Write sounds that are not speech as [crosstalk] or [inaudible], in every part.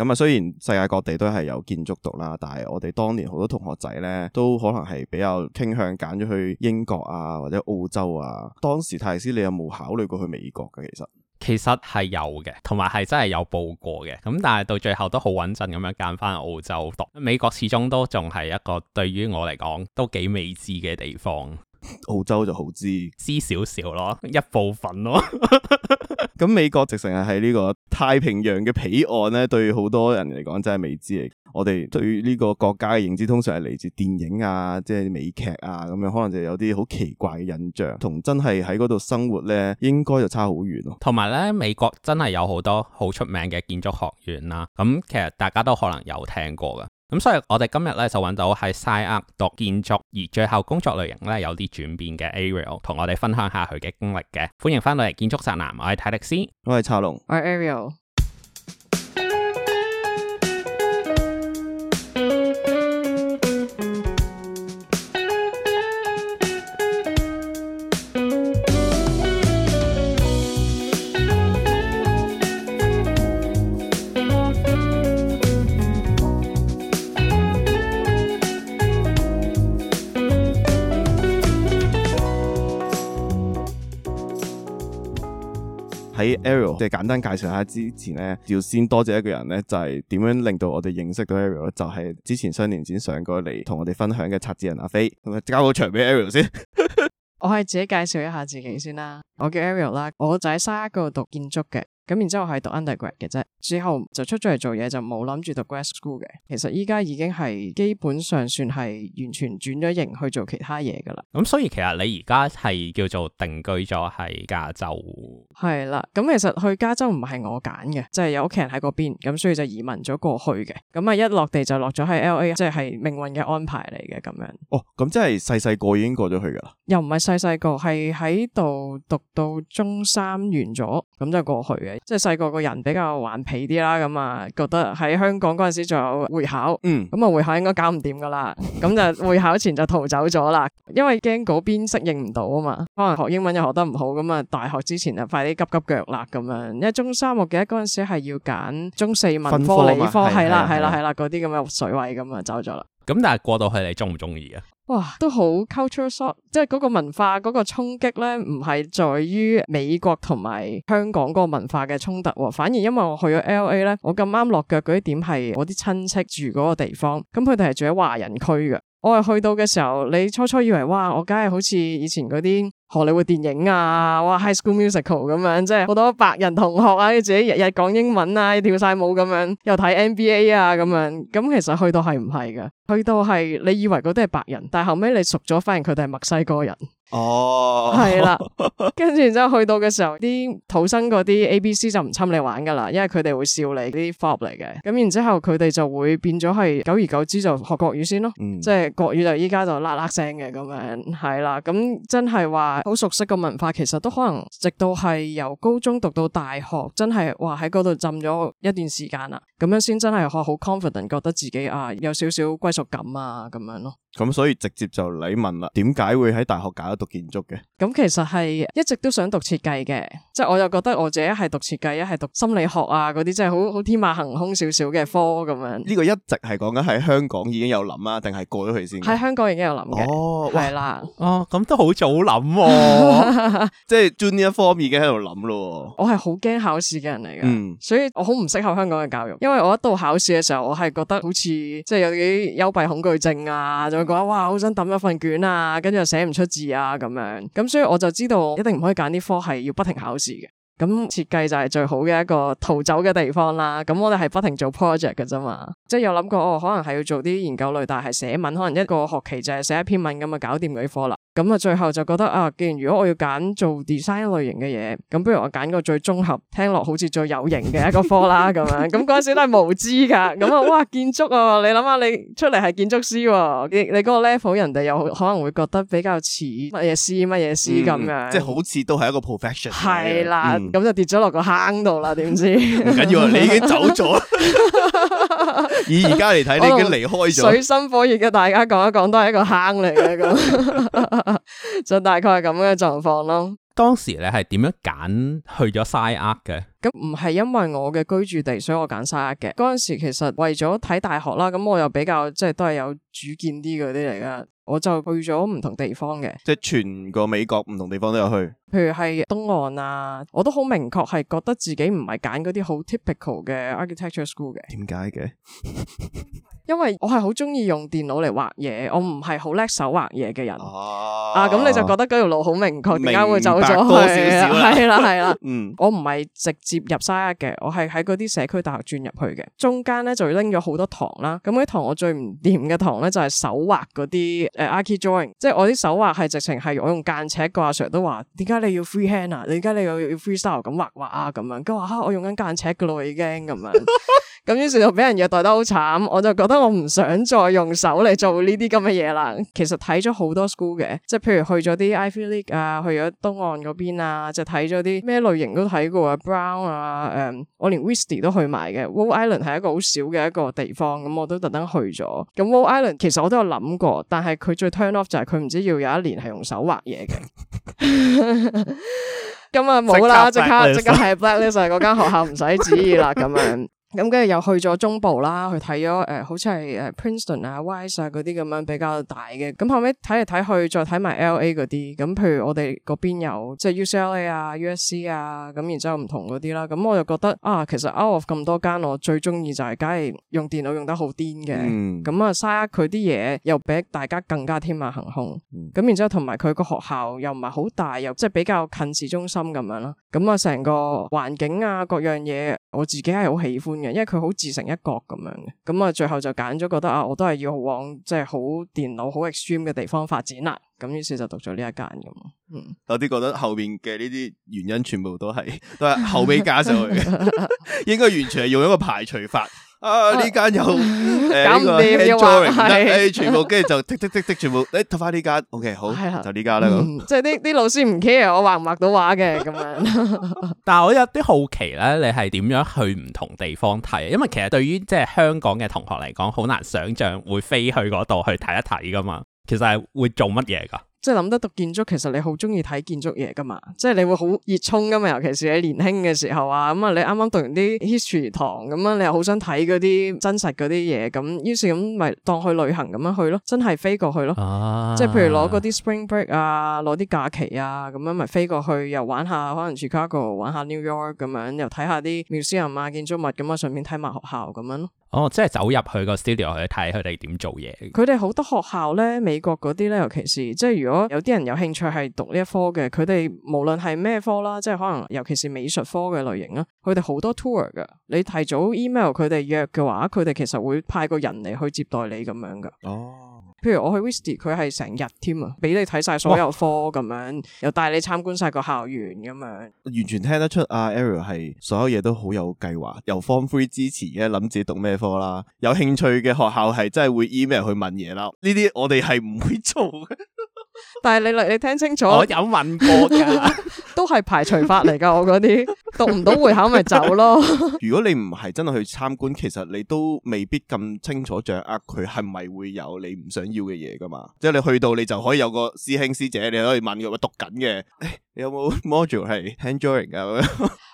咁啊、嗯，雖然世界各地都係有建築讀啦，但係我哋當年好多同學仔咧，都可能係比較傾向揀咗去英國啊或者澳洲啊。當時泰師，你有冇考慮過去美國嘅？其實其實係有嘅，同埋係真係有報過嘅。咁但係到最後都好穩陣咁樣揀返澳洲讀。美國始終都仲係一個對於我嚟講都幾未知嘅地方。澳洲就好知知少少咯，一部分咯。咁 [laughs] [laughs] 美國直情係喺呢個太平洋嘅彼岸咧，對好多人嚟講真係未知嚟。我哋對呢個國家嘅認知通常係嚟自電影啊，即係美劇啊，咁樣可能就有啲好奇怪嘅印象，同真係喺嗰度生活咧，應該就差好遠咯。同埋咧，美國真係有好多好出名嘅建築學院啦，啊。咁其實大家都可能有聽過噶。咁、嗯、所以我們，我哋今日呢就揾到係 SCI-Arc 讀建築，而最後工作類型呢有啲轉變嘅 Ariel，同我哋分享一下佢嘅經歷嘅。歡迎返到嚟建築宅男，我係泰迪斯，我係茶龍，我係 Ariel。喺 Ariel，即係簡單介紹下之前咧，要先多謝一個人咧，就係、是、點樣令到我哋認識到 Ariel，就係之前雙年展上過嚟同我哋分享嘅策展人阿飛，咁啊交個場俾 Ariel 先。 [laughs] 我係自己介紹一下自己先啦，我叫 Ariel 啦，我就喺沙大度讀建築嘅。咁然之後係讀 undergrad 嘅啫，之後就出咗嚟做嘢，就冇諗住讀 grad school 嘅。其實依家已經係基本上算係完全轉咗型去做其他嘢噶啦。咁所以其實你而家係叫做定居咗喺加州。係啦，咁其實去加州唔係我揀嘅，即係有屋企人喺嗰邊，咁所以就移民咗過去嘅。咁啊一落地就落咗喺 LA，即係命運嘅安排嚟嘅咁樣。哦，咁即係細細個已經過咗去噶啦？又唔係細細個，係喺度讀到中三完咗，咁就過去嘅。即係細個個人比較頑皮啲啦，咁啊覺得喺香港嗰陣時仲有會考，嗯，咁啊會考應該搞唔掂㗎啦，咁就會考前就逃走咗啦， [laughs] 因為驚嗰邊適應唔到啊嘛，可能學英文又學得唔好，咁啊大學之前就快啲急急腳啦，咁樣。因為中三我記得嗰陣時係要揀中四文科，分科理科，係啦係啦係啦，嗰啲咁嘅水位咁啊走咗啦。咁但係過到去你鍾唔鍾意啊？哇，都好 culture shock，即係嗰個文化嗰個衝擊呢，唔係在於美國同埋香港個文化嘅衝突喎，哦，反而因為我去咗 LA 呢，我咁啱落腳嗰啲點係我啲親戚住嗰個地方，咁佢哋係住喺華人區嘅。我係去到嘅時候，你初初以為，哇，我梗係好似以前嗰啲荷里活電影啊，哇，High School Musical 咁樣，即係好多白人同學啊，自己日日講英文啊，跳晒舞咁樣，又睇 NBA 啊咁樣，咁、嗯、其實去到係唔係㗎？去到係你以為嗰啲係白人，但係後尾你熟咗，發現佢哋係墨西哥人。哦，係啦、oh. [laughs] 跟住之後去到嘅時候，啲土生嗰啲 A B C 就唔侵你玩噶啦，因為佢哋會笑你啲 FOB 嚟嘅，咁然之後佢哋就會變咗係久而久之就學國語先咯，嗯、即係國語就依家就喇喇聲嘅咁樣，係啦，咁真係話好熟悉嘅文化，其實都可能直到係由高中讀到大學，真係話喺嗰度浸咗一段時間啦。咁樣先真係學好 confident，覺得自己啊有少少歸屬感啊咁樣咯。咁所以直接就你問啦，點解會喺大學揀咗讀建築嘅？咁其實係一直都想讀設計嘅，即係我又覺得我自己係讀設計，一係讀心理學啊嗰啲，即係好好天馬行空少少嘅科咁樣。呢個一直係講緊喺香港已經有諗啊，定係過咗去先？喺香港已經有諗嘅。哦，係啦了。哦，咁都好早諗，啊， [laughs] 即係專業方面已經喺度諗咯。 [laughs] 我係好驚考試嘅人嚟嘅，嗯，所以我好唔適合香港嘅教育，因為因為我一到考試嘅時候，我係覺得好似即係有啲幽閉恐懼症啊，就會覺得哇好想抌一份卷啊，跟住又寫唔出字啊咁樣，咁所以我就知道一定唔可以揀啲科係要不停考試嘅。咁設計就係最好嘅一個逃走嘅地方啦。咁我哋係不停做 project 嘅啫嘛。即係有諗過哦，可能係要做啲研究類，但係寫文可能一個學期就係寫一篇文咁啊，搞掂嗰啲課啦。咁、嗯、啊，最後就覺得啊，既然如果我要揀做 design 類型嘅嘢，咁不如我揀個最綜合、聽落好似最有型嘅一個科啦。咁 [laughs] 樣咁嗰陣時都係無知㗎。咁啊，哇，建築啊，你諗下你出嚟係建築師、啊，你你嗰個 level 人哋又可能會覺得比較似乜嘢師乜嘢師咁樣。即係好似都係一個 profession。係、嗯、啦。咁就跌咗落個坑度啦，點知？唔緊要啊，你已經走咗， [laughs] 以而家嚟睇， [laughs] 你已經離開咗。水深火熱嘅大家講一講，都係一個坑嚟嘅咁， [laughs] [laughs] 就大概係咁嘅狀況咯。當時你係點樣揀去咗 SCI-Arc 嘅？咁唔係因為我嘅居住地，所以我揀 SCI-Arc 嘅。嗰陣時其實為咗睇大學啦，咁我又比較即係、就是、都係有主見啲嗰啲嚟噶。我就去咗唔同地方嘅，即係全個美國唔同地方都有去。譬如係東岸啊，我都好明確係覺得自己唔係揀嗰啲好 typical 嘅 architecture school 嘅。點解嘅？ [laughs] 因為我係好中意用電腦嚟畫嘢，我唔係好叻手畫嘢嘅人。啊，咁、啊、你就覺得嗰條路好明確，明點解會走咗去？係啦，係啦，嗯，我唔係直接入 SCI-Arc 嘅，我係喺嗰啲社區大學轉入去嘅。中間咧就拎咗好多堂啦，咁啲堂我最唔掂嘅堂咧就係、是、手畫嗰啲誒 a j o i n 即係我啲手畫係直情係我用間尺個阿 Sir 都話，點解你要 free hand 啊？點解你又要 free style 咁畫畫啊？咁樣佢話我用緊間尺噶咯，已經咁樣，咁於、啊、 [laughs] 是就俾人虐待得好慘，我就覺得。我唔想再用手嚟做呢啲咁嘅嘢啦。其實睇咗好多 school 嘅，即係譬如去咗啲 Ivy League 啊，去咗東岸嗰邊啊，就睇咗啲咩類型都睇過啊。Brown 啊，誒，我連 Whisky 都去埋嘅。Rhode Island 係一個好少嘅一個地方，咁我都特登去咗。咁 Rhode Island 其實我都有諗過，但係佢最 turn off 就係佢唔知要有一年係用手畫嘢嘅。咁啊冇啦，即刻即刻係 blacklist 嗰間學校唔使旨意啦，咁樣。咁跟住又去咗中部啦，去睇咗誒，好似係誒 Princeton 啊、Yale 啊嗰啲咁樣比較大嘅。咁後尾睇嚟睇去，再睇埋 LA 嗰啲。咁譬如我哋嗰邊有即係 UCLA 啊、USC 啊，咁然之後唔同嗰啲啦。咁我就覺得啊，其實 out of 咁多間，我最中意就係梗係用電腦用得好癲嘅。咁啊，s 嘥佢啲嘢又俾大家更加天馬行空。咁、嗯嗯嗯、然之後同埋佢個學校又唔係好大，又即係比較近市中心咁樣囉。咁啊，成個環境啊，各樣嘢，我自己係好喜歡嘅，因為佢好自成一角咁樣嘅。咁啊，最後就揀咗，覺得啊，我都係要往即係好電腦好 extreme 嘅地方發展啦。咁於是就讀咗呢一間咁。嗯，有啲覺得後面嘅呢啲原因全部都係都係後尾加上去嘅， [laughs] [laughs] 應該完全係用一個排除法。啊！呢間又，誒、啊，唔掂、呃、要畫，全部跟住就剔剔剔全部誒，睇翻呢間，O、okay, K，好，哎、呀就呢間啦，即係啲啲老師唔 care [laughs] 我畫唔畫到畫嘅咁樣。 [laughs] 但係我有啲好奇咧，你係點樣去唔同地方睇？因為其實對於即係香港嘅同學嚟講，好難想象會飛去嗰度去睇一睇㗎嘛。其實係會做乜嘢㗎？即係諗得讀建築，其實你好中意睇建築嘢噶嘛？即係你會好熱衷噶嘛？尤其是你年輕嘅時候啊，咁、嗯、啊你啱啱讀完啲 History 堂咁啊、嗯，你又好想睇嗰啲真實嗰啲嘢，咁、嗯、於是咁咪當去旅行咁樣去咯，真係飛過去咯。啊、即係譬如攞嗰啲 spring break 啊，攞啲假期啊，咁樣咪飛過去又玩下，可能 Chicago 玩下 New York 咁樣，又睇下啲 museum 啊、建築物咁啊，順便睇埋學校咁樣。哦，即係走入去個 studio 去睇佢哋點做嘢。佢哋好多學校咧，美國嗰啲咧，尤其是即係如果有啲人有興趣係讀呢一科嘅，佢哋無論係咩科啦，即係可能尤其是美術科嘅類型啊，佢哋好多 tour 噶。你提早 email 佢哋約嘅話，佢哋其實會派個人嚟去接待你咁樣噶。哦。譬如我去 Wisty，佢係成日添啊，俾你睇晒所有科咁樣，哇 又帶你參觀晒個校園咁樣。完全聽得出啊 Ariel 係所有嘢都好有計劃，由 Form Three 之前嘅諗自己讀咩科啦，有興趣嘅學校係真係會 email 去問嘢啦。呢啲我哋係唔會做。 [laughs] 但係你嚟，你聽清楚。我有問過噶， [laughs] 都係排除法嚟噶。我嗰啲 [laughs] 讀唔到會考咪走咯。 [laughs] 如果你唔係真係去參觀，其實你都未必咁清楚掌握佢係咪會有你唔想要嘅嘢噶嘛。即係你去到，你就可以有個師兄師姐，你可以問佢讀緊嘅。有冇 module 係 hand drawing 噶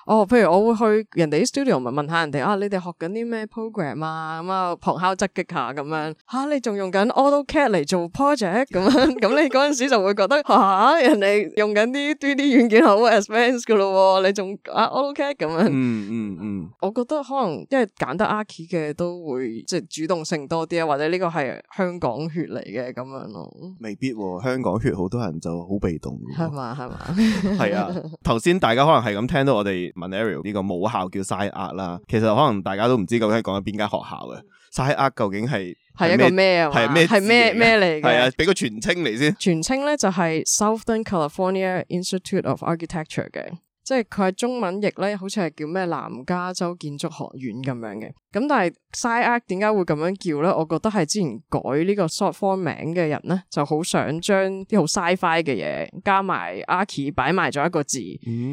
哦，譬如我會去人哋啲 studio 咪問下人哋啊，你哋學緊啲咩 program 啊？咁啊旁敲側擊下咁樣。吓，你仲用緊 AutoCAD 嚟做 project 咁樣？咁你嗰陣時就會覺得吓，人哋用緊啲 three D 軟件好 expensive 噶咯？你仲 AutoCAD 咁樣？嗯嗯嗯，我覺得可能即係揀得 arch 嘅都會即係主動性多啲啊，或者呢個係香港血嚟嘅咁樣咯？未必，香港血好多人就好被動嘅，係嘛係嘛。姜係 [laughs] 啊，頭先大家可能係咁聽到我哋 Ariel 呢個母校叫 SCI-Arc 啦，其實可能大家都唔知究竟係講緊邊間學校嘅 SCI-Arc 究竟係係一個咩啊？係咩係咩咩嚟嘅？係啊，俾個全稱嚟先全。全稱咧就係、是、Southern California Institute of Architecture 嘅，即係佢係中文譯咧，好似係叫咩南加州建築學院咁樣嘅。咁但係 SCI-Arc 點解會咁樣叫咧？我覺得係之前改呢個 short form 名嘅人咧，就好想將啲好 sci-fi 嘅嘢，加埋 Arcy 擺埋咗一個字，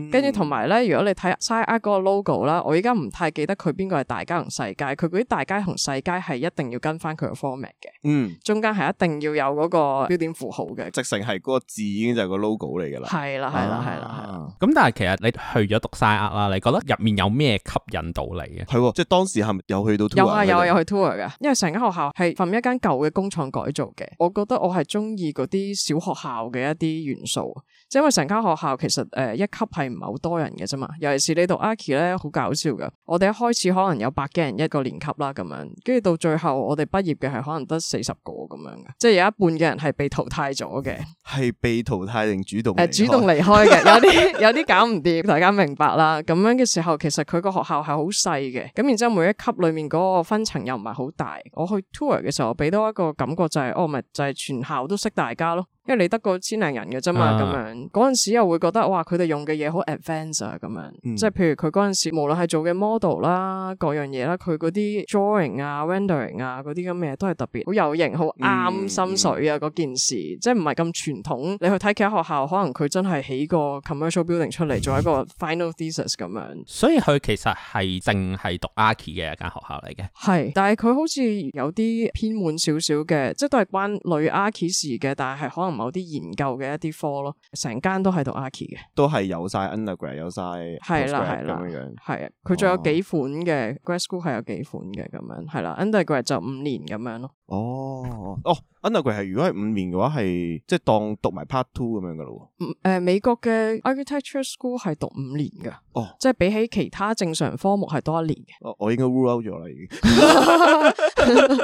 跟住同埋咧，如果你睇 SCI-Arc 嗰個 logo 啦，我依家唔太記得佢邊個係大家同世界，佢嗰啲大家同世界係一定要跟翻佢個 form 名嘅，嗯，中間係一定要有嗰個標點符號嘅，直成係嗰個字已經就係個 logo 嚟噶啦，係啦係啦係啦，咁但係其實你去咗讀 SCI-Arc 啦，你覺得入面有咩吸引到你嘅？係，即係當時係咪？有去到 tour 有啊有啊有去 tour 嘅，因為成間學校係從一間舊嘅工廠改造嘅。我覺得我係中意嗰啲小學校嘅一啲元素。因為成間學校其實誒、呃、一級係唔係好多人嘅啫嘛，尤其是你讀 archi 咧好搞笑噶我哋一開始可能有百幾人一個年級啦，咁樣，跟住到最後我哋畢業嘅係可能得四十個咁樣嘅，即係有一半嘅人係被淘汰咗嘅。係被淘汰定主動離開？誒、呃，主動離開嘅， [laughs] 有啲有啲搞唔掂，大家明白啦。咁樣嘅時候，其實佢個學校係好細嘅，咁然之後每一級裏面嗰個分層又唔係好大。我去 tour 嘅時候，俾到一個感覺就係、是，哦，咪就係、是、全校都識大家咯。因為你得個千零人嘅啫嘛，咁、啊、樣嗰陣時又會覺得哇，佢哋用嘅嘢好 advance 啊，咁樣、嗯、即係譬如佢嗰陣時無論係做嘅 model 啦，嗰樣嘢啦，佢嗰啲 drawing 啊、rendering 啊嗰啲咁嘅都係特別好有型，好啱心水啊！嗰、嗯、件事即係唔係咁傳統。你去睇其他學校，可能佢真係起個 commercial building 出嚟，做一個 final thesis 咁樣。嗯、所以佢其實係淨係讀 archi 嘅一間學校嚟嘅。係，但係佢好似有啲偏門少少嘅，即係都係關女 archi 事嘅，但係可能。某啲研究嘅一啲科咯，成間都喺度。Archie 嘅，都係有晒 undergrad 有晒係啦係啦咁樣樣，係啊，佢仲有幾款嘅 grad school 係有幾款嘅咁樣，係啦 undergrad 就五年咁樣咯。哦，哦 undergrad 係如果係五年嘅話，係即係當讀埋 part two 咁樣噶咯。嗯，誒、呃，美國嘅 architecture school 係讀五年噶。哦，即係比起其他正常科目係多一年嘅。哦，我應該 roll 咗啦，已經。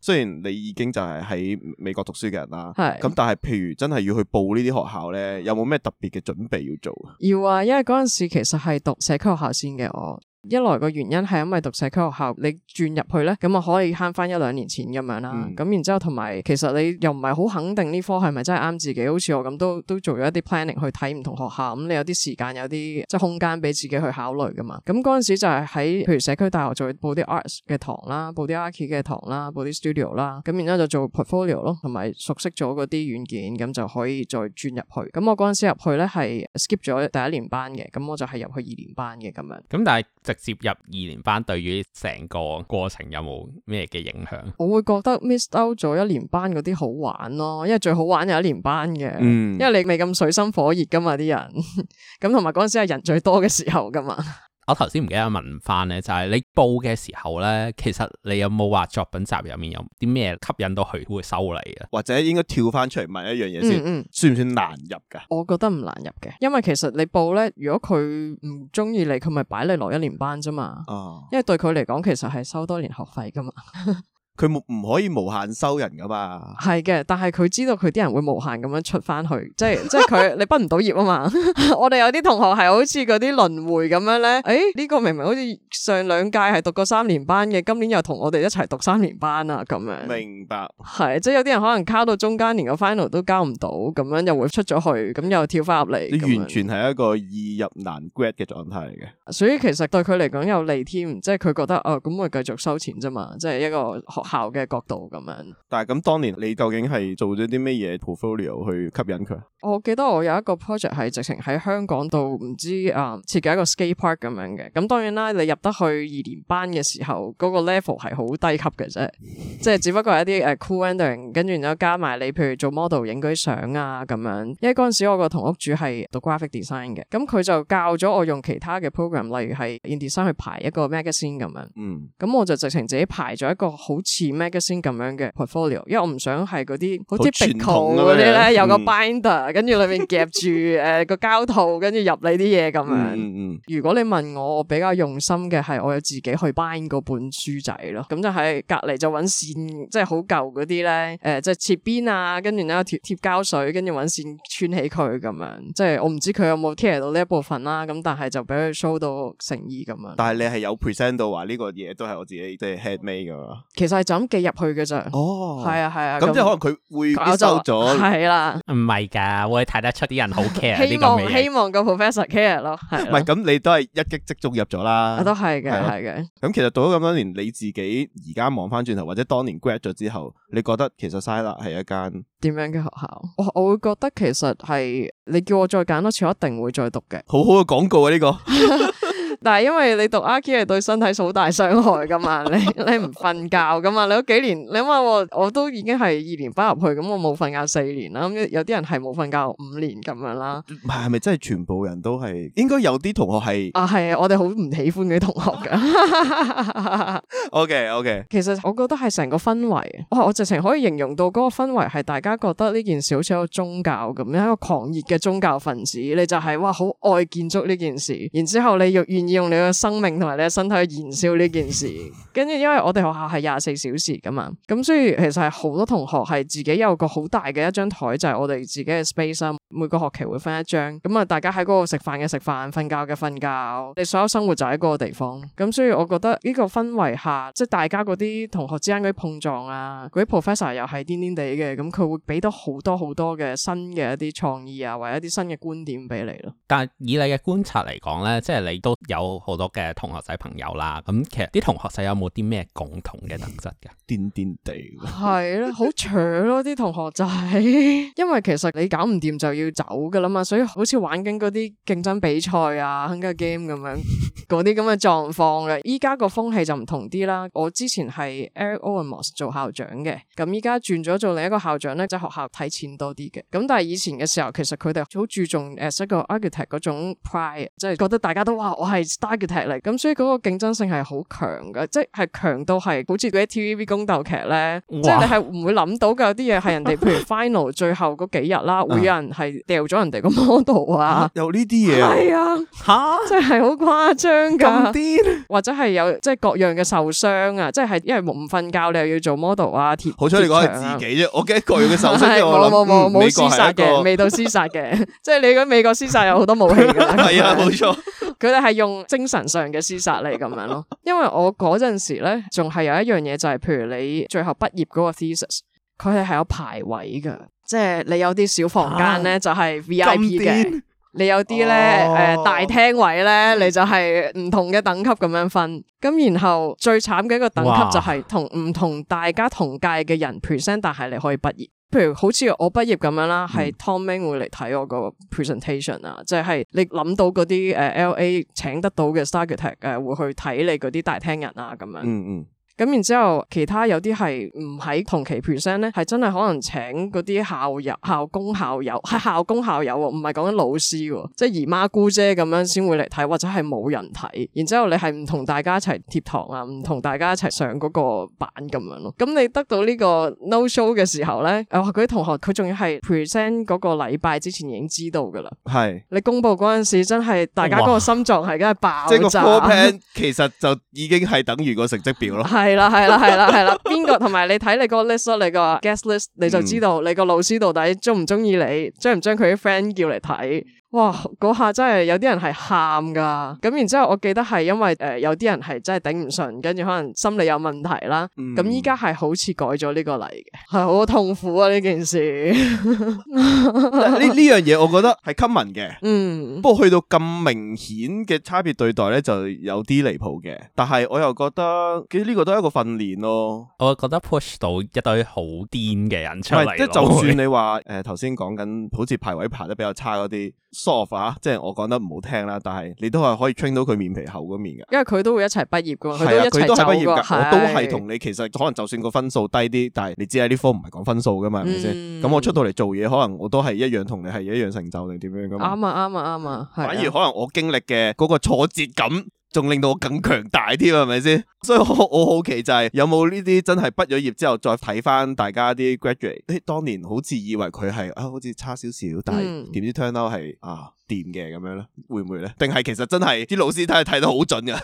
雖然你已經就係喺美國讀書嘅人啦，係是，咁但係，譬如真係要去報呢啲學校咧，有冇咩特別嘅準備要做？要啊，因為嗰陣時其實係讀社區學校先嘅我。一來個原因係因為讀社區學校，你轉入去咧，咁啊可以慳翻一兩年前咁樣啦。咁、嗯、然之後同埋，其實你又唔係好肯定呢科係咪真係啱自己，好似我咁都都做咗一啲 planning 去睇唔同學校。咁、嗯、你有啲時間，有啲即係空間俾自己去考慮噶嘛。咁嗰陣時就係喺譬如社區大學再報啲 arts 嘅堂啦，報啲 arch 嘅堂啦，報啲 studio 啦，咁然之後就做 portfolio 咯，同埋熟悉咗嗰啲軟件，咁就可以再轉入去。咁我嗰陣時入去咧係 skip 咗第一年班嘅，咁我就係入去二年班嘅咁樣。咁但係。接入二年班，對於成個過程有冇咩嘅影響？我會覺得 miss out 咗一年班嗰啲好玩咯，因為最好玩就一年班嘅，嗯、因為你未咁水深火熱㗎嘛，啲人咁，同埋嗰陣時係人最多嘅時候㗎嘛。我頭先唔記得問翻，咧就係你報嘅時候咧，其實你有冇話作品集入面有啲咩吸引到佢會收你啊？或者應該跳翻出嚟問一樣嘢先，嗯嗯算唔算難入噶？我覺得唔難入嘅，因為其實你報咧，如果佢唔中意你，佢咪擺你落一年班啫嘛。哦，因為對佢嚟講，其實係收多年學費噶嘛。 [laughs] 佢唔可以無限收人噶嘛？係嘅，但係佢知道佢啲人會無限咁樣出翻去，即係 [laughs] 即係佢你畢唔到業啊嘛？ [laughs] 我哋有啲同學係好似嗰啲輪迴咁樣咧，誒、哎、呢、這個明明好似上兩屆係讀過三年班嘅，今年又同我哋一齊讀三年班啊咁樣。明白，係即係有啲人可能卡到中間，連個 final 都交唔到，咁樣又會出咗去，咁又跳翻入嚟。你完全係一個易入難 grad 嘅狀態嚟嘅，所以其實對佢嚟講有利添，即係佢覺得哦咁我繼續收錢啫嘛，即係一個校嘅角度咁樣，但係咁當年你究竟係做咗啲咩嘢 portfolio 去吸引佢？我記得我有一個 project 係直情喺香港度唔知啊設計一個 skate park 咁樣嘅，咁當然啦，你入得去二年班嘅時候，嗰個 level 係好低級嘅啫， [laughs] 即係只不過係一啲誒、uh, cool rendering，跟住然後加埋你，譬如做 model 影啲相啊咁樣，因為嗰陣時我個同屋主係讀 graphic design 嘅，咁佢就教咗我用其他嘅 program，例如係 InDesign 去排一個 magazine 咁樣，嗯，咁我就直情自己排咗一個好。似 magazine 咁樣嘅 portfolio，因為我唔想係嗰啲好似皮套嗰啲咧，嗯、有個 binder，跟住、嗯、裏邊夾住誒個膠套，跟住入你啲嘢咁樣。嗯嗯，嗯，如果你問我，我比較用心嘅係我有自己去 bind 嗰本書仔咯，咁就係隔籬就搵線，即係好舊嗰啲咧，誒即係切邊啊，跟住咧貼膠水，跟住搵線穿起佢咁樣，樣。即係我唔知佢有冇 care 到呢一部分啦，咁但係就俾佢 show 到誠意咁樣。但係你係有 present 到話呢個嘢都係我自己即係 hand made 噶其實就咁寄入去嘅啫，哦，係啊係啊，咁即係可能佢會收咗，係啦，唔係噶，會睇得出啲人好 care 呢種嘢，希望個 professor care 咯，係，唔係咁你都係一擊即中入咗啦，我都係嘅，係嘅，咁其實讀咗咁多年，你自己而家望翻轉頭，或者當年 grad 咗之後，你覺得其實 SCI-Arc 係一間點樣嘅學校？我我會覺得其實係你叫我再揀多次，我一定會再讀嘅，好好嘅廣告啊呢個。但係因為你讀 Archi 係對身體好大傷害噶嘛, [laughs] 嘛，你你唔瞓覺噶嘛，你嗰幾年你諗下，我都已經係二年返入去，咁我冇瞓覺四年啦，咁有啲人係冇瞓覺五年咁樣啦。唔係係咪真係全部人都係？應該有啲同學係啊，係啊，我哋好唔喜歡嗰啲同學噶。O K O K，其實我覺得係成個氛圍，哇！我直情可以形容到嗰個氛圍係大家覺得呢件事好似一個宗教咁樣，一個狂熱嘅宗教分子，你就係、是、哇好愛建築呢件事，然之後你又願意。用你嘅生命同埋你嘅身體去燃燒呢件事，跟住因為我哋學校係廿四小時㗎嘛，咁所以其實係好多同學係自己有個好大嘅一張枱，就係、是、我哋自己嘅 space 啊。每個學期會分一張，咁啊，大家喺嗰度食飯嘅食飯、瞓覺嘅瞓覺，你所有生活就喺嗰個地方。咁所以我覺得呢個氛圍下，即係大家嗰啲同學之間嗰啲碰撞啊，嗰啲 professor 又係癲癲哋嘅，咁佢會俾到好多好多嘅新嘅一啲創意啊，或者一啲新嘅觀點俾你咯。但係以你嘅觀察嚟講咧，即係你都有。好多嘅同學仔朋友啦，咁其實啲同學仔有冇啲咩共同嘅特質嘅？癲癲地係咯，好長咯啲同學仔， [laughs] 因為其實你搞唔掂就要走噶啦嘛，所以好似玩緊嗰啲競爭比賽啊，玩個 game 咁樣嗰啲咁嘅狀況嘅。依家個風氣就唔同啲啦。我之前係 Eric Owen Moss 做校長嘅，咁依家轉咗做另一個校長咧，就係、是、學校睇錢多啲嘅。咁但係以前嘅時候，其實佢哋好注重誒，一個 architect 嗰種 pride 即係覺得大家都話，我係。Star 叫踢嚟，咁所以嗰個競爭性係好強嘅，即係強到係好似嗰啲 TVB 宮鬥劇咧，即係你係唔會諗到嘅，有啲嘢係人哋，譬如 Final 最後嗰幾日啦，會有人係掉咗人哋個 model 啊，有呢啲嘢係啊，吓，即係好誇張噶，咁癲，或者係有即係各樣嘅受傷啊，即係係因為唔瞓覺你又要做 model 啊，好彩你講係自己啫，我驚各樣嘅受傷，我諗，冇冇冇，冇廝殺嘅，未到廝殺嘅，即係你講美國廝殺有好多武器嘅，係啊，冇錯，佢哋係用。精神上嘅廝殺嚟，咁樣咯，因為我嗰陣時咧，仲係有一樣嘢就係、是，譬如你最後畢業嗰個 thesis，佢係係有排位噶，即係你有啲小房間咧就係、是、VIP 嘅，啊、你有啲咧誒大廳位咧，你就係唔同嘅等級咁樣分，咁然後最慘嘅一個等級就係同唔同大家同屆嘅人 present，但係你可以畢業。譬如好似我畢業咁樣啦，係、嗯、Thom Mayne 會嚟睇我個 presentation 啊，即係你諗到嗰啲誒，LA 請得到嘅 starchitect 會去睇你嗰啲大聽人啊咁樣。嗯嗯咁然之後，其他有啲係唔喺同期 present 咧，係真係可能請嗰啲校友、校工、校友係校工、校友喎，唔係講緊老師喎，即係姨媽姑姐咁樣先會嚟睇，或者係冇人睇。然之後你係唔同大家一齊貼堂啊，唔同大家一齊上嗰個板咁樣咯。咁你得到呢個 no show 嘅時候咧，啊啲同學佢仲要係 present 嗰個禮拜之前已經知道噶啦。係是你公布嗰陣時，真係大家嗰個心臟係梗係爆炸。即係個 pen 其實就已經係等於個成績表咯。係啦，係啦，係啦，係啦。邊個同埋你睇你個 list 你個 guest list，你就知道你個老師到底中唔中意你，將唔將佢啲 friend 叫嚟睇。哇！嗰下真係有啲人係喊噶，咁然之後我記得係因為誒、呃、有啲人係真係頂唔順，跟住可能心理有問題啦。咁依家係好似改咗呢個例嘅，係好痛苦啊！呢件事呢呢樣嘢， [laughs] 我覺得係 common 嘅。嗯，不過去到咁明顯嘅差別對待咧，就有啲離譜嘅。但係我又覺得其實呢個都係一個訓練咯。我覺得 push 到一堆好癲嘅人出嚟，即、就係、就算你話誒頭先講緊好似排位排得比較差嗰啲。s o 即係我講得唔好聽啦，但係你都係可以 train 到佢面皮厚嗰面嘅。因為佢都會一齊畢業噶嘛，佢、啊、都一齊走噶。都啊、我都係同你，其實可能就算個分數低啲，啊、但係你知喺呢科唔係講分數噶嘛，係咪先？咁我出到嚟做嘢，可能我都係一樣同你係一樣成就定點樣咁。啱啊啱啊啱啊！啊啊啊反而可能我經歷嘅嗰個挫折感。仲令到我更強大添，係咪先？所以我，我好奇就係有冇呢啲真係畢咗業之後再睇翻大家啲 graduate，誒當年好似以為佢係啊，好似差少少，但係點、嗯、知 turn out 係啊掂嘅咁樣咧？會唔會咧？定係其實真係啲老師睇睇到好準嘅，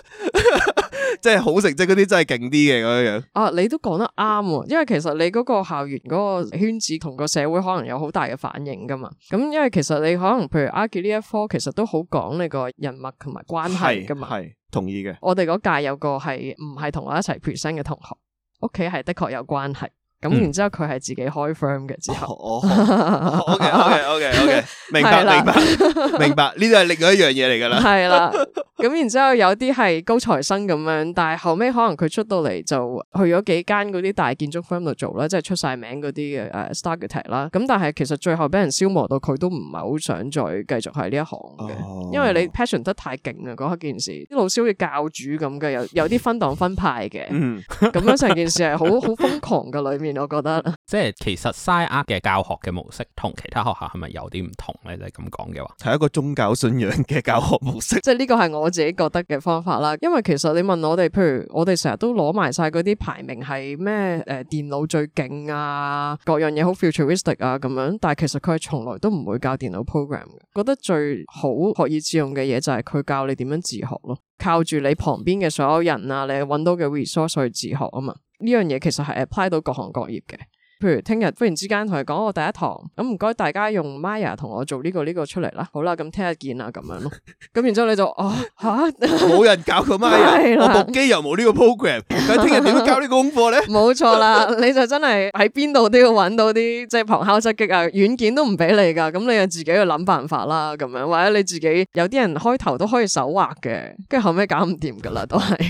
即 [laughs] 係 [laughs] 好成績，即嗰啲真係勁啲嘅咁樣。啊，你都講得啱，因為其實你嗰個校園嗰個圈子同個社會可能有好大嘅反應㗎嘛。咁因為其實你可能譬如 architecture 呢一科，其實都好講你個人脈同埋關係㗎嘛。同意嘅，我哋嗰屆有個係唔係同我一齊培 r e 嘅同學，屋企係的確有關係。咁、嗯、然後之後佢係自己開 firm 嘅之後，OK 哦 OK OK OK，明白明白明白，呢度係另外一樣嘢嚟噶啦，係啦。咁然之後，後有啲係高材生咁樣，但係後尾可能佢出到嚟就去咗幾間啲大建築 firm 度做啦，即係出晒名啲嘅誒，star architect 啦。咁但係其實最後俾人消磨到佢都唔係好想再繼續係呢一行嘅，oh. 因為你 passion 得太勁啊嗰刻件事，啲老師好似教主咁嘅，有有啲分黨分派嘅，咁 [laughs] 樣成件事係好好瘋狂嘅裏面。我覺得即係其實 SCI-Arc 嘅教學嘅模式同其他學校係咪有啲唔同咧？你咁講嘅話，係一個宗教信仰嘅教學模式， [laughs] 即係呢個係我自己覺得嘅方法啦。因為其實你問我哋，譬如我哋成日都攞埋晒嗰啲排名係咩？誒、呃，電腦最勁啊，各樣嘢好 futuristic 啊，咁樣。但係其實佢係從來都唔會教電腦 program 嘅。覺得最好學以致用嘅嘢就係佢教你點樣自學咯，靠住你旁邊嘅所有人啊，你揾到嘅 resource 去自學啊嘛。呢樣嘢其實，係 apply 到各行各業嘅。譬如聽日忽然之間同佢講，我第一堂咁，唔該大家用 Maya 同我做呢個呢個出嚟啦，好啦咁聽日見啦咁樣咯，咁 [laughs] 然之後你就哦吓冇 [laughs] 麼人搞過 Maya，我部機又冇呢個 program，咁聽日點樣交呢個功課咧？冇錯 [laughs] 啦， [laughs] 你就真係喺邊度都要搵到啲即係旁敲側擊啊，軟件都唔俾你噶，咁你就自己去諗辦法啦，咁樣或者你自己有啲人開頭都可以手畫嘅，跟住後尾搞唔掂噶啦，都係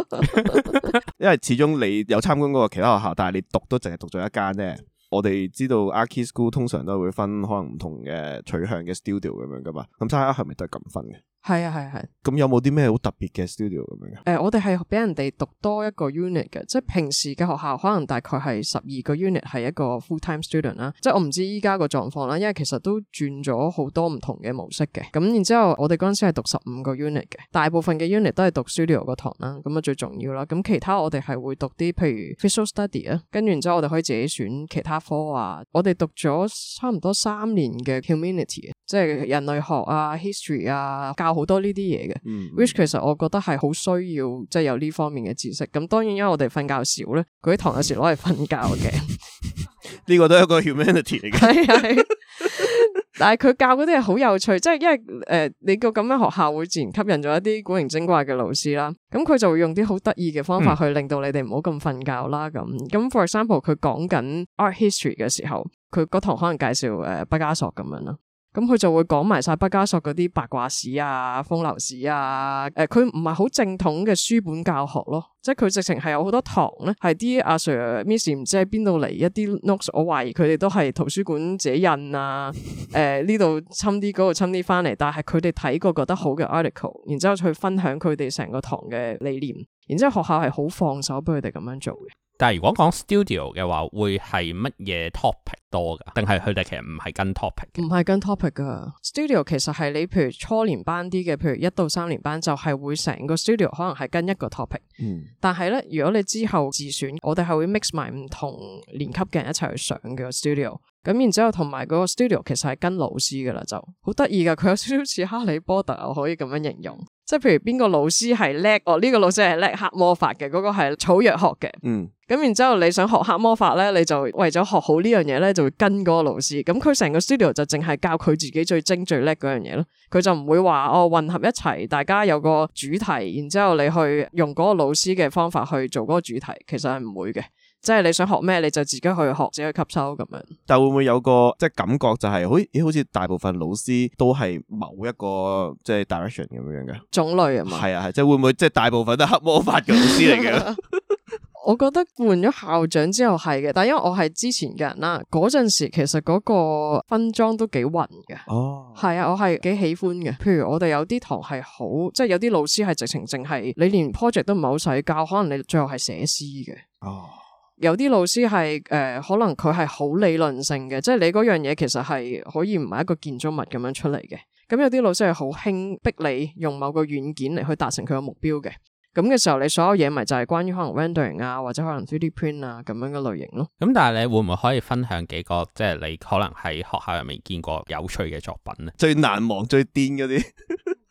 [laughs] ， [laughs] 因為始終你有參觀過其他學校，但係你讀都淨係讀咗一間。咧， [noise] 我哋知道 Archi School 通常都會分可能唔同嘅取向嘅 studio 咁樣噶嘛，咁 SCI-Arc 係咪都係咁分嘅？係啊，係係。咁有冇啲咩好特別嘅 studio 咁樣嘅、呃？誒，我哋係比人哋讀多一個 unit 嘅，即係平時嘅學校可能大概係十二個 unit 係一個 full time student 啦。即係我唔知依家個狀況啦，因為其實都轉咗好多唔同嘅模式嘅。咁然之後，我哋嗰陣時係讀十五個 unit 嘅，大部分嘅 unit 都係讀 studio 個堂啦。咁啊最重要啦，咁其他我哋係會讀啲譬如 facial study 啊，跟住然之後我哋可以自己選其他科啊。我哋讀咗差唔多三年嘅 community。即係人類學啊、history 啊，教好多呢啲嘢嘅。嗯、which 其實我覺得係好需要，即、就、係、是、有呢方面嘅知識。咁當然因為我哋瞓覺少咧，佢啲堂有時攞嚟瞓覺嘅。呢個都係一個 humanity 嚟嘅。係係。但係佢教嗰啲係好有趣，即係因為誒、呃，你個咁樣學校會自然吸引咗一啲古靈精怪嘅老師啦。咁佢就會用啲好得意嘅方法去令到你哋唔好咁瞓覺啦。咁咁、嗯、for example，佢講緊 art history 嘅時候，佢嗰堂可能介紹誒畢加索咁樣啦。呃呃呃呃呃呃咁佢、嗯、就會講埋晒畢加索嗰啲八卦史啊、風流史啊，誒佢唔係好正統嘅書本教學咯，即係佢直情係有好多堂咧，係啲阿 Sir、Miss [music] 唔知喺邊度嚟一啲 notes，我懷疑佢哋都係圖書館借印啊，誒呢度侵啲嗰度侵啲翻嚟，但係佢哋睇過覺得好嘅 article，然之後去分享佢哋成個堂嘅理念，然之後學校係好放手俾佢哋咁樣做嘅。但係如果講 studio 嘅話，會係乜嘢 topic 多噶？定係佢哋其實唔係跟 topic？唔係跟 topic 噶，studio 其實係你譬如初年班啲嘅，譬如一到三年班就係會成個 studio 可能係跟一個 topic。嗯。但係咧，如果你之後自選，我哋係會 mix 埋唔同年級嘅人一齊去上嘅 studio。咁 stud 然之後同埋嗰個 studio 其實係跟老師噶啦，就好得意噶，佢有少少似哈利波特，我可以咁樣形容。即係譬如邊個老師係叻哦？呢、這個老師係叻黑魔法嘅，嗰、那個係草藥學嘅。嗯，咁然之後你想學黑魔法咧，你就為咗學好呢樣嘢咧，就會跟嗰個老師。咁佢成個 studio 就淨係教佢自己最精最叻嗰樣嘢咯。佢就唔會話哦混合一齊，大家有個主題，然之後你去用嗰個老師嘅方法去做嗰個主題，其實係唔會嘅。即係你想學咩，你就自己去學，自己去吸收咁樣。但會唔會有個即係感覺，就係好似咦，好似大部分老師都係某一個即係 direction 咁樣嘅種類係嘛？係啊，啊啊會會即係會唔會即係大部分都黑魔法嘅老師嚟嘅？ [laughs] [laughs] 我覺得換咗校長之後係嘅，但因為我係之前嘅人啦，嗰陣時其實嗰個分裝都幾混嘅。哦，係啊，我係幾喜歡嘅。譬如我哋有啲堂係好，即係有啲老師係直情淨係你連 project 都唔係好使教，可能你最後係寫詩嘅。哦。有啲老師係誒、呃，可能佢係好理論性嘅，即係你嗰樣嘢其實係可以唔係一個建築物咁樣出嚟嘅。咁有啲老師係好輕逼你用某個軟件嚟去達成佢個目標嘅。咁嘅時候，你所有嘢咪就係關於可能 rendering 啊，或者可能 3D print 啊咁樣嘅類型咯。咁但係你會唔會可以分享幾個，即係你可能喺學校入面見過有趣嘅作品呢？最難忘、最癲嗰啲。 [laughs]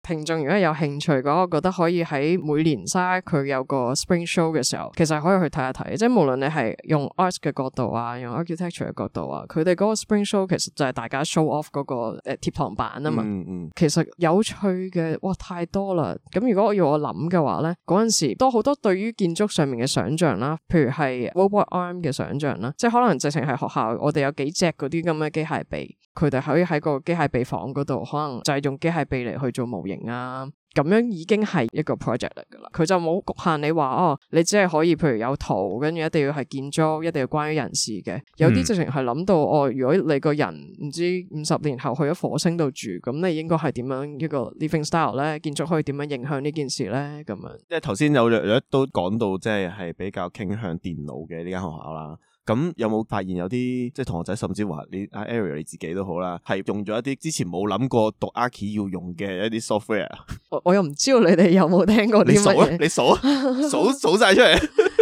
聽眾如果有興趣嘅話，我覺得可以喺每年沙佢有個 Spring Show 嘅時候，其實可以去睇一睇。即係無論你係用 arts 嘅角度啊，用 architecture 嘅角度啊，佢哋嗰個 Spring Show 其實就係大家 show off 嗰、那個誒貼堂版啊嘛。嗯嗯、其實有趣嘅，哇，太多啦！咁如果要我諗嘅話咧，嗰陣時都好多對於建築上面嘅想象啦，譬如係 robot arm 嘅想象啦，即係可能直情係學校我哋有幾隻嗰啲咁嘅機械臂。佢哋可以喺個機械臂房嗰度，可能就係用機械臂嚟去做模型啊，咁樣已經係一個 project 嚟噶啦。佢就冇局限你話哦，你只係可以譬如有圖，跟住一定要係建築，一定要關於人事嘅。有啲直程係諗到哦，如果你個人唔知五十年後去咗火星度住，咁你應該係點樣一個 living style 咧？建築可以點樣影響呢件事咧？咁樣即係頭先有略略都講到，即係係比較傾向電腦嘅呢間學校啦。咁有冇發現有啲即係同學仔甚至話你阿 Ariel，你自己都好啦，係用咗一啲之前冇諗過讀 Archi 要用嘅一啲 software？我我又唔知道你哋有冇聽過啲乜嘢？你數啊！你數啊！數數晒出嚟。 [laughs]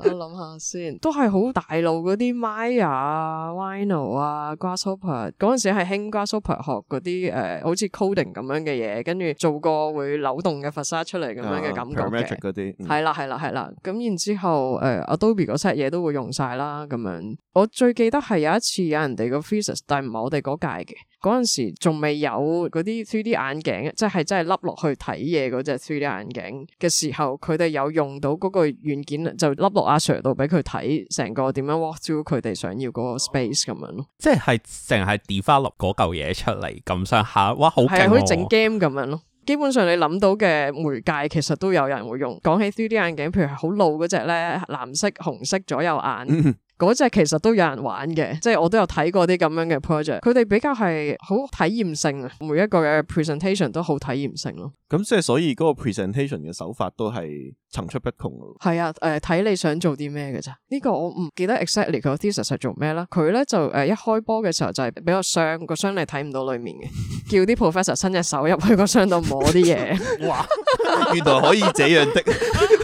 我諗下先，都係好大路嗰啲 Maya 啊、Rhino 啊、Grasshopper 嗰陣時係興 Grasshopper 學嗰啲，誒，好似 coding 咁樣嘅嘢，跟住做過會扭動嘅佛沙出嚟咁樣嘅感覺嘅。係啦係啦係啦，咁、嗯、然之後誒、呃、，Adobe 個 set 嘢都會用晒啦，咁樣。我最記得係有一次有人哋個 thesis，但係唔係我哋嗰屆嘅。嗰陣時仲未有嗰啲 3D 眼鏡，即、就、係、是、真係凹落去睇嘢嗰隻 3D 眼鏡嘅時候，佢哋有用到嗰個軟件就凹落阿 Sir 度俾佢睇成個點樣 walk through 佢哋想要嗰個 space 咁樣咯， [music] 即係成係 develop 嗰嚿嘢出嚟咁上下，哇好係，好似整 game 咁樣咯。基本上你諗到嘅媒介其實都有人會用。講起 3D 眼鏡，譬如好老嗰隻咧，藍色、紅色左右眼。 [music] 嗰隻其實都有人玩嘅，即係我都有睇過啲咁樣嘅 project，佢哋比較係好體驗性啊，每一個嘅 presentation 都好體驗性咯。咁即係所以嗰個 presentation 嘅手法都係層出不窮咯。係啊，誒、呃，睇你想做啲咩嘅啫。呢、這個我唔記得 exactly 佢個 thesis 係做咩啦。佢咧就誒一開波嘅時候就係俾個箱，個箱你睇唔到裏面嘅， [laughs] 叫啲 professor 伸隻手入去個箱度摸啲嘢。 [laughs] 哇， [laughs] [laughs] 原來可以這樣的。 [laughs]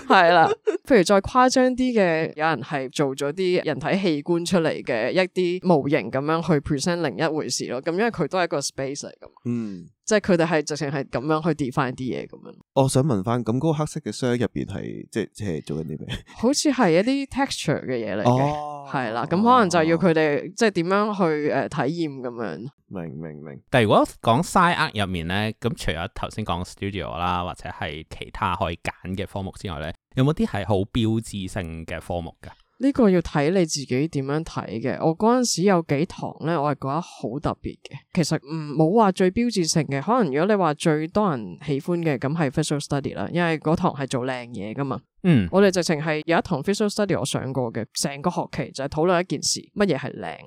係啦，譬如再誇張啲嘅，有人係做咗啲人體器官出嚟嘅一啲模型咁樣去 present 另一回事咯。咁因為佢都係一個 space 嚟噶嘛，嗯，即係佢哋係直情係咁樣去 define 啲嘢咁。我、哦、想問翻，咁嗰個黑色嘅箱入邊係，即係即係做緊啲咩？好似係一啲 texture 嘅嘢嚟嘅，係啦、哦，咁可能就要佢哋、哦、即係點樣去誒體驗咁樣明。明明明。但係如果講 SCI-Arc 入面咧，咁除咗頭先講 studio 啦，或者係其他可以揀嘅科目之外咧，有冇啲係好標誌性嘅科目噶？呢個要睇你自己點樣睇嘅。我嗰陣時有幾堂咧，我係覺得好特別嘅。其實唔冇話最標誌性嘅，可能如果你話最多人喜歡嘅，咁係 facial study 啦，因為嗰堂係做靚嘢噶嘛。嗯，我哋直情係有一堂 facial study 我上過嘅，成個學期就係討論一件事，乜嘢係靚。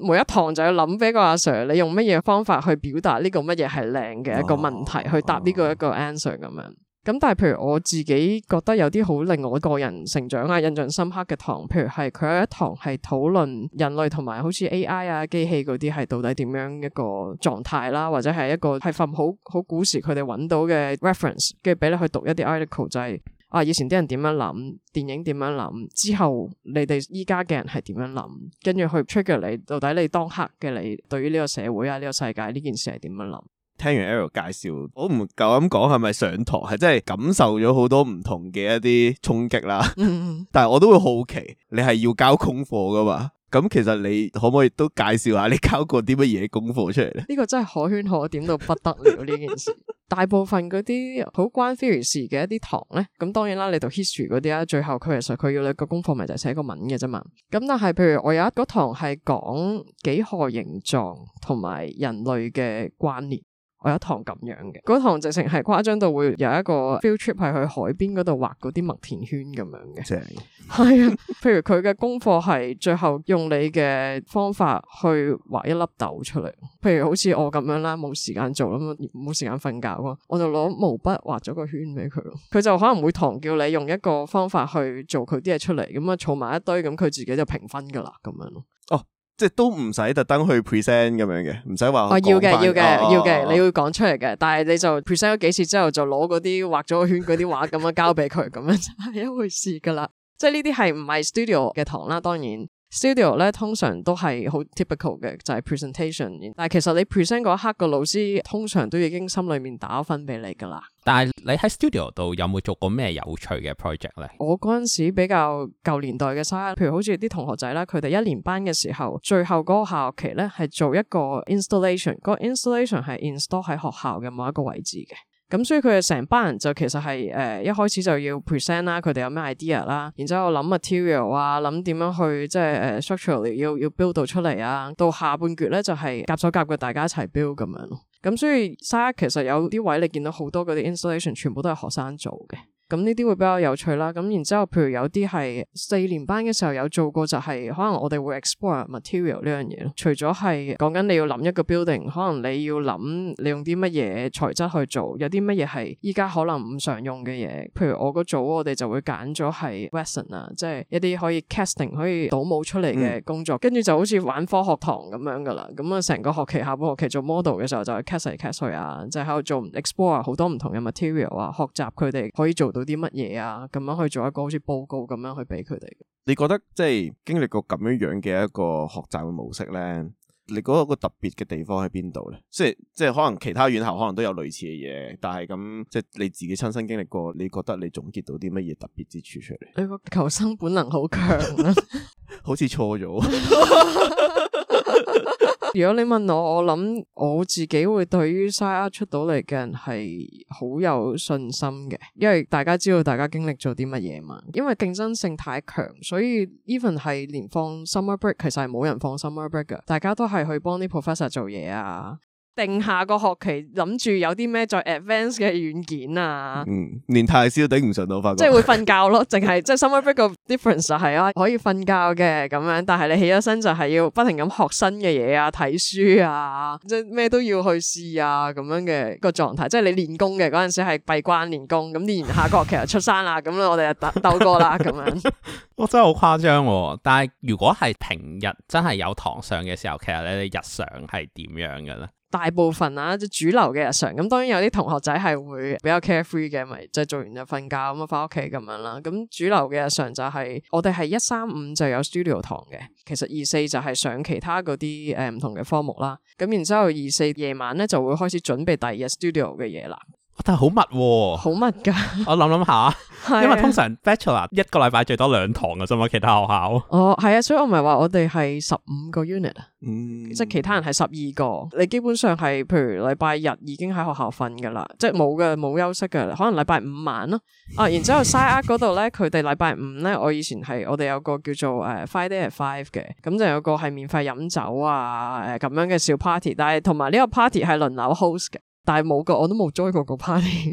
[laughs] 每一堂就要諗俾個阿 Sir，你用乜嘢方法去表達呢個乜嘢係靚嘅一個問題，哦、去答呢個一個 answer 咁樣。咁但係譬如我自己覺得有啲好令我個人成長啊、印象深刻嘅堂，譬如係佢有一堂係討論人類同埋好似 A.I. 啊、機器嗰啲係到底點樣一個狀態啦，或者係一個係從好好古時佢哋揾到嘅 reference，跟住俾你去讀一啲 article，就係、是、啊以前啲人點樣諗，電影點樣諗，之後你哋依家嘅人係點樣諗，跟住去 trigger 你到底你當刻嘅你對於呢個社會啊、呢、呢個世界呢件事係點樣諗？聽完 Ariel 介紹，我唔夠咁講係咪上堂，係真係感受咗好多唔同嘅一啲衝擊啦。 [laughs] 但係我都會好奇，你係要交功課噶嘛？咁其實你可唔可以都介紹下你交過啲乜嘢功課出嚟咧？呢個真係可圈可點到不得了呢 [laughs] 件事。大部分嗰啲好關 theory 嘅一啲堂咧，咁當然啦，你讀 history 嗰啲啊，最後佢其實佢要你個功課咪就寫個文嘅啫嘛。咁但係譬如我有一嗰堂係講幾何形狀同埋人類嘅關聯。我有一堂咁樣嘅，嗰堂直情係誇張到會有一個 field trip 係去海邊嗰度畫嗰啲麥田圈咁樣嘅，正係 [laughs] 啊！譬如佢嘅功課係最後用你嘅方法去畫一粒豆出嚟。譬如好似我咁樣啦，冇時間做咁啊，冇時間瞓覺啊，我就攞毛筆畫咗個圈俾佢咯。佢就可能會堂叫你用一個方法去做佢啲嘢出嚟，咁啊，儲埋一堆咁，佢自己就評分噶啦，咁樣咯。哦。即係都唔使特登去 present 咁樣嘅，唔使話。哦、啊，要嘅，要嘅，啊、要嘅，你會講出嚟嘅。但係你就 present 咗幾次之後就，就攞嗰啲畫咗個圈嗰啲畫咁樣交俾佢，咁 [laughs] 樣就係一回事噶啦。即係呢啲係唔係 studio 嘅堂啦，當然。studio 咧通常都係好 typical 嘅，就係、是、presentation。但係其實你 present 嗰一刻個老師通常都已經心裏面打分俾你噶啦。但係你喺 studio 度有冇做過咩有趣嘅 project 咧？我嗰陣時比較舊年代嘅沙，譬如好似啲同學仔啦，佢哋一年班嘅時候，最後嗰個下學期咧係做一個 installation install in。個 installation 係 install 喺學校嘅某一個位置嘅。咁所以佢哋成班人就其實係誒、呃、一開始就要 present 啦，佢哋有咩 idea 啦，然之後諗 material 啊，諗點樣去即係誒 structure 嚟要要 build 到出嚟啊，到下半局咧就係、是、夾手夾腳大家一齊 build 咁樣咯。咁所以沙其實有啲位你見到好多嗰啲 installation 全部都係學生做嘅。咁呢啲會比較有趣啦。咁然之後譬如有啲係四年班嘅時候有做過就係可能我哋會 explore material 呢樣嘢咯。除咗係講緊你要諗一個 building，可能你要諗你用啲乜嘢材質去做，有啲乜嘢係依家可能唔常用嘅嘢。譬如我個組，我哋就會揀咗係 resin 啊，即係一啲可以 casting 可以倒模出嚟嘅工作。跟住、嗯、就好似玩科學堂咁樣噶啦。咁啊，成個學期下個學期做 model 嘅時候就係 cast 嚟 cast 去啊，就喺、是、度做 explore 好多唔同嘅 material 啊，學習佢哋可以做到。做啲乜嘢啊？咁樣去做一個好似報告咁樣去俾佢哋。你覺得即係經歷過咁樣樣嘅一個學習嘅模式咧？你覺得個特別嘅地方喺邊度咧？即係即係可能其他院校可能都有類似嘅嘢，但係咁即係你自己親身經歷過，你覺得你總結到啲乜嘢特別之處出嚟？你個求生本能好強啊！好似錯咗。 [laughs] 如果你問我，我諗我自己會對於晒出到嚟嘅人係好有信心嘅，因為大家知道大家經歷咗啲乜嘢嘛。因為競爭性太強，所以 even 係連放 summer break，其實係冇人放 summer break 嘅，大家都係去幫啲 professor 做嘢啊。定下個學期諗住有啲咩再 advance 嘅軟件啊，嗯，連大師都頂唔上，我發覺即係會瞓覺咯，淨係 [laughs] 即係 summer break 個 difference 就係啊，可以瞓覺嘅咁樣，但係你起咗身就係要不停咁學新嘅嘢啊，睇書啊，即係咩都要去試啊，咁樣嘅，那個狀態，即係你練功嘅嗰陣時係閉關練功，咁練下個學期就出山啦，咁 [laughs] 我哋就鬥過啦咁樣。哇、 [laughs] 哦，真係好誇張喎！但係如果係平日真係有堂上嘅時候，其實你哋日常係點樣嘅咧？大部分啦，即主流嘅日常，咁當然有啲同學仔係會比較 carefree 嘅，咪即係做完就瞓覺咁啊，翻屋企咁樣啦。咁主流嘅日常就係、是、我哋係一三五就有 studio 堂嘅，其實二四就係上其他嗰啲誒唔同嘅科目啦。咁然之後二四夜晚咧就會開始準備第二日 studio 嘅嘢啦。但係好密，好密噶。我諗諗下，因為通常 Bachelor 一個禮拜最多兩堂噶，咋嘛？其他學校哦，係啊，所以我唔係話我哋係十五個 unit，嗯，即係其他人係十二個。你基本上係，譬如禮拜日已經喺學校瞓噶啦，即係冇嘅，冇休息嘅。可能禮拜五晚咯，啊，然之後 SCI-Arc 嗰度咧，佢哋禮拜五咧，我以前係我哋有個叫做誒 Friday at Five 嘅，咁就有個係免費飲酒啊，誒咁樣嘅小 party，但係同埋呢個 party 係輪流 host 嘅。但係冇個，我都冇 join 過個 party，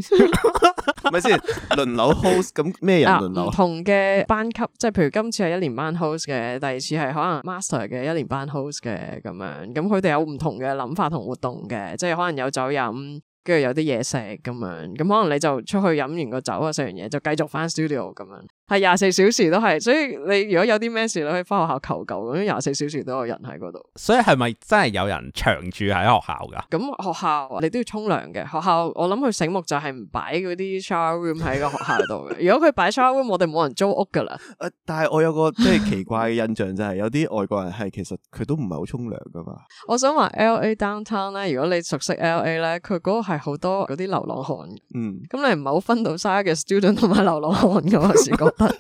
咪先輪流 host，咁咩人輪流？唔同嘅班級，即係譬如今次係一年班 host 嘅，第二次係可能 master 嘅一年班 host 嘅，咁樣，咁佢哋有唔同嘅諗法同活動嘅，即係可能有酒飲。跟住有啲嘢食咁樣，咁可能你就出去飲完個酒啊，食完嘢就繼續返 studio 咁樣，係廿四小時都係，所以你如果有啲咩事，你可以返學校求救，咁樣廿四小時都有人喺嗰度。所以係咪真係有人長住喺學校噶？咁學校你都要沖涼嘅，學校，學校我諗佢醒目就係唔擺嗰啲 shower room 喺個學校度。 [laughs] 如果佢擺 shower room，我哋冇人租屋噶啦。 [laughs] 但係我有個即係奇怪嘅印象就係、是，有啲外國人係其實佢都唔係好沖涼噶嘛。 [laughs] 我想話 LA Downtown 咧，如果你熟悉 LA 咧，佢嗰個係。好多嗰啲流浪漢，咁、嗯、你唔係好分到沙嘅 student 同埋流浪漢噶，我 [laughs] [laughs] 是覺得，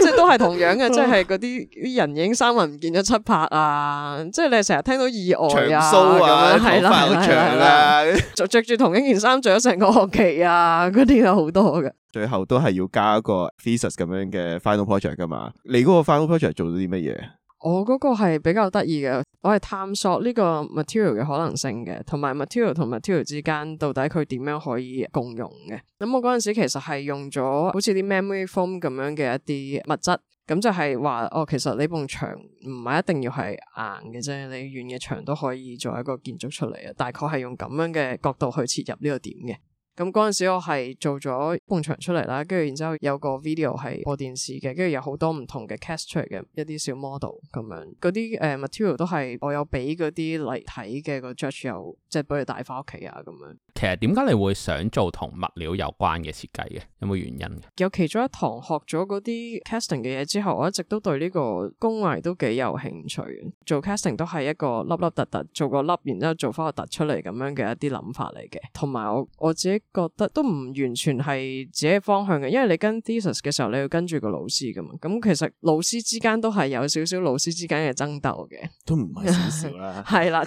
即係都係同樣嘅， [laughs] 即係嗰啲啲人影三文唔見咗七拍啊！即係你成日聽到意外啊，長蘇啊，係啦樣，係啦，着着住同一件衫着咗成個學期啊，嗰啲有好多嘅。最後都係要加一個 thesis 咁樣嘅 final project 噶嘛？你嗰個 final project, project 做咗啲乜嘢？我嗰、哦嗰個係比較得意嘅，我係探索呢個 material 嘅可能性嘅，同埋 material 同 material 之間到底佢點樣可以共用嘅？咁、嗯、我嗰陣時其實係用咗好似啲 memory foam 咁樣嘅一啲物質，咁就係話哦，其實呢埲牆唔係一定要係硬嘅啫，你軟嘅牆都可以做一個建築出嚟啊！大概係用咁樣嘅角度去切入呢個點嘅。咁嗰陣時我係做咗蹦牆出嚟啦，跟住然之後有個 video 係播電視嘅，跟住有好多唔同嘅 cast 出嚟嘅一啲小 model 咁樣，嗰啲誒 material 都係我有俾嗰啲嚟睇嘅個 judge，又即係俾佢帶翻屋企啊咁樣。其實點解你會想做同物料有關嘅設計嘅？有冇原因？有其中一堂學咗嗰啲 casting 嘅嘢之後，我一直都對呢個工藝都幾有興趣。做 casting 都係一個凹凹凸凸，做個凹，然之後做翻個凸出嚟咁樣嘅一啲諗法嚟嘅。同埋我我自己覺得都唔完全係自己方向嘅，因為你跟 thesis 嘅時候你要跟住個老師㗎嘛。咁、嗯、其實老師之間都係有少少老師之間嘅爭鬥嘅，都唔係少少啦。係啦，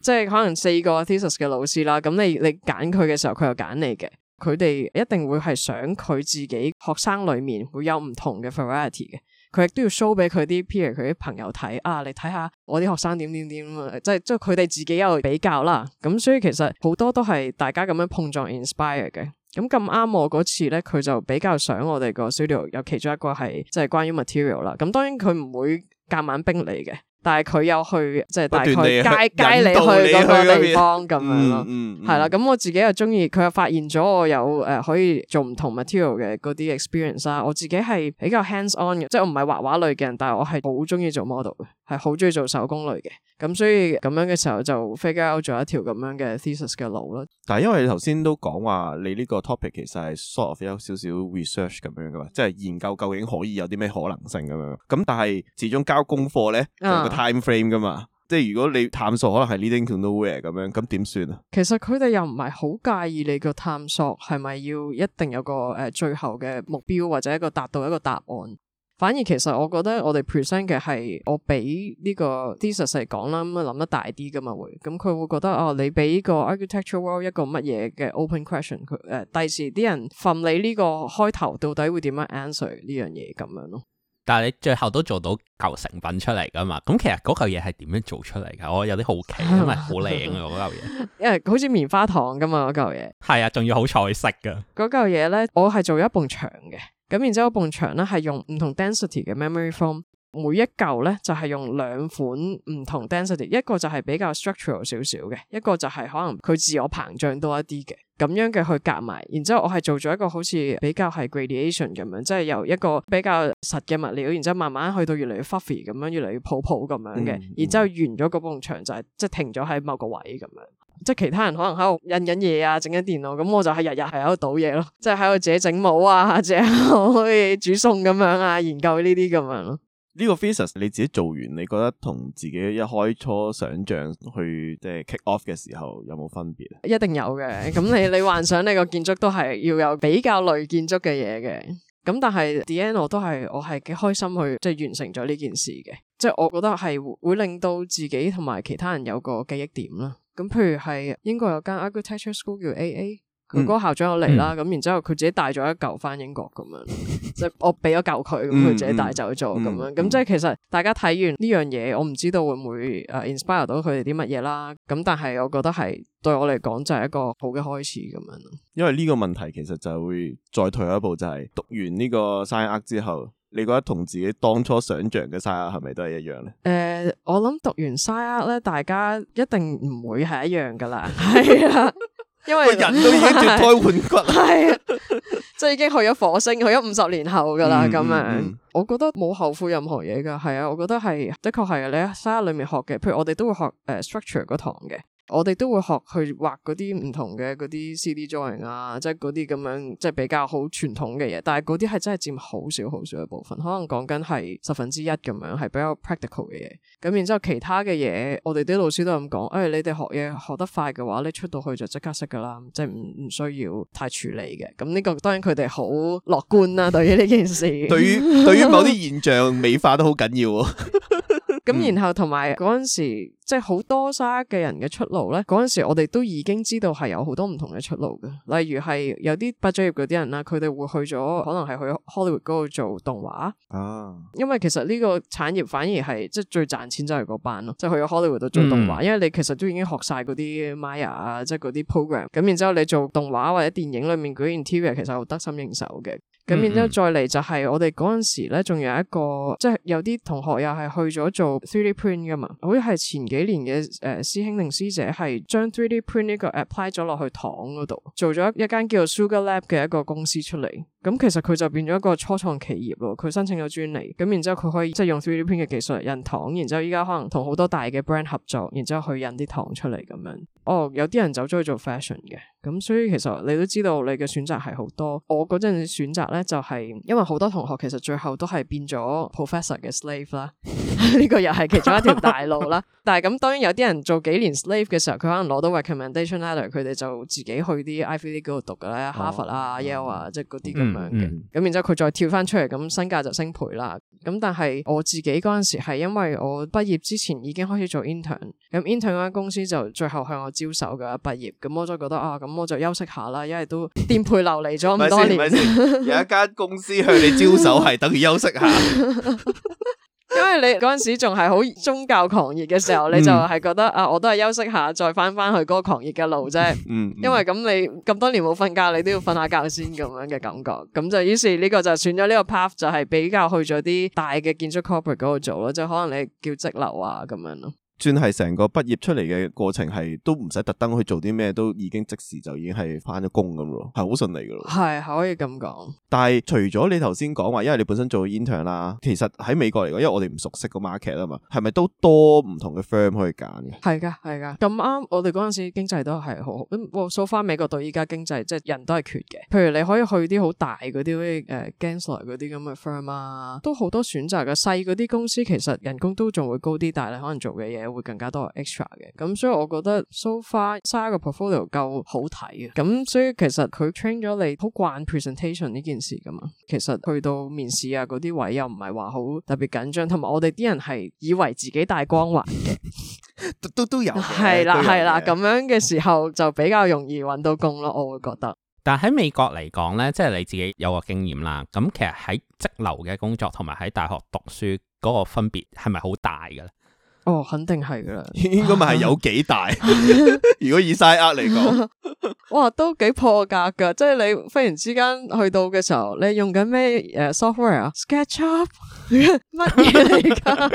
即係可能四個 thesis 嘅老師。啦，咁你你揀佢嘅時候，佢又揀你嘅，佢哋一定會係想佢自己學生裏面會有唔同嘅 variety 嘅，佢亦都要 show 俾佢啲譬如佢啲朋友睇啊，你睇下我啲學生點點點，即係即係佢哋自己有比較啦。咁所以其實好多都係大家咁樣碰撞 inspire 嘅。咁咁啱我嗰次咧，佢就比較想我哋個 studio 有其中一個係就係關於 material 啦。咁當然佢唔會夾硬逼你嘅。但係佢有去，即係大概街街你去嗰個地方咁樣咯，係啦、嗯。咁我自己又中意，佢又發現咗我有誒可以做唔同 material 嘅嗰啲 experience 啦。我自己係比較 hands on 嘅，即係我唔係畫畫類嘅人，但係我係好中意做 model 嘅。係好中意做手工類嘅，咁所以咁樣嘅時候就 figure out 咗一條咁樣嘅 thesis 嘅路咯。但係因為你頭先都講話你呢個 topic 其實係 sort of 有少少 research 咁樣噶嘛，即係研究究竟可以有啲咩可能性咁樣。咁但係始終交功課咧個 time frame 噶嘛，嗯、即係如果你探索可能係 leading to nowhere 咁樣，咁點算啊？其實佢哋又唔係好介意你個探索係咪要一定有個誒最後嘅目標或者一個達到一個答案。反而其實我覺得我哋 present 嘅係我俾呢個 thesis 嚟講啦，咁啊諗得大啲噶嘛會，咁佢會覺得啊、哦、你俾個 architectural world 一個乜嘢嘅 open question 佢誒第時啲人從你呢個開頭到底會點樣 answer 呢樣嘢咁樣咯。但係你最後都做到嚿成品出嚟噶嘛？咁其實嗰嚿嘢係點樣做出嚟噶？我有啲好奇，因為 [laughs] [laughs] 好靚啊嗰嚿嘢。因為好似棉花糖噶嘛嗰嚿嘢。係啊，仲要好彩色噶。嗰嚿嘢咧，我係做一埲牆嘅。咁然之後嗰埲牆咧係用唔同 density 嘅 memory foam，每一嚿咧就係用兩款唔同 density，一個就係比較 structural 少少嘅，一個就係可能佢自我膨脹多一啲嘅，咁樣嘅去夾埋。然之後我係做咗一個好似比較係 gradation 咁樣，即係由一個比較實嘅物料，然之後慢慢去到越嚟越 fuffy 咁樣，越嚟越泡泡咁樣嘅。然之後完咗嗰埲牆就係即係停咗喺某個位咁樣。即係其他人可能喺度印緊嘢啊，整緊電腦咁，我就係日日係喺度倒嘢咯。即係喺度自己整模啊，或者可以煮餸咁樣啊，研究呢啲咁樣咯、啊。呢個 thesis 你自己做完，你覺得同自己一開初想象去即係 kick off 嘅時候有冇分別？一定有嘅。咁你你幻想你個建築都係要有比較類建築嘅嘢嘅。咁但係 design 我都係我係幾開心去即係完成咗呢件事嘅。即係我覺得係會令到自己同埋其他人有個記憶點啦。咁譬如係英國有間 architecture school 叫 A A，佢嗰個校長又嚟啦，咁、嗯、然之後佢自己帶咗一嚿翻英國咁樣，即係 [laughs] 我俾咗嚿佢，咁佢自己帶走咗咁樣，咁、嗯嗯、即係其實大家睇完呢樣嘢，我唔知道會唔會誒 inspire 到佢哋啲乜嘢啦，咁但係我覺得係對我嚟講就係一個好嘅開始咁樣咯。因為呢個問題其實就會再退一步，就係、是、讀完呢個 SCI-Arc 之後。你覺得同自己當初想象嘅 SCI-Arc 係咪都係一樣咧？誒、呃，我諗讀完 SCI-Arc 咧，大家一定唔會係一樣噶啦係 [laughs] 啊，因為 [laughs] 人都已經脫胎換骨，係啊，即係已經去咗火星，去咗五十年後噶啦咁、嗯、樣。嗯、我覺得冇後悔任何嘢噶係啊，我覺得係的確係你喺 SCI-Arc 裏面學嘅，譬如我哋都會學誒、呃、structure 嗰堂嘅。我哋都會學去畫嗰啲唔同嘅嗰啲 C D drawing 啊，即係嗰啲咁樣，即係比較好傳統嘅嘢。但係嗰啲係真係佔好少好少嘅部分，可能講緊係十分之一咁樣，係比較 practical 嘅嘢。咁然之後其他嘅嘢，我哋啲老師都係咁講，誒、哎，你哋學嘢學得快嘅話，你出到去就即刻識噶啦，即係唔唔需要太處理嘅。咁呢、這個當然佢哋好樂觀啦、啊，對於呢件事。 [laughs] 對於對於某啲現象 [laughs] 美化都好緊要、啊。咁 [laughs] 然後同埋嗰陣時。即係好多沙嘅人嘅出路咧，嗰陣時我哋都已經知道係有好多唔同嘅出路嘅，例如係有啲畢咗業嗰啲人啦，佢哋會去咗可能係去 Hollywood 度做動畫啊，因為其實呢個產業反而係即係最賺錢就，就係嗰班咯，即係去咗 Hollywood 度做動畫，嗯、因為你其實都已經學晒嗰啲 Maya 啊，即係嗰啲 program，咁然之後你做動畫或者電影裏面嗰啲 interior，其實好得心應手嘅，咁然之後再嚟就係我哋嗰陣時咧，仲有一個即係有啲同學又係去咗做 3D print 噶嘛，好似係前。幾年嘅誒、呃、師兄定師姐係將 3D print 呢個 apply 咗落去糖嗰度，做咗一間叫 Sugar Lab 嘅一個公司出嚟。咁其實佢就變咗一個初創企業咯。佢申請咗專利，咁然之後佢可以即係、就是、用 3D print 嘅技術嚟印糖。然之後依家可能同好多大嘅 brand 合作，然之後去印啲糖出嚟咁樣。哦，oh, 有啲人走咗去做 fashion 嘅，咁所以其實你都知道你嘅選擇係好多。我嗰陣選擇咧就係、是、因為好多同學其實最後都係變咗 professor 嘅 slave 啦，呢 [laughs] 個又係其中一條大路啦。 [laughs] 但係咁當然有啲人做幾年 slave 嘅時候，佢可能攞到 recommendation letter，佢哋就自己去啲 ivy league 度讀嘅啦，哈佛啊、oh. 耶魯啊，即係嗰啲咁樣嘅。咁、嗯嗯、然之後佢再跳翻出嚟，咁身價就升倍啦。咁但係我自己嗰陣時係因為我畢業之前已經開始做 intern，咁 intern 嗰間公司就最後向我招手噶，畢業，咁我就覺得啊，咁我就休息下啦，因為都顛沛流離咗咁多年。等等，等等，有一間公司向你招手，係等於休息下， [laughs] [laughs] 因為你嗰陣時仲係好宗教狂熱嘅時候，你就係覺得、嗯、啊，我都係休息下，再翻翻去嗰個狂熱嘅路啫。嗯，嗯，因為咁你咁多年冇瞓覺，你都要瞓下覺先咁樣嘅感覺。咁就於是呢個就選咗呢個 path，就係比較去咗啲大嘅建築 corporate 嗰度做咯，即係可能你叫積流啊咁樣咯。算係成個畢業出嚟嘅過程係都唔使特登去做啲咩，都已經即時就已經係翻咗工咁咯，係好順利噶咯，係可以咁講。但係除咗你頭先講話，因為你本身做 intern 啦，其實喺美國嚟講，因為我哋唔熟悉個 market 啊嘛，係咪都多唔同嘅 firm 可以揀嘅？係噶係噶，咁啱我哋嗰陣時經濟都係好好。我數翻美國到依家經濟，即係人都係缺嘅。譬如你可以去啲好大嗰啲誒，Gensler 嗰啲咁嘅 firm 啊，uh, fir ma, 都好多選擇嘅。細嗰啲公司其實人工都仲會高啲，但係你可能做嘅嘢。會更加多的 extra 嘅，咁所以我覺得 so far 三個 portfolio 夠好睇嘅，咁所以其實佢 train 咗你好慣 presentation 呢件事噶嘛，其實去到面試啊嗰啲位又唔係話好特別緊張，同埋我哋啲人係以為自己大光環 [laughs] 都，都有啦都有係啦係啦，咁樣嘅時候就比較容易搵到工咯，我會覺得。但喺美國嚟講咧，即係你自己有個經驗啦，咁其實喺職流嘅工作同埋喺大學讀書嗰個分別係咪好大嘅咧？哦，肯定係噶啦，應該咪係有幾大？ [laughs] [laughs] 如果以 SCI-Arc 嚟講，哇，都幾破格噶！即係你忽然之間去到嘅時候，你用緊咩誒 software 啊？SketchUp。Sketch up? 乜嘢嚟噶？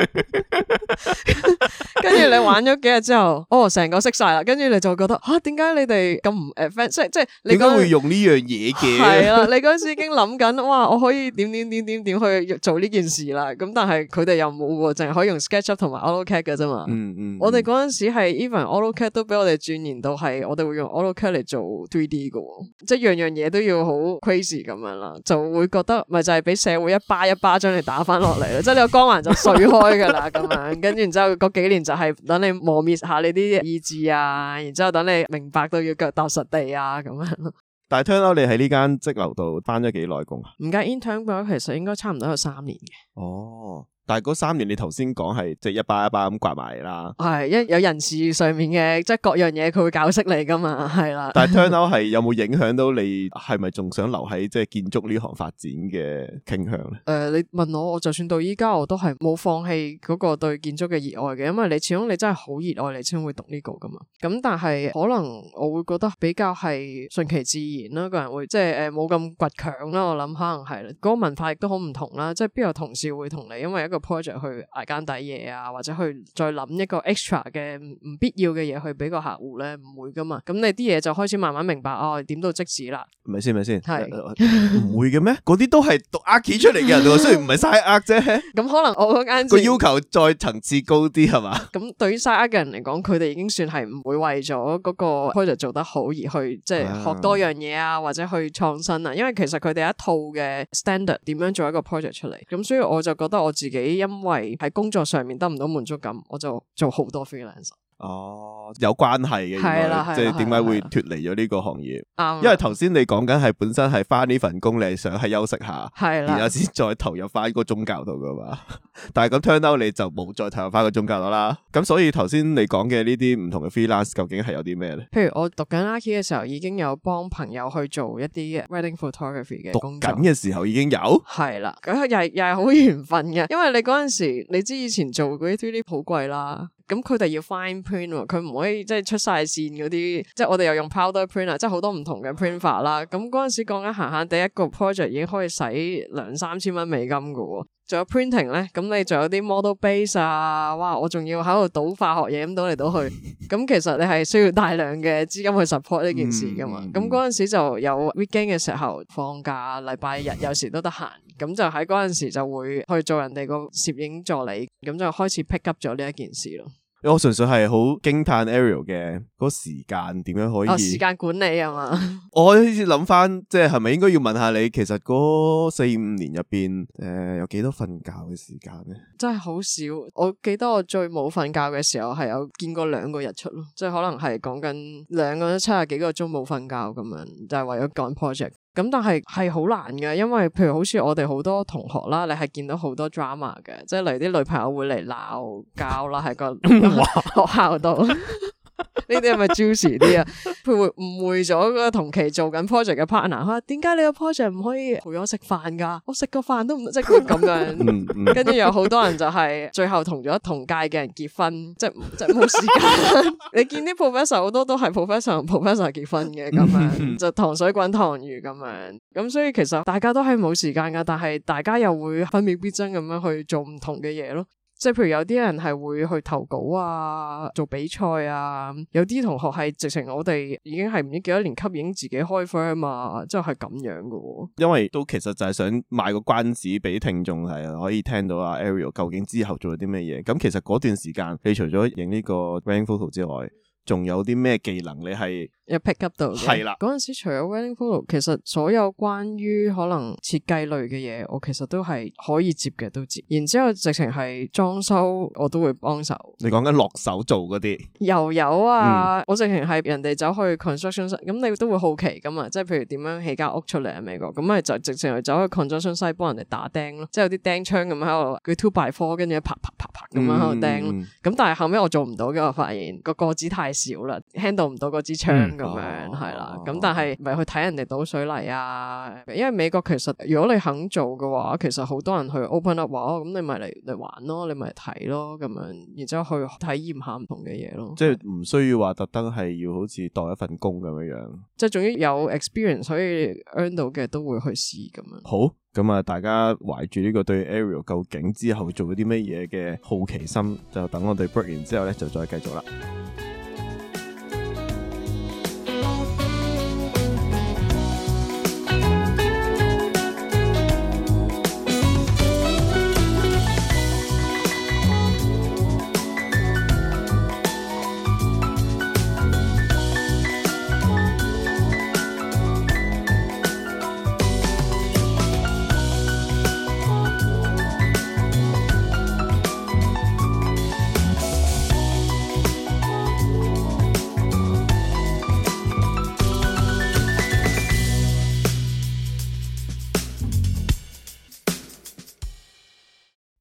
跟住 [laughs] 來 [laughs] 你玩咗幾日之後，哦，成個識晒啦。跟住你就覺得啊，點解你哋咁唔誒即係即係，點解會用呢樣嘢嘅？係啊，你嗰陣時已經諗緊，哇，我可以點點點點點去做呢件事啦。咁但係佢哋又冇淨係可以用 SketchUp 同埋 AutoCAD 嘅啫嘛。嗯嗯，我哋嗰陣時係 Even AutoCAD 都俾我哋轉研到係，我哋會用 AutoCAD 嚟做 3D 嘅，即係樣樣嘢都要好 crazy 咁樣啦，就會覺得咪就係俾社會一巴一巴將你打翻落。 [laughs] 落嚟 [laughs] 即係你個光環就碎開噶啦，咁樣跟住然之後嗰幾年就係等你磨滅下你啲意志啊，然之後等你明白到要腳踏實地啊，咁樣。 [laughs] 但係聽講你喺呢間職樓度翻咗幾耐工啊？唔計 intern 嗰，其實應該差唔多有三年嘅。哦。但係嗰三年你頭先講係即係一巴一巴咁掛埋啦，係一有人事上面嘅即係各樣嘢佢會教識你噶嘛，係啦。但係 turnover 係有冇影響到你係咪仲想留喺即係建築呢行發展嘅傾向咧？誒，你問我我就算到依家我都係冇放棄嗰個對建築嘅熱愛嘅，因為你始終你真係好熱愛你先會讀呢個噶嘛。咁但係可能我會覺得比較係順其自然啦，個人會即係誒冇咁倔強啦。我諗可能係啦，嗰個文化亦都好唔同啦，即係邊有同事會同你因為一個。project 去捱更抵夜啊，或者去再諗一個 extra 嘅唔必要嘅嘢去俾個客戶咧，唔會噶嘛。咁你啲嘢就開始慢慢明白哦，點到即止啦。咪先咪先，係唔會嘅咩？嗰啲都係讀 Archi 出嚟嘅人，雖然唔係 SCI-Arc 啫。咁 [laughs] 可能我嗰間個要求再層次高啲係嘛？咁對於 SCI-Arc 嘅人嚟講，佢哋已經算係唔會為咗嗰個 project 做得好而去即係學多樣嘢啊，啊或者去創新啊。因為其實佢哋一套嘅 standard 點樣做一個 project 出嚟，咁所以我就覺得我自己。因為喺工作上面得唔到滿足感，我就做好多 freelance。哦，有關係嘅，的即係點解會脫離咗呢個行業？的因為頭先你講緊係本身係翻呢份工，你想係休息下，係啦的，然後先再投入翻嗰宗教度噶嘛。 [laughs] 但係咁 turn out 你就冇再投入翻個宗教度啦。咁所以頭先你講嘅呢啲唔同嘅 freelance 究竟係有啲咩咧？譬如我讀緊 Archi 嘅時候，已經有幫朋友去做一啲嘅 wedding photography 嘅工作。讀緊嘅時候已經有？係啦，咁又係又係好緣分嘅，因為你嗰陣時你知以前做嗰啲 three D 好貴啦。咁佢哋要 fine print，佢唔可以即係出曬線嗰啲，即係我哋又用 powder print，即係好多唔同嘅 print 法啦。咁嗰陣時講緊閒閒地一個 project 已經可以使兩三千蚊美金嘅喎。仲有 printing 咧，咁你仲有啲 model base 啊，哇！我仲要喺度倒化學嘢咁倒嚟倒去，咁其實你係需要大量嘅資金去 support 呢件事㗎嘛。咁嗰陣時就有 weekend 嘅時候放假禮拜日有時都得閒，咁就喺嗰陣時就會去做人哋個攝影助理，咁就開始 pick up 咗呢一件事咯。我純粹係好驚嘆 Ariel 嘅嗰、那個、時間點樣可以、哦、時間管理啊嘛！ [laughs] 我開始諗翻即係係咪應該要問下你，其實嗰四五年入邊誒有幾多瞓覺嘅時間咧？真係好少，我記得我最冇瞓覺嘅時候係有見過兩個日出咯，即係可能係講緊兩個七廿幾個鐘冇瞓覺咁樣，就係、是、為咗趕 project。咁但係係好難嘅，因為譬如好似我哋好多同學啦，你係見到好多 drama 嘅，即係嚟啲女朋友會嚟鬧交啦，喺 [laughs] 個學校度。 [laughs] [laughs] 呢啲係咪 juicy 啲啊？佢誤會咗個同期做緊 project 嘅 partner，佢話點解你個 project 唔可以陪我食飯噶？我食個飯都唔即係咁樣。跟住 [laughs] 有好多人就係最後同咗同屆嘅人結婚，即係即係冇時間。 [laughs] 你見啲 professor 好多都係 professor 同 professor 結婚嘅咁樣，就糖水滾糖魚咁樣。咁所以其實大家都係冇時間噶，但係大家又會分秒必爭咁樣去做唔同嘅嘢咯。即係譬如有啲人係會去投稿啊，做比賽啊，有啲同學係直情我哋已經係唔知幾多年級已經自己開 firm 啊，即係咁樣噶喎、哦。因為都其實就係想賣個關子俾聽眾係可以聽到啊。Ariel 究竟之後做咗啲咩嘢？咁其實嗰段時間你除咗影呢個 brand photo 之外，仲有啲咩技能你係？有 pick up 到嘅，嗰陣是的 時除咗 wedding photo 其實所有關於可能設計類嘅嘢，我其實都係可以接嘅，都接。然之後直情係裝修，我都會幫手。你講緊落手做嗰啲又有啊！嗯、我直情係人哋走去 construction site，咁你都會好奇㗎嘛？即係譬如點樣起間屋出嚟啊？美國咁咪就直情係走去 construction site 幫人哋打釘咯，即係有啲釘槍咁喺度，佢 two by four，跟住一啪啪啪啪咁樣喺度釘。咁、嗯嗯、但係後尾我做唔到嘅，我發現個個子太少啦，handle 唔到嗰支槍。咁樣係啦，咁、啊、但係咪去睇人哋倒水泥啊？因為美國其實如果你肯做嘅話，其實好多人去 open up、哦、去咯，咁你咪嚟嚟玩咯，你咪睇咯，咁樣，然之後去體驗下唔同嘅嘢咯。即係唔需要話特登係要好似代一份工咁樣樣。即係終於有 experience，所以 earn 到嘅都會去試咁樣。好，咁啊，大家懷住呢個對 Ariel 究竟之後做啲乜嘢嘅好奇心，就等我哋 break 完之後咧，就再繼續啦。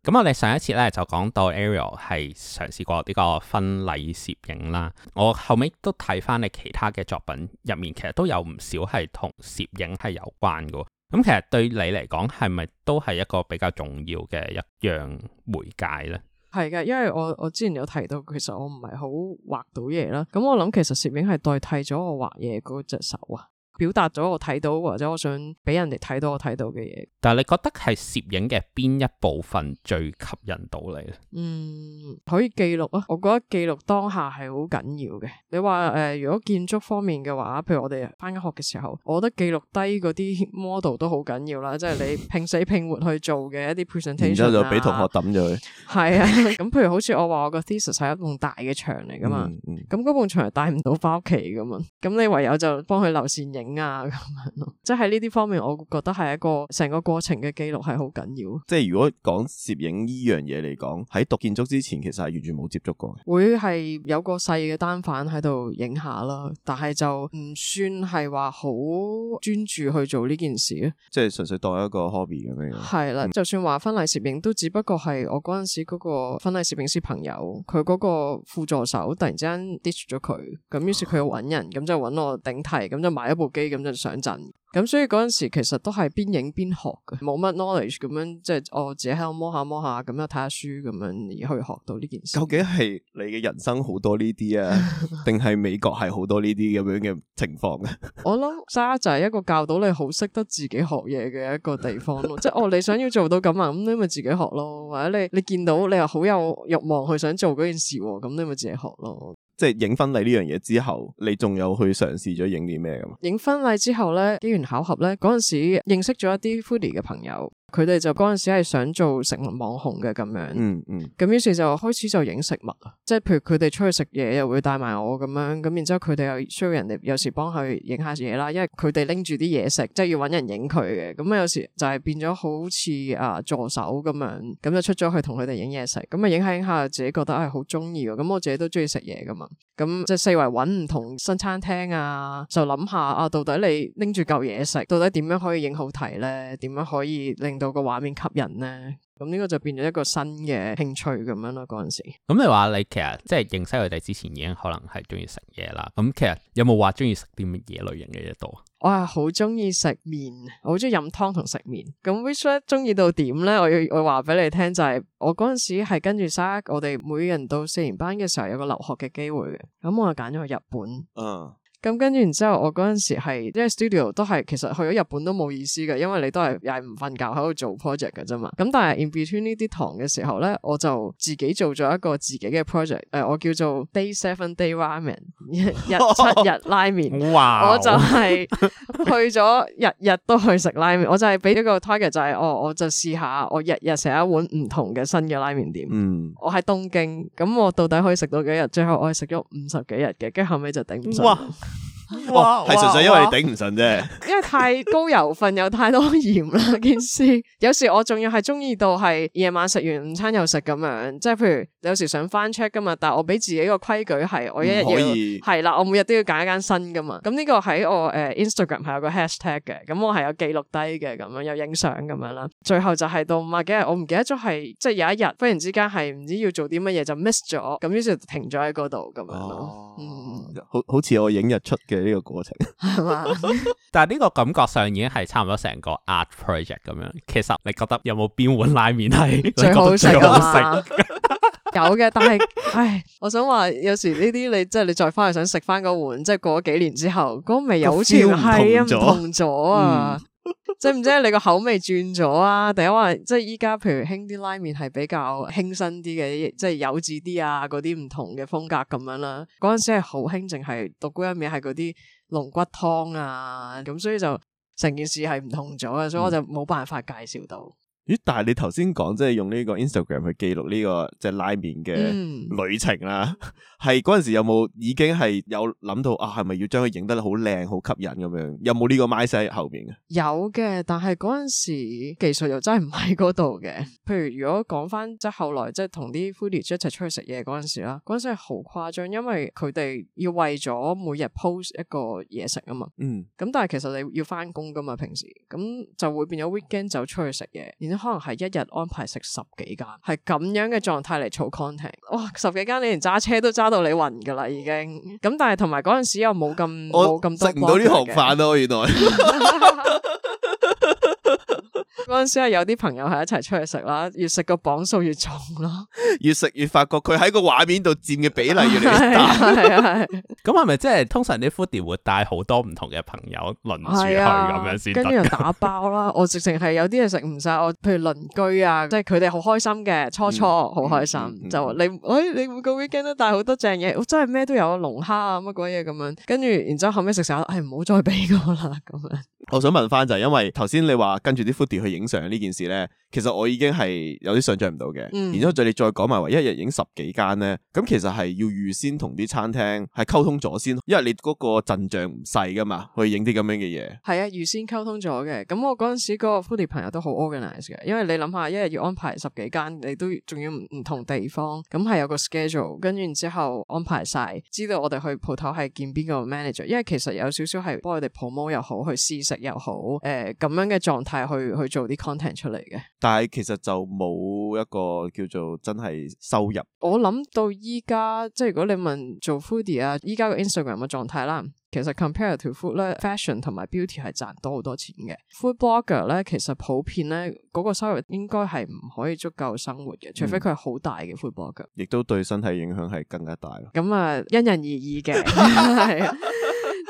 咁我哋上一次咧就講到 Ariel 係嘗試過呢個婚禮攝影啦，我後尾都睇翻你其他嘅作品入面，其實都有唔少係同攝影係有關嘅。咁其實對你嚟講，係咪都係一個比較重要嘅一樣媒介呢？係嘅，因為我我之前有提到，其實我唔係好畫到嘢啦。咁我諗，其實攝影係代替咗我畫嘢嗰隻手啊。表達咗我睇到或者我想俾人哋睇到我睇到嘅嘢。但係你覺得係攝影嘅邊一部分最吸引到你咧？嗯，可以記錄啊！我覺得記錄當下係好緊要嘅。你話誒、呃，如果建築方面嘅話，譬如我哋翻緊學嘅時候，我覺得記錄低嗰啲 model 都好緊要啦，即係你拼死拼活去做嘅一啲 presentation 啦。然後就俾同學抌咗佢。係 [laughs] 是啊，咁 [laughs] 譬如好似我話我個 thesis 係一棟大嘅牆嚟噶嘛，咁嗰棟牆係帶唔到翻屋企噶嘛，咁你唯有就幫佢留線影。啊咁樣咯，即係喺呢啲方面，我覺得係一個成個過程嘅記錄係好緊要。即係如果講攝影呢樣嘢嚟講喺讀建築之前其實係完全冇接觸過，會係有個細嘅單反喺度影下啦，但係就唔算係話好專注去做呢件事咯，即係純粹當一個 hobby 咁樣。係啦的，嗯、就算話婚禮攝影都只不過係我嗰陣時嗰個婚禮攝影師朋友佢嗰個副助手突然之間 ditch 咗佢，咁於是佢又搵人，咁、啊、就搵我頂替，咁就買一部，咁就上陣，咁所以嗰陣時其實都係邊影邊學嘅，冇乜 knowledge 咁樣，即係我、哦、自己喺度摸下摸下，咁樣睇下書咁樣而去學到呢件事。究竟係你嘅人生好多呢啲啊，定係美國係好多呢啲咁樣嘅情況嘅？ [laughs] 我諗，沙就係一個教到你好識得自己學嘢嘅一個地方咯。即係哦，你想要做到咁啊，咁 [laughs] 你咪自己學咯。或者你你見到你又好有欲望去想做嗰件事，咁你咪自己學咯。即係影婚禮呢樣嘢之後，你仲有去嘗試咗影啲咩噶嘛？影婚禮之後咧，機緣巧合咧，嗰陣時認識咗一啲 foodie 嘅朋友。佢哋就嗰陣時係想做食物網紅嘅咁樣，嗯嗯，咁、嗯、於是就開始就影食物啊，即係譬如佢哋出去食嘢又會帶埋我咁樣，咁然之後佢哋又需要人哋有時幫佢影下嘢啦，因為佢哋拎住啲嘢食，即係要搵人影佢嘅，咁啊有時就係變咗好似啊助手咁樣，咁就出咗去同佢哋影嘢食，咁啊影下影下自己覺得係好中意嘅，咁我自己都中意食嘢噶嘛，咁即係四圍搵唔同新餐廳啊，就諗下啊到底你拎住嚿嘢食，到底點樣可以影好睇咧？點樣可以令？到個畫面吸引咧，咁呢個就變咗一個新嘅興趣咁樣咯。嗰陣時，咁你話你其實即係、就是、認識我哋之前已經可能係中意食嘢啦。咁其實有冇話中意食啲乜嘢類型嘅嘢多？我係好中意食麵，我好中意飲湯同食麵。咁 which one 中意到點咧？我要我話俾你聽就係，我嗰陣、就是、時係跟住 SCI-Arc 我哋每人到四年班嘅時候有個留學嘅機會嘅。咁我就揀咗去日本。嗯。Uh. 咁跟住然之後，我嗰陣時係即係 studio 都係，其實去咗日本都冇意思嘅，因為你都係又係唔瞓覺喺度做 project 嘅啫嘛。咁但係 in between 呢啲堂嘅時候咧，我就自己做咗一個自己嘅 project，誒、呃、我叫做 Day Seven Day Ramen，日，日七日拉麵。哇！ [laughs] 我就係去咗日日都去食拉麵、 [laughs] 就是哦，我就係俾咗個 target 就係，我，我就試下我日日食一碗唔同嘅新嘅拉麵店。嗯。我喺東京，咁我到底可以食到幾日？最後我係食咗五十幾日嘅，跟住後尾就頂唔順。哇，係純、哦、哇粹因為你頂唔順啫，因為太高油份， [laughs] 有太多鹽啦件事。有時我仲要係中意到係夜晚食完午餐又食咁樣，即係譬如有時想翻 check 噶嘛，但係我俾自己個規矩係我一日要係啦，我每日都要揀一間新噶嘛。咁呢個喺我誒、呃、Instagram 係有個 hashtag 嘅，咁我係有記錄低嘅，咁樣有影相咁樣啦。最後就係到五啊幾日，我唔記得咗係即係有一日忽然之間係唔知要做啲乜嘢就 miss 咗，咁於是停咗喺嗰度咁樣咯。哦、嗯，好好似我影日出嘅。呢個過程係嘛？但係呢個感覺上已經係差唔多成個 art project 咁樣。其實你覺得有冇邊碗拉麵係最好食㗎？有嘅，但係唉，我想話有時呢啲你即係、就是、你再翻去想食翻嗰碗，即、就、係、是、過咗幾年之後，嗰 [laughs] 味好似變咗？唔同咗啊！ [laughs] 即係唔知係你個口味轉咗啊，定係話即係依家譬如興啲拉麵係比較輕身啲嘅，即係有致啲啊嗰啲唔同嘅風格咁樣啦、啊。嗰陣時係好興淨係獨沽一味係嗰啲龍骨湯啊，咁所以就成件事係唔同咗啊，所以我就冇辦法介紹到。嗯咦？但係你頭先講即係用呢個 Instagram 去記錄呢個即係拉麵嘅旅程啦，係嗰陣時有冇已經係有諗到啊？係咪要將佢影得好靚、好吸引咁樣？有冇呢個 mindset 喺後面啊？有嘅，但係嗰陣時技術又真係唔喺嗰度嘅。譬如如果講翻即係後來即係同啲 foodies 一齊出去食嘢嗰陣時啦，嗰陣真係好誇張，因為佢哋要為咗每日 post 一個嘢食啊嘛。嗯。咁但係其實你要翻工㗎嘛，平時咁就會變咗 weekend 就出去食嘢，然之後。可能係一日安排食十幾間，係咁樣嘅狀態嚟做 content。哇，十幾間你連揸車都揸到你暈噶啦，已經。咁但係同埋嗰陣時又冇咁，我冇咁多食唔到啲行飯咯，原來 來。 [laughs] [laughs] 嗰陣時係有啲朋友係一齊出去食啦，越食個磅數越重咯，越食越發覺佢喺個畫面度佔嘅比例越嚟越大，係啊係。咁係咪即係通常啲 foodie 會帶好多唔同嘅朋友輪住去咁樣先，跟住又打包啦， [laughs] 我直情係有啲嘢食唔晒，我譬如鄰居啊，即係佢哋好開心嘅，初初好開心，嗯嗯嗯、就你，哎，你每個 weekend 都帶好多正嘢，哦，真係咩都有龍蝦啊、龍蝦啊、乜鬼嘢咁樣，跟住然之後後尾食晒，唉，唔好再俾我啦，咁樣。我想問翻就係因為頭先你話跟住啲 foodie 去影相呢件事呢，其實我已經係有啲想像唔到嘅。嗯，然之後再你再講埋話一日影十幾間呢，咁其實係要預先同啲餐廳係溝通咗先，因為你嗰個陣仗唔細噶嘛，去影啲咁樣嘅嘢。係啊，預先溝通咗嘅。咁我嗰陣時嗰個 foodie 朋友都好 organize 嘅，因為你諗下一日要安排十幾間，你都仲要唔同地方，咁係有個 schedule，跟住之後安排晒，知道我哋去鋪頭係見邊個 manager，因為其實有少少係幫佢哋 promo 又好去試食。又好，誒、呃、咁樣嘅狀態去去做啲 content 出嚟嘅，但係其實就冇一個叫做真係收入。我諗到依家，即係如果你問做 foodie 啊，依家個 Instagram 嘅狀態啦，其實 compared to food 咧，fashion 同埋 beauty 係賺多好多錢嘅。food blogger 咧，其實普遍咧嗰、那個收入應該係唔可以足夠生活嘅，除非佢係好大嘅 food blogger。亦、嗯、都對身體影響係更加大咯。咁啊，因人而異嘅。 [laughs] [laughs]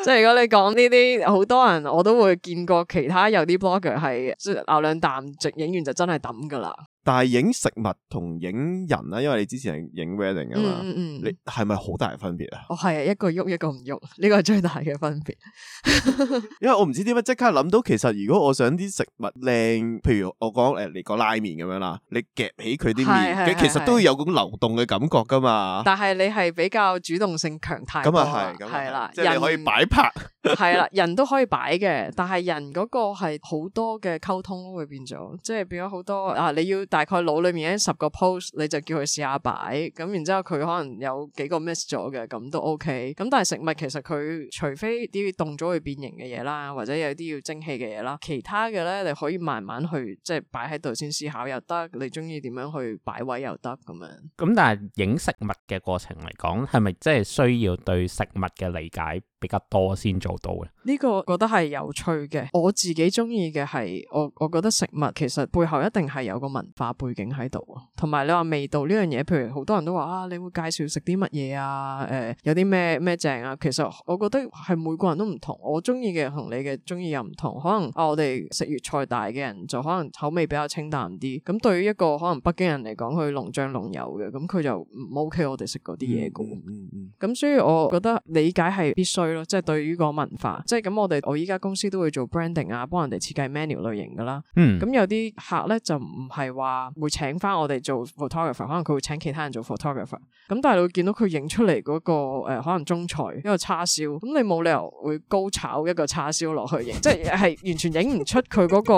即係如果你講呢啲，好多人我都會見過，其他有啲 blogger 係咬兩啖，直影完就真係抌㗎喇。但係，影食物同影人咧，因為你之前影 wedding 噶嘛。嗯嗯、你係咪好大分別啊？哦，係啊，一個喐一個唔喐，呢個係最大嘅分別。 [laughs] 因為我唔知點解即刻諗到，其實如果我想啲食物靚，譬如我講誒、呃，你講拉麵咁樣啦，你夾起佢啲麵，其實都會有種流動嘅感覺噶嘛。但係你係比較主動性強太多咁啊，係，係啦，即係可以擺拍。係 [laughs] 啦，人都可以擺嘅，但係人嗰個係好多嘅溝通會變咗，即係變咗好多啊！你要。大概腦裏面咧十個 pose，你就叫佢試下擺，咁然之後佢可能有幾個 miss 咗嘅，咁都 OK。咁但係食物其實佢除非啲動咗會變形嘅嘢啦，或者有啲要蒸氣嘅嘢啦，其他嘅咧你可以慢慢去即係擺喺度先思考又得，你中意點樣去擺位又得咁樣。咁但係影食物嘅過程嚟講，係咪即係需要對食物嘅理解？比較多先做到嘅，呢個覺得係有趣嘅。我自己中意嘅係，我我覺得食物其實背後一定係有個文化背景喺度，同埋你話味道呢樣嘢，譬如好多人都話啊，你會介紹食啲乜嘢啊？誒、呃，有啲咩咩正啊？其實我覺得係每個人都唔同，我中意嘅同你嘅中意又唔同。可能啊，我哋食粵菜大嘅人就可能口味比較清淡啲，咁對於一個可能北京人嚟講，佢濃醬濃油嘅，咁佢就唔 OK 我哋食嗰啲嘢嘅。咁、嗯嗯嗯嗯、所以我覺得理解係必須。即係對於個文化，即係咁我哋我依家公司都會做 branding 啊，幫人哋設計 menu 類型噶啦。嗯，咁有啲客咧就唔係話會請翻我哋做 photographer，可能佢會請其他人做 photographer，那個。咁但係你會見到佢影出嚟嗰個誒，可能中菜一個叉燒，咁你冇理由會高炒一個叉燒落去影， [laughs] 即係係完全影唔出佢嗰個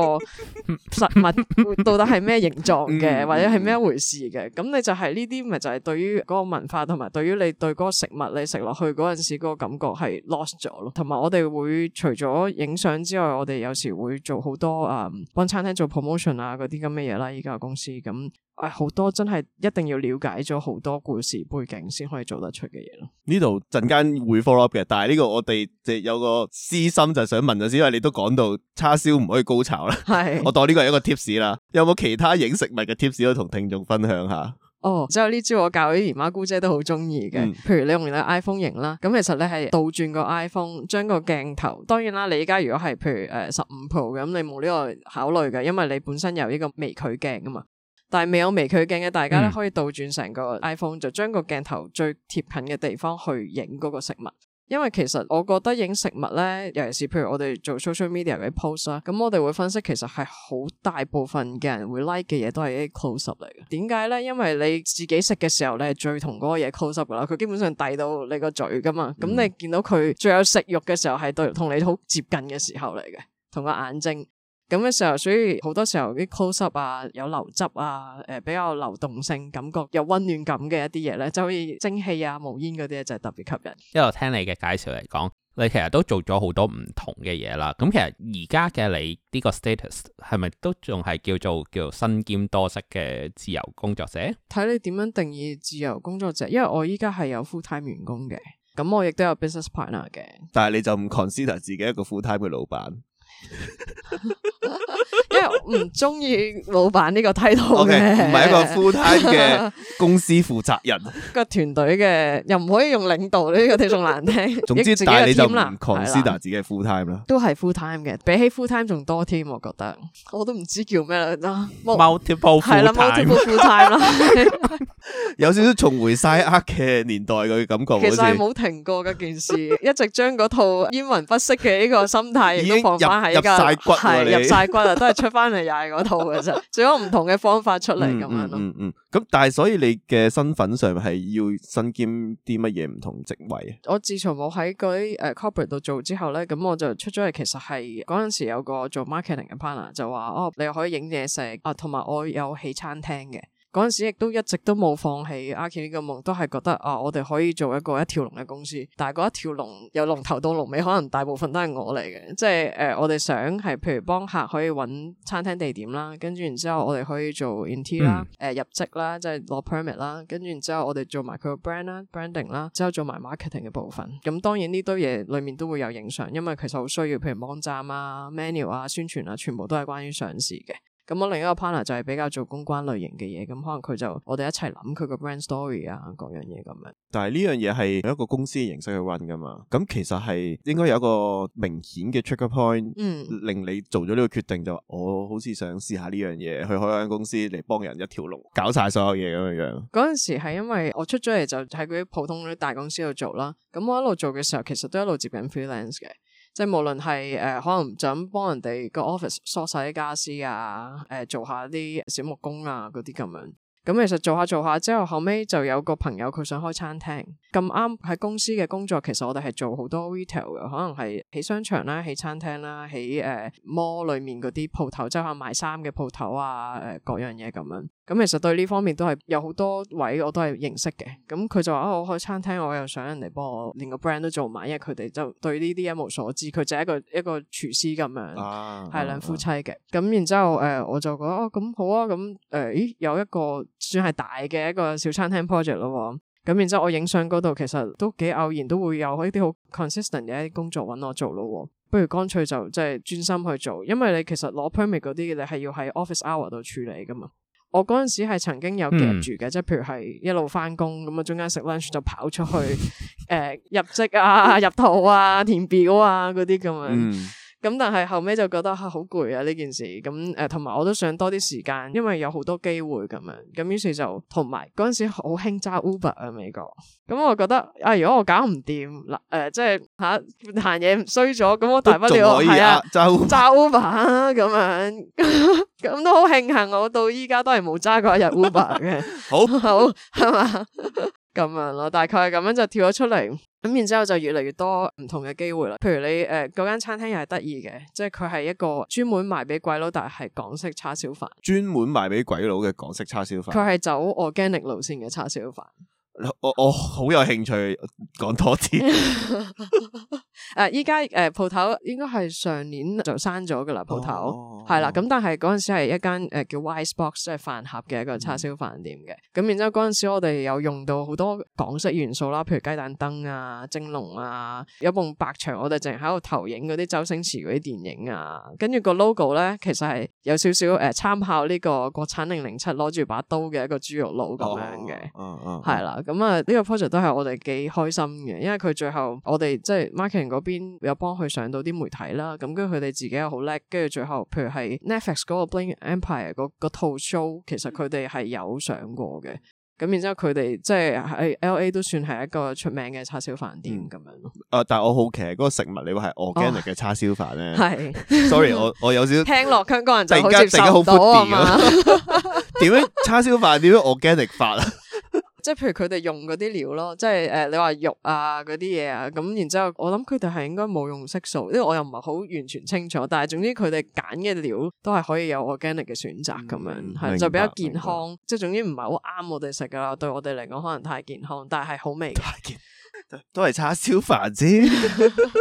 實物到底係咩形狀嘅，嗯、或者係咩回事嘅。咁你就係呢啲咪就係對於嗰個文化，同埋對於你對嗰個食物你食落去嗰陣時嗰個感覺係 lost 咗咯，同埋我哋會除咗影相之外，我哋有時會做好多、嗯、廳做啊幫餐廳做 promotion 啊嗰啲咁嘅嘢啦。依家公司咁，唉好、哎、多真係一定要了解咗好多故事背景先可以做得出嘅嘢咯。呢度陣間會 follow up 嘅，但係呢個我哋即係有個私心就想問就先，因為你都講到叉燒唔可以高炒啦。係是， [laughs] 我當呢個係一個 tips 啦。有冇其他影食物嘅 tips 可以同聽眾分享下？哦，所以呢招我教啲姨媽姑姐都好中意嘅。嗯、譬如，你用你 iPhone 影啦，咁其實你係倒轉個 iPhone，將個鏡頭，當然啦，你而家如果係譬如誒十五 Pro 咁，你冇呢個考慮嘅，因為你本身有呢個微距鏡啊嘛，但係未有微距鏡嘅，大家都可以倒轉成個 iPhone，就、嗯、將個鏡頭最貼近嘅地方去影嗰個食物。因為其實我覺得影食物咧，尤其是譬如我哋做 social media 嘅 post 啦、嗯，咁我哋會分析其實係好大部分嘅人會 like 嘅嘢都係啲 close up 嚟嘅。點解咧？因為你自己食嘅時候，你係最同嗰個嘢 close up 噶啦，佢基本上遞到你個嘴噶嘛，咁、嗯、你見到佢最有食欲嘅時候係對同你好接近嘅時候嚟嘅，同個眼睛。咁嘅時候，所以好多時候啲 close up 啊，有流汁啊，誒、呃、比較流動性，感覺有溫暖感嘅一啲嘢咧，就好似蒸氣啊、冒煙嗰啲咧，就係特別吸引。一路聽你嘅介紹嚟講，你其實都做咗好多唔同嘅嘢啦。咁其實而家嘅你呢個 status 係咪都仲係叫做叫做身兼多職嘅自由工作者？睇你點樣定義自由工作者，因為我依家係有 full time 員工嘅，咁我亦都有 business partner 嘅。但係你就唔 consider 自己一個 full time 嘅老闆。因為我唔中意老闆呢個態度嘅，唔係一個 full time 嘅公司負責人，個團隊嘅又唔可以用領導呢個，你仲難聽。總之，但係你就唔 consider 自己 full time 啦，都係 full time 嘅，比起 full time 仲多添，我覺得我都唔知叫咩啦。Multiple 係啦，multiple full time 啦，有少少重回 SCI-Arc 嘅年代嘅感覺。其實冇停過嗰件事，一直將嗰套冤文不息嘅呢個心態，亦都放翻喺。入晒骨係是你入晒骨啊，都係出翻嚟又係嗰套嘅啫，仲 [laughs] 有唔同嘅方法出嚟咁樣咯。嗯嗯，咁、嗯、但係所以你嘅身份上係要身兼啲乜嘢唔同職位啊？我自從我喺嗰啲誒 corporate 度做之後咧，咁我就出咗嚟，其實係嗰陣時有個做 marketing 嘅 partner 就話哦，你又可以影嘢食啊，同埋我有起餐廳嘅。嗰陣時亦都一直都冇放棄阿 K 呢個夢，都係覺得啊，我哋可以做一個一條龍嘅公司。但係嗰一條龍有龍頭到龍尾，可能大部分都係我嚟嘅。即係誒、呃，我哋想係譬如幫客可以揾餐廳地點啦，跟住然之後我哋可以做 inter 啦、呃，誒入職啦，即係攞 permit 啦，跟住然之後我哋做埋佢個 brand 啦、branding 啦，之後做埋 marketing 嘅部分。咁、嗯、當然呢堆嘢裏面都會有影相，因為其實好需要，譬如網站啊、menu 啊、宣傳啊，全部都係關於上市嘅。咁我另一個 partner 就係比較做公關類型嘅嘢，咁可能佢就我哋一齊諗佢個 brand story 啊，各樣嘢咁樣。但係呢樣嘢係一個公司嘅形式去 run 噶嘛，咁其實係應該有一個明顯嘅 trigger point，嗯，令你做咗呢個決定就係，我好似想試下呢樣嘢，去開間公司嚟幫人一條龍，搞晒所有嘢咁樣樣。嗰陣時係因為我出咗嚟就喺嗰啲普通啲大公司度做啦，咁我一路做嘅時候其實都一路接緊 freelance 嘅。即係無論係誒，可能就咁幫人哋個 office 梳晒啲傢俬啊，誒、呃、做下啲小木工啊嗰啲咁樣。咁、嗯、其實做下做下之後，後尾就有個朋友佢想開餐廳。咁啱喺公司嘅工作，其實我哋係做好多 retail 嘅，可能係喺商場啦，喺餐廳啦，喺誒、呃、mall 裡面嗰啲鋪頭，即係話賣衫嘅鋪頭啊，誒、呃、各樣嘢咁樣。咁其實對呢方面都係有好多位我都係認識嘅。咁佢就話：啊，我開餐廳，我又想人嚟幫我連個 brand 都做埋，因為佢哋就對呢啲一無所知。佢就係一個一個廚師咁樣，係兩、啊、夫妻嘅。咁、啊啊、然之後，誒、呃、我就覺得哦，咁好啊。咁、嗯、誒，有一個算係大嘅一個小餐廳 project 咯。咁然之後，我影相嗰度其實都幾偶然都會有一啲好 consistent 嘅一啲工作搵我做咯。不如乾脆就即係專心去做，因為你其實攞 permit 嗰啲，你係要喺 office hour 度處理㗎嘛。我嗰陣時係曾經有夾住嘅，即係譬如係一路返工咁啊，中間食 lunch 就跑出去，誒、 [laughs] 呃、入職啊、入圖啊、填表啊嗰啲咁樣。 [noise] 咁、嗯、但係後尾就覺得好攰啊呢、啊、件事咁，同埋我都想多啲時間，因為有好多機會咁樣。咁、嗯、於是就同埋嗰陣時好興揸 Uber 啊美國。咁、嗯、我覺得、哎、如果我搞唔掂嗱誒，即係吓行嘢衰咗，咁、嗯、我大不了係啊揸揸 Uber 啊咁、啊、樣。樣樣都好慶幸，我到依家都係冇揸過一日 Uber 嘅。好，好係嘛咁樣，我大概係咁樣就跳咗出嚟。咁然之後就越嚟越多唔同嘅機會啦，譬如你誒嗰、呃、間餐廳又係得意嘅，即係佢係一個專門賣俾鬼佬，但係係港式叉燒飯，專門賣俾鬼佬嘅港式叉燒飯。佢係走 organic 路線嘅叉燒飯。我我好有興趣講多啲。誒、 [laughs] [laughs] uh,，依家誒鋪頭應該係上年就閂咗㗎喇，鋪頭係啦。咁、oh, oh, oh, oh. 嗯、但係嗰陣時係一間誒、呃、叫 Wise Box，即係飯盒嘅一個叉燒飯店嘅、嗯。咁然之後嗰陣時我哋有用到好多港式元素啦、啊，譬如雞蛋燈啊、蒸籠啊，有部白牆，我哋淨係喺度投影嗰啲周星馳嗰啲電影啊。跟住個 logo 咧，其實係有少少誒參考呢個國產零零七攞住把刀嘅一個豬肉佬咁樣嘅，係啦。咁啊，呢個 project 都係我哋幾開心嘅，因為佢最後我哋即係 marketing 嗰邊有幫佢上到啲媒體啦，咁跟住佢哋自己又好叻，跟住最後譬如係 Netflix 嗰個 Bling Empire 個套 show，其實佢哋係有上過嘅。咁然之後佢哋即係喺 LA 都算係一個出名嘅叉燒飯店咁樣。誒、嗯嗯，但係我好奇，嗰、那個食物你話係 organic 嘅叉燒飯咧？係、哦、，sorry，我我有少聽落香港人就然間突然好 foodie，點樣叉燒飯？點樣 organic 法啊？ [laughs] 即係譬如佢哋用嗰啲料咯，即係誒，你話肉啊嗰啲嘢啊，咁然之後我諗佢哋係應該冇用色素，因為我又唔係好完全清楚。但係總之佢哋揀嘅料都係可以有 organic 嘅選擇咁、嗯、樣，係、嗯、就比較健康。明白，即係總之唔係好啱我哋食噶啦，對我哋嚟講可能太健康，但係好味都。都係叉燒飯啫。 [laughs]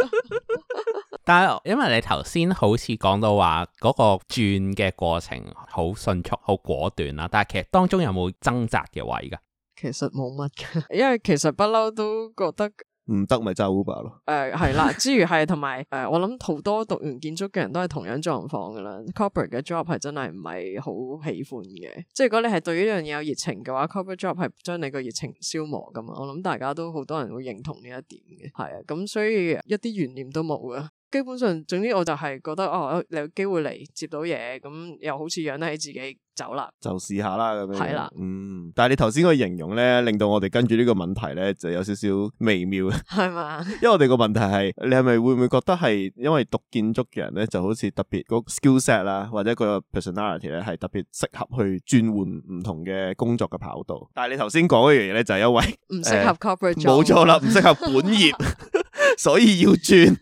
[laughs] 但係因為你頭先好似講到話嗰、嗰個轉嘅過程好迅速、好果斷啦，但係其實當中有冇掙扎嘅位噶？其實冇乜嘅，因為其實不嬲都覺得唔得咪就 Uber 咯、呃。誒係啦，之餘係同埋誒，我諗好多讀完建築嘅人都係同樣狀況噶啦。Corporate 嘅 job 係真係唔係好喜歡嘅，即係如果你係對呢樣嘢有熱情嘅話，Corporate job 係將你個熱情消磨噶嘛。我諗大家都好多人會認同呢一點嘅，係啊，咁所以一啲懸念都冇啊。基本上，總之我就係覺得哦，你有機會嚟接到嘢，咁、嗯、又好似養得起自己走啦，就試下啦咁樣。係啦，嗯，但係你頭先個形容咧，令到我哋跟住呢個問題咧，就有少少微妙嘅。係嘛嗎？因為我哋個問題係，你係咪會唔會覺得係因為讀建築嘅人咧，就好似特別、個 skillset 啦，或者個 personality 咧，係特別適合去轉換唔同嘅工作嘅跑道？但係你頭先講嗰樣嘢咧，就係、因為唔適合 corporate，冇錯、呃、啦，唔適合本業， [laughs] [laughs] 所以要轉。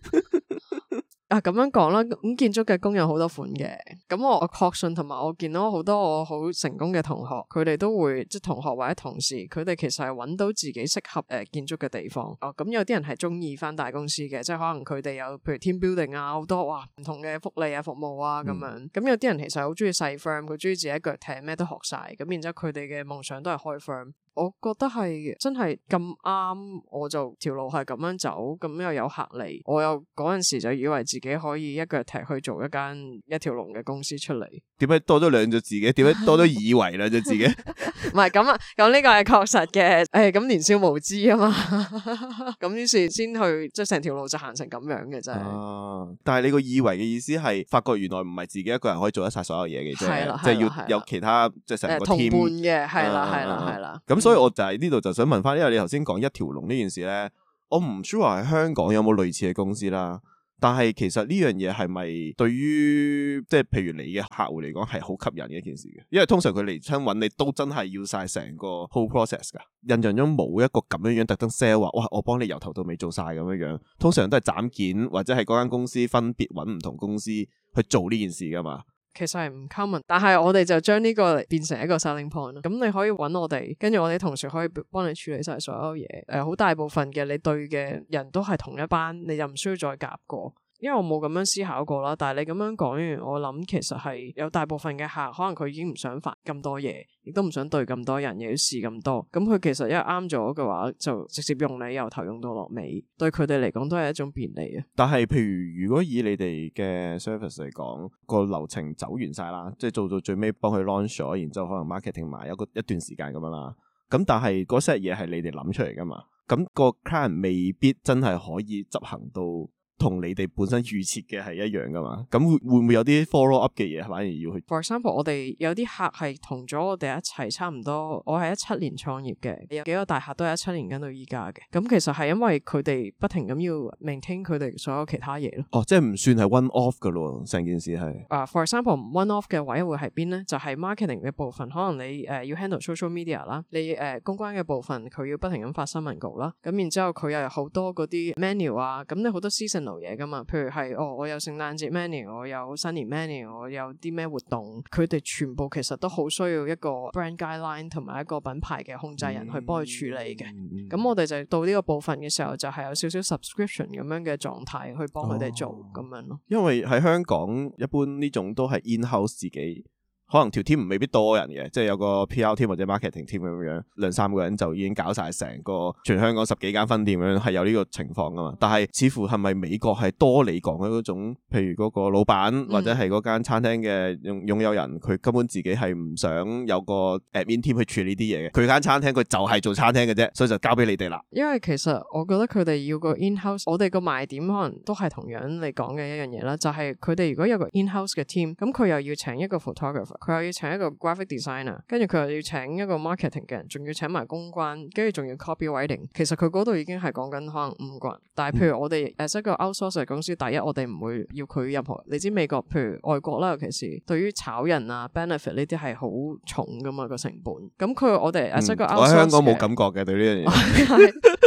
啊咁樣講啦，咁建築嘅工有好多款嘅，咁我確信，同埋我見到好多我好成功嘅同學，佢哋都會即係同學或者同事，佢哋其實係揾到自己適合誒建築嘅地方。哦，咁有啲人係中意翻大公司嘅，即係可能佢哋有譬如 team building 啊好多哇，唔同嘅福利啊服務啊咁樣。咁、嗯、有啲人其實係好中意細 firm，佢中意自己一腳踢咩都學晒，咁然之後佢哋嘅夢想都係開 firm。我覺得係真係咁啱，我就條路係咁樣走，咁又有客嚟，我又嗰陣時就以為自己可以一腳踢去做一間一條龍嘅公司出嚟。點解多咗兩隻自己？點解多咗以為兩隻自己？唔係咁啊，咁呢個係確實嘅。誒、哎，咁年少無知啊嘛，咁 [laughs] 於是先去即係成條路就行成咁樣嘅啫。哦、啊，但係你個以為嘅意思係發覺原來唔係自己一個人可以做得晒所有嘢嘅啫，即係要有其他即係成個 team 嘅，係啦，係啦，係啦、嗯。咁、嗯、所以我就喺呢度就想問翻，因為你頭先講一條龍呢件事咧，我唔 sure 喺香港有冇類似嘅公司啦。但係其實呢樣嘢係咪對於即係譬如你嘅客戶嚟講係好吸引嘅一件事嘅？因為通常佢嚟親揾你都真係要晒成個 whole process 噶印象中冇一個咁樣樣特登 sell 話，哇！我幫你由頭到尾做晒咁樣樣。通常都係斬件或者係嗰間公司分別揾唔同公司去做呢件事噶嘛。其實係唔 common，但係我哋就將呢個嚟變成一個 selling point 咯。咁你可以揾我哋，跟住我哋同事可以幫你處理晒所有嘢。誒、呃，好大部分嘅你對嘅人都係同一班，你就唔需要再夾過。因為我冇咁樣思考過啦，但係你咁樣講完，我諗其實係有大部分嘅客，可能佢已經唔想煩咁多嘢，亦都唔想對咁多人，又要試咁多。咁佢其實一啱咗嘅話，就直接用你由頭用到落尾，對佢哋嚟講都係一種便利啊。但係，譬如如果以你哋嘅 service 嚟講，個流程走完晒啦，即係做到最尾幫佢 launch 咗，然之後可能 marketing 埋有個一段時間咁樣啦。咁但係嗰 set 嘢係你哋諗出嚟噶嘛？咁個 client 未必真係可以執行到。同你哋本身預設嘅係一樣噶嘛？咁會唔會有啲 follow up 嘅嘢反而要去？For example，我哋有啲客係同咗我哋一齊，差唔多。我係一七年創業嘅，有幾個大客都係一七年跟到依家嘅。咁其實係因為佢哋不停咁要 maintain 佢哋所有其他嘢咯。哦、oh，即係唔算係 one off 噶咯，成件事係。啊、uh，for example，one off 嘅位會係邊咧？就係、是、marketing 嘅部分，可能你誒、uh, 要 handle social media 啦，你、uh, 誒公關嘅部分佢要不停咁發新聞稿啦。咁然之後佢又有好多嗰啲 menu 啊，咁你好多 season 做嘢噶嘛？譬如係哦，我有聖誕節 menu，我有新年 menu，我有啲咩活動，佢哋全部其實都好需要一個 brand guideline 同埋一個品牌嘅控制人去幫佢處理嘅。咁、嗯嗯、我哋就到呢個部分嘅時候，就係、是、有少少 subscription 咁樣嘅狀態去幫佢哋做咁、哦、樣咯。因為喺香港一般呢種都係 in-house 自己。可能條 team 未必多人嘅，即係有個 PR team 或者 marketing team 咁樣，兩三個人就已經搞晒成個全香港十幾間分店咁樣，係有呢個情況㗎嘛。但係似乎係咪美國係多你講嘅嗰種，譬如嗰個老闆或者係嗰間餐廳嘅擁擁有人，佢、嗯、根本自己係唔想有個 admin team 去處理啲嘢嘅。佢間餐廳佢就係做餐廳嘅啫，所以就交俾你哋啦。因為其實我覺得佢哋要個 in-house，我哋個賣點可能都係同樣你講嘅一樣嘢啦。就係佢哋如果有個 in-house 嘅 team，咁佢又要請一個 photographer。佢又要請一個 graphic designer，跟住佢又要請一個 marketing 嘅人，仲要請埋公關，跟住仲要 copywriting。其實佢嗰度已經係講緊可能五個人，但係譬如我哋 as 所以個 outsource 公司，第一我哋唔會要佢任何。你知美國譬如外國啦，尤其是對於炒人啊 benefit 呢啲係好重噶嘛，個成本。咁佢我哋 as 所以個 outsource 我喺香港冇感覺嘅對呢樣嘢。是 [laughs]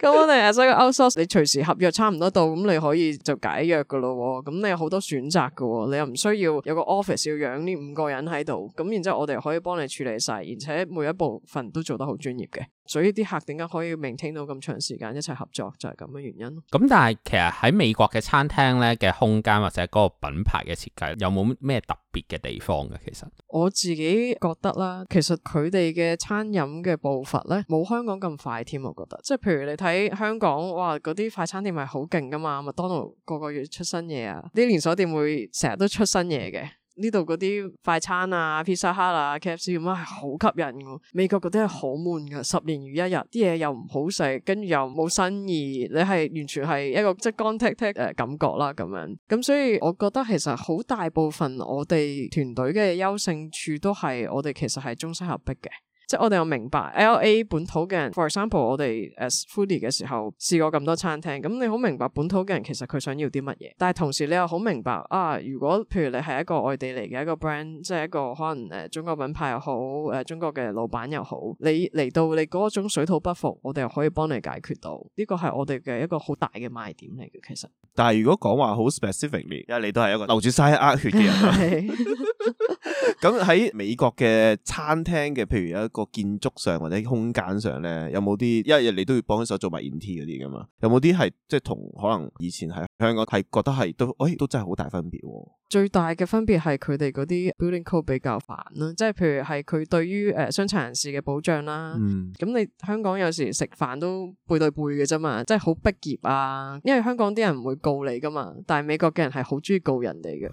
咁 [laughs] 我哋阿西嘅 outsource 你隨時合約差唔多到，咁你可以就解約嘅咯。咁你有好多選擇嘅，你又唔需要有個 office 要養呢五個人喺度。咁然之後我哋可以幫你處理晒，而且每一部分都做得好專業嘅。所以啲客點解可以明聽到咁長時間一齊合作，就係咁嘅原因咯。咁但係其實喺美國嘅餐廳咧嘅空間或者嗰個品牌嘅設計，有冇咩特別嘅地方嘅？其實我自己覺得啦，其實佢哋嘅餐飲嘅步伐咧，冇香港咁快添。我覺得，即係譬如你睇香港，哇，嗰啲快餐店係好勁㗎嘛，麥當勞個個月出新嘢啊，啲連鎖店會成日都出新嘢嘅。呢度嗰啲快餐啊、Pizza Hut 啊、K F C 咁樣係好吸引嘅。美國嗰啲係好悶嘅，十年如一日，啲嘢又唔好食，跟住又冇新意，你係完全係一個即乾踢踢嘅感覺啦咁樣。咁所以我覺得其實好大部分我哋團隊嘅優勝處都係我哋其實係中西合璧嘅。即係我哋又明白 LA 本土嘅人，for example，我哋 as foodie 嘅時候試過咁多餐廳，咁你好明白本土嘅人其實佢想要啲乜嘢，但係同時你又好明白啊！如果譬如你係一個外地嚟嘅一個 brand，即係一個可能誒中國品牌又好，誒中國嘅老闆又好，你嚟到你嗰種水土不服，我哋又可以幫你解決到，呢、這個係我哋嘅一個好大嘅賣點嚟嘅。其實，但係如果講話好 specifically，因為你都係一個留住晒血嘅人，咁喺是 [laughs] [laughs] 美國嘅餐廳嘅，譬如有一個。個建築上或者空間上咧，有冇啲一日你都要幫手做埋 ent 嗰啲㗎嘛？有冇啲係即係同可能以前喺香港係覺得係都，哎都真係好大分別喎、哦。最大嘅分別係佢哋嗰啲 building code 比較煩啦、啊，即係譬如係佢對於誒傷殘人士嘅保障啦、啊。咁、嗯嗯、你香港有時食飯都背對背嘅啫嘛，即係好逼協啊。因為香港啲人唔會告你噶嘛，但係美國嘅人係好中意告人哋嘅，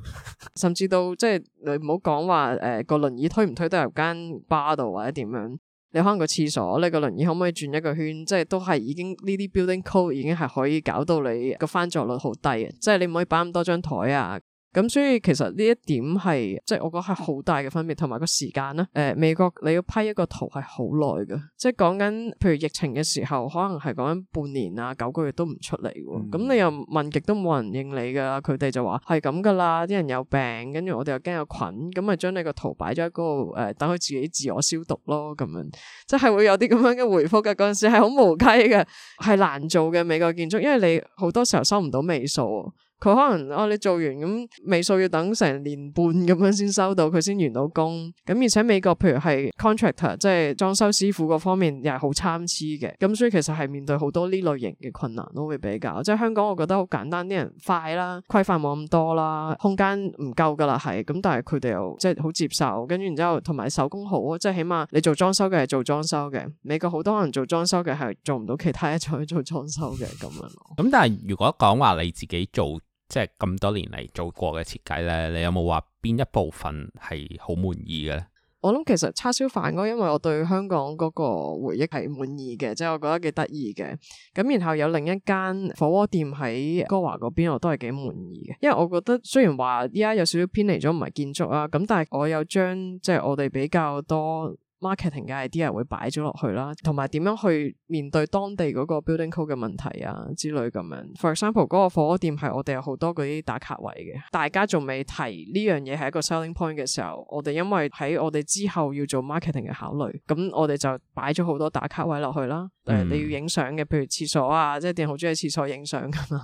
[laughs] 甚至到即係你唔好講話誒個輪椅推唔推得入間巴度或者點樣？你可能個廁所咧個輪椅可唔可以轉一個圈？即係都係已經呢啲 building code 已經係可以搞到你個翻座率好低啊！即係你唔可以擺咁多張台啊～咁所以其實呢一點係即係我覺得係好大嘅分別，同埋個時間啦。誒、呃，美國你要批一個圖係好耐嘅，即係講緊譬如疫情嘅時候，可能係講緊半年啊九個月都唔出嚟。咁、嗯、你又問極都冇人應你噶，佢哋就話係咁噶啦。啲人有病，跟住我哋又驚有菌，咁咪將你個圖擺咗喺嗰度，誒等佢自己自我消毒咯。咁樣即係、就是、會有啲咁樣嘅回覆嘅嗰陣時係好無稽嘅，係難做嘅美國建築，因為你好多時候收唔到尾數。佢可能哦，你做完咁尾數要等成年半咁樣先收到，佢先完到工。咁而且美國譬如係 contractor，即係裝修師傅嗰方面又係好參差嘅。咁所以其實係面對好多呢類型嘅困難都會比較。即係香港我覺得好簡單，啲人快啦，規範冇咁多啦，空間唔夠噶啦，係咁。但係佢哋又即係好接受，跟住然之後同埋手工好，即係起碼你做裝修嘅係做裝修嘅。美國好多人做裝修嘅係做唔到其他一場去做，做，做裝修嘅咁樣。咁但係如果講話你自己做。即係咁多年嚟，做過嘅設計咧，你有冇話邊一部分係好滿意嘅咧？我諗其實叉燒飯咯，因為我對香港嗰個回憶係滿意嘅，即係我覺得幾得意嘅。咁然後有另一間火鍋店喺歌華嗰邊，我都係幾滿意嘅，因為我覺得雖然話依家有少少偏離咗唔係建築啊，咁但係我有將即係我哋比較多。marketing 嘅 idea 會擺咗落去啦，同埋點樣去面對當地嗰個 building code 嘅問題啊之類咁樣。For example，嗰個火鍋店係我哋有好多嗰啲打卡位嘅，大家仲未提呢樣嘢係一個 selling point 嘅時候，我哋因為喺我哋之後要做 marketing 嘅考慮，咁我哋就擺咗好多打卡位落去啦。誒、嗯，你要影相嘅，譬如廁所啊，即係啲人好中意喺廁所影相㗎嘛。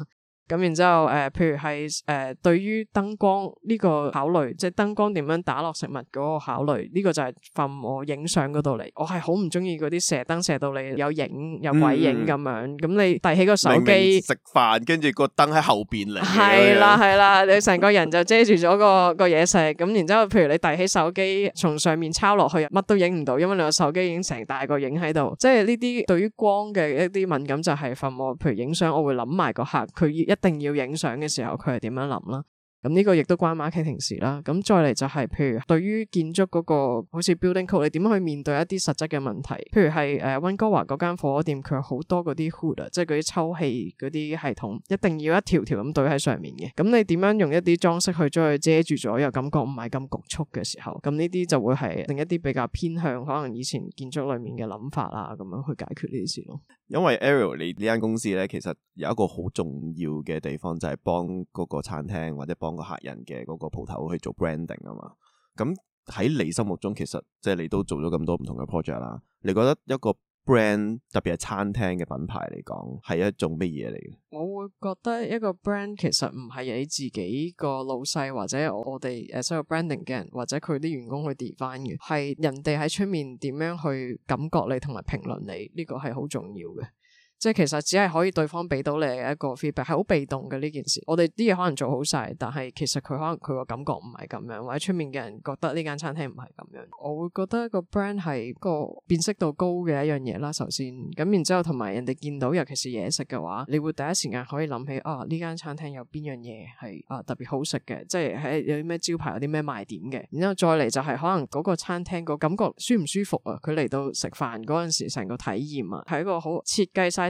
咁然之後誒，譬如係誒，對於燈光呢個考慮，即係燈光點樣打落食物嗰個考慮，呢個就係瞓我影相嗰度嚟。我係好唔中意嗰啲射燈射到你有影有鬼影咁樣。咁你遞起個手機食飯，跟住個燈喺後邊嚟。係啦係啦，你成個人就遮住咗個個嘢食。咁然之後，譬如你遞起手機從上面抄落去，乜都影唔到，因為你個手機已經成大個影喺度。即係呢啲對於光嘅一啲敏感就係瞓我，譬如影相我會諗埋個客佢一。一定要影相嘅時候，佢係點樣諗啦？咁呢個亦都關 marketing 事啦。咁再嚟就係、是，譬如對於建築嗰、那個，好似 building code，你點樣去面對一啲實質嘅問題？譬如係誒溫哥華嗰間火鍋店，佢好多嗰啲 hood 啊，即係嗰啲抽氣嗰啲系統，一定要一條條咁懟喺上面嘅。咁你點樣用一啲裝飾去將佢遮住咗，又感覺唔係咁局促嘅時候，咁呢啲就會係另一啲比較偏向可能以前建築裏面嘅諗法啦，咁樣去解決呢啲事咯。因為 Ariel 你呢間公司咧，其實有一個好重要嘅地方就係幫嗰個餐廳或者幫個客人嘅嗰個鋪頭去做 branding 啊嘛。咁喺你心目中，其實即係你都做咗咁多唔同嘅 project 啦。你覺得一個？brand 特別係餐廳嘅品牌嚟講，係一種乜嘢嚟嘅？我會覺得一個 brand 其實唔係你自己個老細，或者我哋誒，所有 branding 嘅人或者佢啲員工去 design 嘅，係人哋喺出面點樣去感覺你同埋評論你呢個係好重要嘅。即係其實只係可以對方俾到你一個 feedback，係好被動嘅呢件事。我哋啲嘢可能做好晒，但係其實佢可能佢個感覺唔係咁樣，或者出面嘅人覺得呢間餐廳唔係咁樣。我會覺得個 brand 係個辨識度高嘅一樣嘢啦。首先咁，然之後同埋人哋見到，尤其是嘢食嘅話，你會第一時間可以諗起啊呢間餐廳有邊樣嘢係啊特別好食嘅，即係係、哎、有啲咩招牌，有啲咩賣點嘅。然之後再嚟就係可能嗰個餐廳個感覺舒唔舒服啊？佢嚟到食飯嗰陣時，成個體驗啊，係一個好設計晒。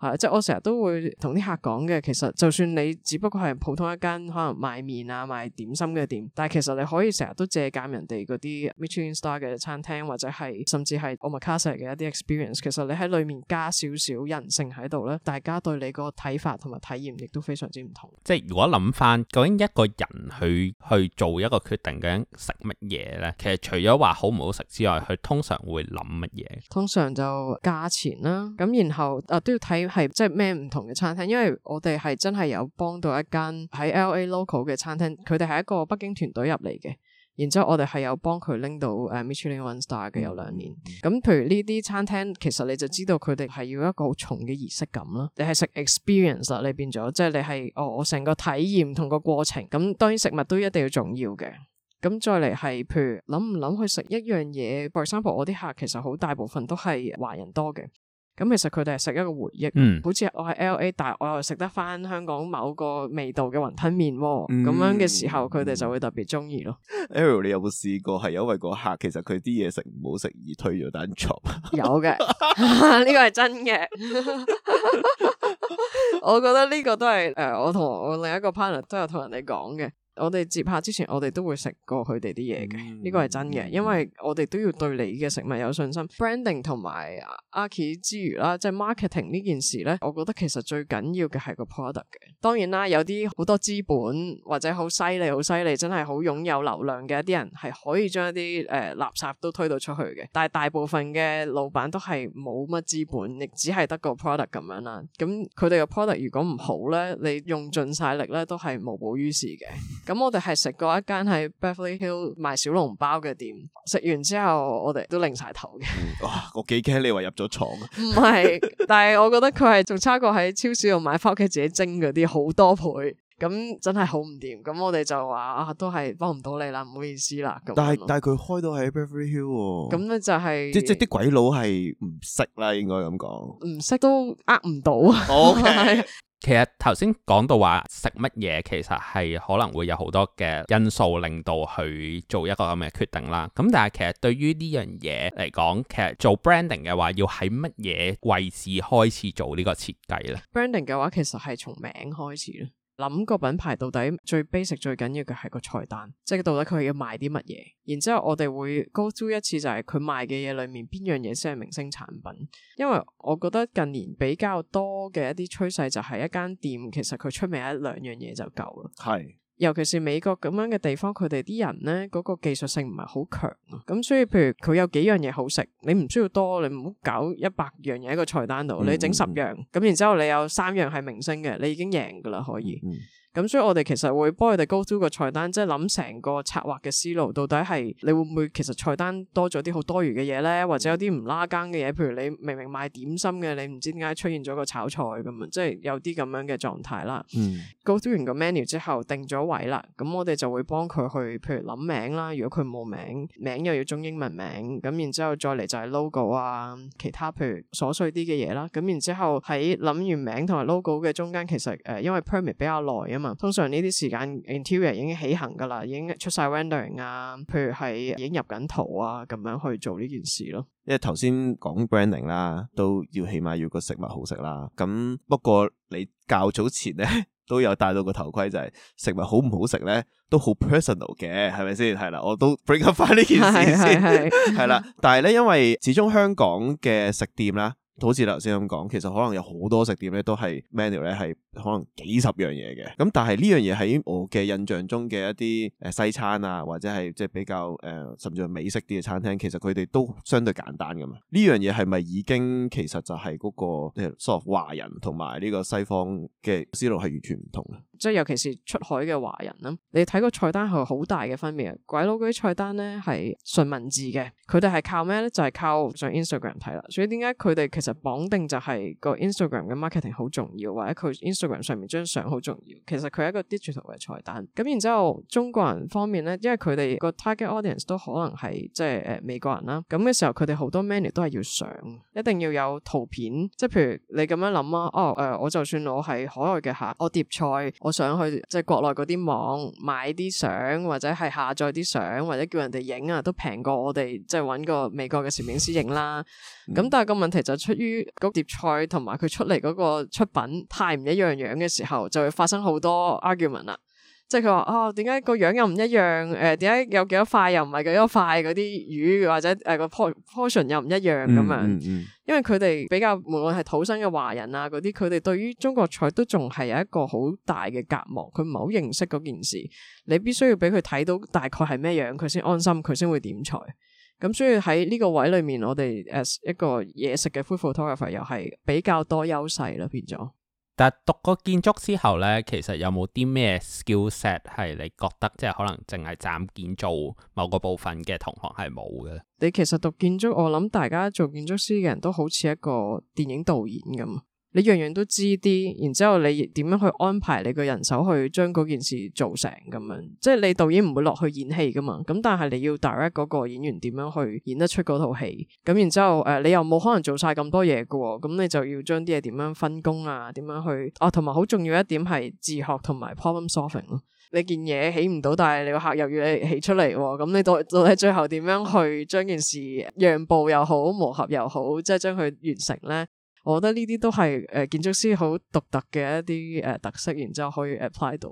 係、啊，即係我成日都會同啲客講嘅，其實就算你只不過係普通一間可能賣麵啊、賣點心嘅店，但係其實你可以成日都借鑒人哋嗰啲 Michelin Star 嘅餐廳，或者係甚至係 omakase 嘅一啲 experience，其實你喺裏面加少少人性喺度咧，大家對你個睇法同埋體驗亦都非常之唔同。即係如果諗翻究竟一個人去去做一個決定究竟食乜嘢咧，其實除咗話好唔好食之外，佢通常會諗乜嘢？通常就價錢啦，咁然後啊都要睇。係即係咩唔同嘅餐廳？因為我哋係真係有幫到一間喺 L A local 嘅餐廳，佢哋係一個北京團隊入嚟嘅。然之後我哋係有幫佢拎到誒 Michelin One Star 嘅，有兩年。咁譬如呢啲餐廳，其實你就知道佢哋係要一個好重嘅儀式感囉。你係食 experience 你變咗即係你係哦，我成個體驗同個過程。咁當然食物都一定要重要嘅。咁再嚟係，譬如諗唔諗去食一樣嘢？For example，我啲客其實好大部分都係華人多嘅。咁其實佢哋係食一個回憶，嗯、好似我喺 L A，但係我又食得翻香港某個味道嘅雲吞麵窩，咁、嗯、樣嘅時候，佢哋就會特別中意咯。Ariel 你有冇試過係因為個客其實佢啲嘢食唔好食而推咗單 job？有嘅，呢個係真嘅。 [laughs] 我覺得呢個都係誒、呃，我同我另一個 partner 都有同人哋講嘅。我哋接客之前，我哋都會食過佢哋啲嘢嘅，呢、這個係真嘅，因為我哋都要對你嘅食物有信心。Branding 同埋阿 Key 之餘啦，即係 marketing 呢件事呢，我覺得其實最緊要嘅係個 product 嘅。當然啦，有啲好多資本或者好犀利、好犀利，真係好擁有流量嘅一啲人，係可以將一啲誒、呃、垃圾都推到出去嘅。但係大部分嘅老闆都係冇乜資本，亦只係得個 product 咁樣啦。咁佢哋嘅 product 如果唔好呢，你用盡晒力呢，都係無補於事嘅。咁我哋係食過一間喺 Beverly Hill 賣小籠包嘅店，食完之後我哋都擰晒頭嘅。哇，我幾驚你話入咗廠。唔係，但係我覺得佢係仲差過喺超市度買翻屋企自己蒸嗰啲好多倍。咁真係好唔掂。咁我哋就話都係幫唔到你啦，唔好意思啦。但係但係佢開到喺 Beverly Hill。咁咧就係即即啲鬼佬係唔識啦，應該咁講。唔識都呃唔到。其實頭先講到話食乜嘢，其實係可能會有好多嘅因素令到佢做一個咁嘅決定啦。咁但係其實對於呢樣嘢嚟講，其實做 branding 嘅話，要喺乜嘢位置開始做呢個設計呢？branding 嘅話，其實係從名開始。諗個品牌到底最 basic 最緊要嘅係個菜單，即係到底佢要賣啲乜嘢，然之後我哋會 go through 一次，就係佢賣嘅嘢裏面邊樣嘢先係明星產品。因為我覺得近年比較多嘅一啲趨勢就係一間店其實佢出名一兩樣嘢就夠啦。係。尤其是美國咁樣嘅地方，佢哋啲人咧，嗰個技術性唔係好強啊，咁所以譬如佢有幾樣嘢好食，你唔需要多，你唔好搞一百樣嘢喺個菜單度，你整十樣，咁、嗯嗯、然之後你有三樣係明星嘅，你已經贏噶啦，可以。嗯嗯咁所以我哋其實會幫佢哋 go through 個菜單，即係諗成個策劃嘅思路，到底係你會唔會其實菜單多咗啲好多餘嘅嘢咧，或者有啲唔拉更嘅嘢，譬如你明明賣點心嘅，你唔知點解出現咗個炒菜咁樣，即係有啲咁樣嘅狀態啦。嗯、go through 完個 menu 之後，定咗位啦，咁我哋就會幫佢去，譬如諗名啦，如果佢冇名，名又要中英文名，咁然之後再嚟就係 logo 啊，其他譬如瑣碎啲嘅嘢啦，咁然之後喺諗完名同埋 logo 嘅中間，其實誒、呃、因為 permit 比較耐啊。通常呢啲時間，interior 已經起行噶啦，已經出晒 rendering 啊，譬如係已經入緊圖啊，咁樣去做呢件事咯。因為頭先講 branding 啦，都要起碼要個食物好食啦。咁不過你較早前咧都有戴到個頭盔，就係食物好唔好食咧都好 personal 嘅，係咪先？係啦，我都 bring up 翻呢件事先，係啦。但係咧，因為始終香港嘅食店啦。好似我頭先咁講，其實可能有好多食店咧都係 menu 咧係可能幾十樣嘢嘅，咁但係呢樣嘢喺我嘅印象中嘅一啲誒西餐啊或者係即係比較誒、呃、甚至係美式啲嘅餐廳，其實佢哋都相對簡單噶嘛。呢樣嘢係咪已經其實就係嗰個所謂華人同埋呢個西方嘅思路係完全唔同啊？即係尤其是出海嘅華人啦，你睇個菜單係好大嘅分別。鬼佬嗰啲菜單咧係純文字嘅，佢哋係靠咩咧？就係、是、靠上 Instagram 睇啦。所以點解佢哋其實綁定就係個 Instagram 嘅 marketing 好重要，或者佢 Instagram 上面張相好重要。其實佢係一個 digital 嘅菜單。咁然之後中國人方面咧，因為佢哋個 target audience 都可能係即係誒、呃、美國人啦。咁嘅時候佢哋好多 menu 都係要上，一定要有圖片。即係譬如你咁樣諗啊，哦誒、呃，我就算我係海外嘅客，我碟菜上去即係國內啲網買啲相，或者係下載啲相，或者叫人哋影啊，都平過我哋即係搵個美國嘅攝影師影啦。咁 [laughs] 但係個問題就出於嗰碟菜同埋佢出嚟個出品太唔一樣樣嘅時候，就會發生好多 argument 啦。即係佢話哦，點解個樣又唔一樣？誒、呃，點解有幾多塊又唔係幾多塊嗰啲魚或者誒、呃那個 portion 又唔一樣咁樣？嗯嗯嗯、因為佢哋比較無論係土生嘅華人啊嗰啲，佢哋對於中國菜都仲係有一個好大嘅隔膜，佢唔係好認識嗰件事。你必須要俾佢睇到大概係咩樣，佢先安心，佢先會點菜。咁所以喺呢個位裏面，我哋 as 一個嘢食嘅 photography 又係比較多優勢啦，變咗。但讀過建築之後咧，其實有冇啲咩 skill set 係你覺得即係可能淨係斬建造某個部分嘅同學係冇嘅？你其實讀建築，我諗大家做建築師嘅人都好似一個電影導演咁。你樣樣都知啲，然之後你點樣去安排你個人手去將嗰件事做成咁樣？即係你導演唔會落去演戲噶嘛？咁但係你要 direct 嗰個演員點樣去演得出嗰套戲？咁然之後誒、呃，你又冇可能做晒咁多嘢嘅喎？咁你就要將啲嘢點樣分工啊？點樣去啊？同埋好重要一點係自學同埋 problem solving 咯。你件嘢起唔到，但係你個客又要你起出嚟喎。咁你到到底最後點樣去將件事讓步又好磨合又好，即係將佢完成咧？我覺得呢啲都係誒、呃、建築師好獨特嘅一啲誒、呃、特色，然之後可以 apply 到。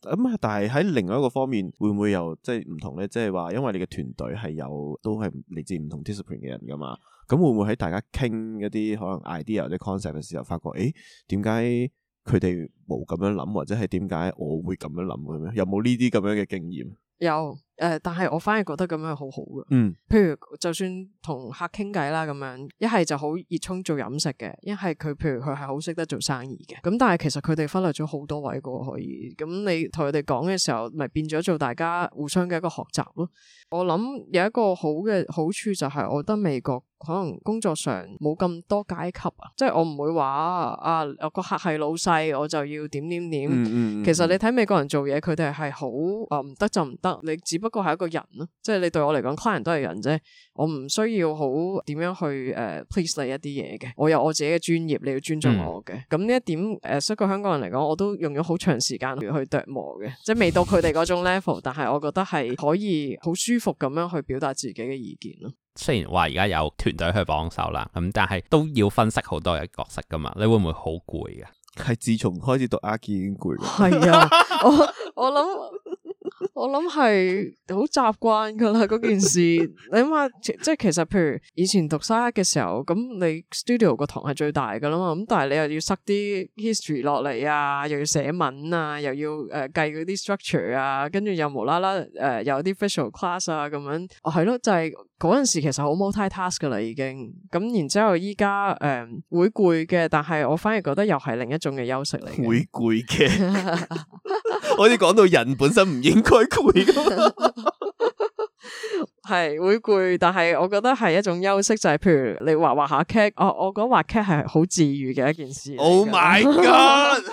咁、嗯、但係喺另外一個方面，會唔會又即係唔同咧？即係話，因為你嘅團隊係有都係嚟自唔同 discipline 嘅人噶嘛，咁會唔會喺大家傾一啲可能 idea 或者 concept 嘅時候，發覺誒點解佢哋冇咁樣諗，或者係點解我會咁樣諗咁樣？有冇呢啲咁樣嘅經驗？有。誒、呃，但係我反而覺得咁樣係好好噶嗯譬，譬如就算同客傾偈啦，咁樣一係就好熱衷做飲食嘅，一係佢譬如佢係好識得做生意嘅，咁但係其實佢哋忽略咗好多位個可以，咁你同佢哋講嘅時候，咪變咗做大家互相嘅一個學習咯。我諗有一個好嘅好處就係，我覺得美國可能工作上冇咁多階級啊，即係我唔會話啊個客係老細，我就要點點點，嗯嗯嗯嗯，其實你睇美國人做嘢，佢哋係好啊，唔得就唔得，你只。不過係一個人咯，即係你對我嚟講，client 都係人啫。我唔需要好點樣去誒 please 你一啲嘢嘅。我有我自己嘅專業，你要尊重我嘅。咁呢、嗯、一點誒，作為一個香港人嚟講，我都用咗好長時間去去琢磨嘅，即係未到佢哋嗰種 level，但係我覺得係可以好舒服咁樣去表達自己嘅意見咯。雖然話而家有團隊去幫手啦，咁但係都要分析好多嘅角色噶嘛。你會唔會好攰呀？係 [laughs] 自從開始讀阿基已經攰。係 [laughs] 啊，我我諗。我 [laughs] 我諗係好習慣噶啦，嗰件事你諗下，即係其實譬如以前讀三一嘅時候，咁你 studio 個堂係最大噶啦嘛，咁但係你又要塞啲 history 落嚟啊，又要寫文啊，又要誒計嗰啲 structure 啊，跟住又無啦啦誒有啲 facial class 啊，咁樣係咯，就係嗰陣時其實好 multi task 噶啦已經，咁然之後依家誒會攰嘅，但係我反而覺得又係另一種嘅休息嚟，會攰嘅。好似講到人本身唔應該攰噶嘛，係會攰，但係我覺得係一種休息，就係、是、譬如你畫畫下 cat，、哦、我我覺得畫 cat 係好治愈嘅一件事。Oh my god！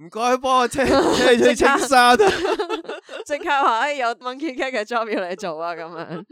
唔該， [laughs] 幫我清清清晒，即刻話有 monkey cat 嘅 job 要你做啊！咁樣，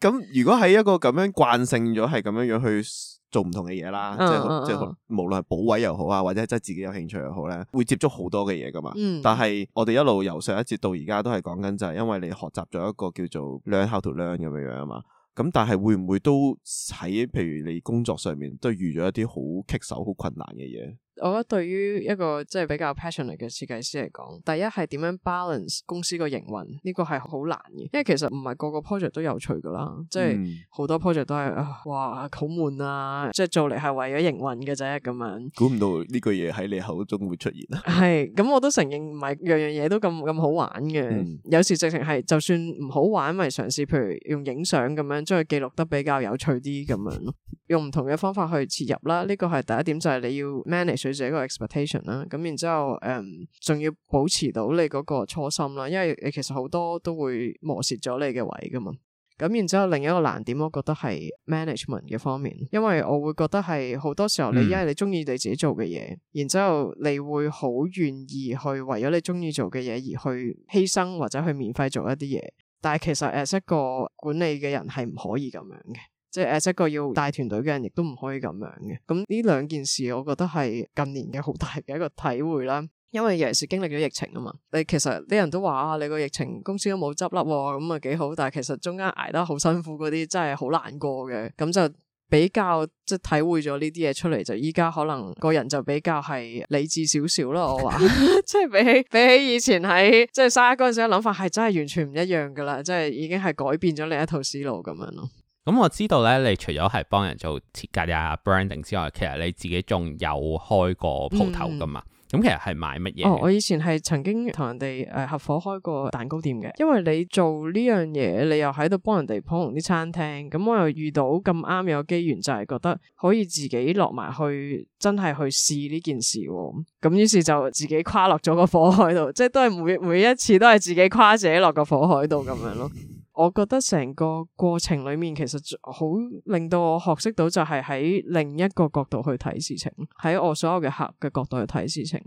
咁 [laughs] 如果喺一個咁樣慣性咗，係咁樣樣去。做唔同嘅嘢啦，oh, oh, oh, oh. 即係即係無論係補位又好啊，或者係真係自己有興趣又好咧，會接觸好多嘅嘢噶嘛。嗯、但係我哋一路由上一節到而家都係講緊就係，因為你學習咗一個叫做 learn how to learn 咁樣樣啊嘛。咁但係會唔會都喺譬如，你工作上面都遇咗一啲好棘手、好困難嘅嘢？我覺得對於一個即係比較 passionate 嘅設計師嚟講，第一係點樣 balance 公司個營運，呢個係好難嘅，因為其實唔係個個 project 都有趣㗎啦，嗯、即係好多 project 都係啊，哇，好悶啊，即係做嚟係為咗營運嘅啫咁樣。估唔到呢句嘢喺你口中會出現啊！係， [laughs] 咁我都承認唔係樣樣嘢都咁咁好玩嘅，嗯、有時直情係就算唔好玩，咪嘗試譬如用影相咁樣將佢記錄得比較有趣啲咁樣， [laughs] 用唔同嘅方法去切入啦。呢個係第一點，就係你要 manage。對這個 expectation 啦，咁然之後，誒、um, 仲要保持到你嗰個初心啦，因為你其實好多都會磨蝕咗你嘅位噶嘛。咁然之後，另一個難點，我覺得係 management 嘅方面，因為我會覺得係好多時候你，因為、嗯、你中意你自己做嘅嘢，然之後你會好願意去為咗你中意做嘅嘢而去犧牲或者去免費做一啲嘢，但係其實 as 一個管理嘅人係唔可以咁樣嘅。即係誒，一個要帶團隊嘅人，亦都唔可以咁樣嘅。咁呢兩件事，我覺得係近年嘅好大嘅一個體會啦。因為尤其是經歷咗疫情啊嘛，你其實啲人都話啊，你個疫情公司都冇執笠，咁啊幾好。但係其實中間挨得好辛苦嗰啲，真係好難過嘅。咁就比較即係體會咗呢啲嘢出嚟，就依家可能個人就比較係理智少少囉。我話 [laughs] [laughs] [laughs] 即係比起比起以前喺即係 SCI-Arc 嗰陣時嘅諗法，係真係完全唔一樣噶啦。即係已經係改變咗另一套思路咁樣咯。咁我知道咧，你除咗係幫人做設計啊、branding 之外，嗯、其實你自己仲有開過鋪頭噶嘛？咁其實係賣乜嘢？哦，我以前係曾經同人哋誒合夥開過蛋糕店嘅。因為你做呢樣嘢，你又喺度幫人哋捧紅啲餐廳，咁我又遇到咁啱有機緣，就係覺得可以自己落埋去，真係去試呢件事，哦。咁於是就自己跨落咗個火海度，即係都係每每一次都係自己跨自己落個火海度咁樣咯。 [laughs] 我覺得成個過程裏面其實好令到我學識到，就係喺另一個角度去睇事情，喺我所有嘅客嘅角度去睇事情。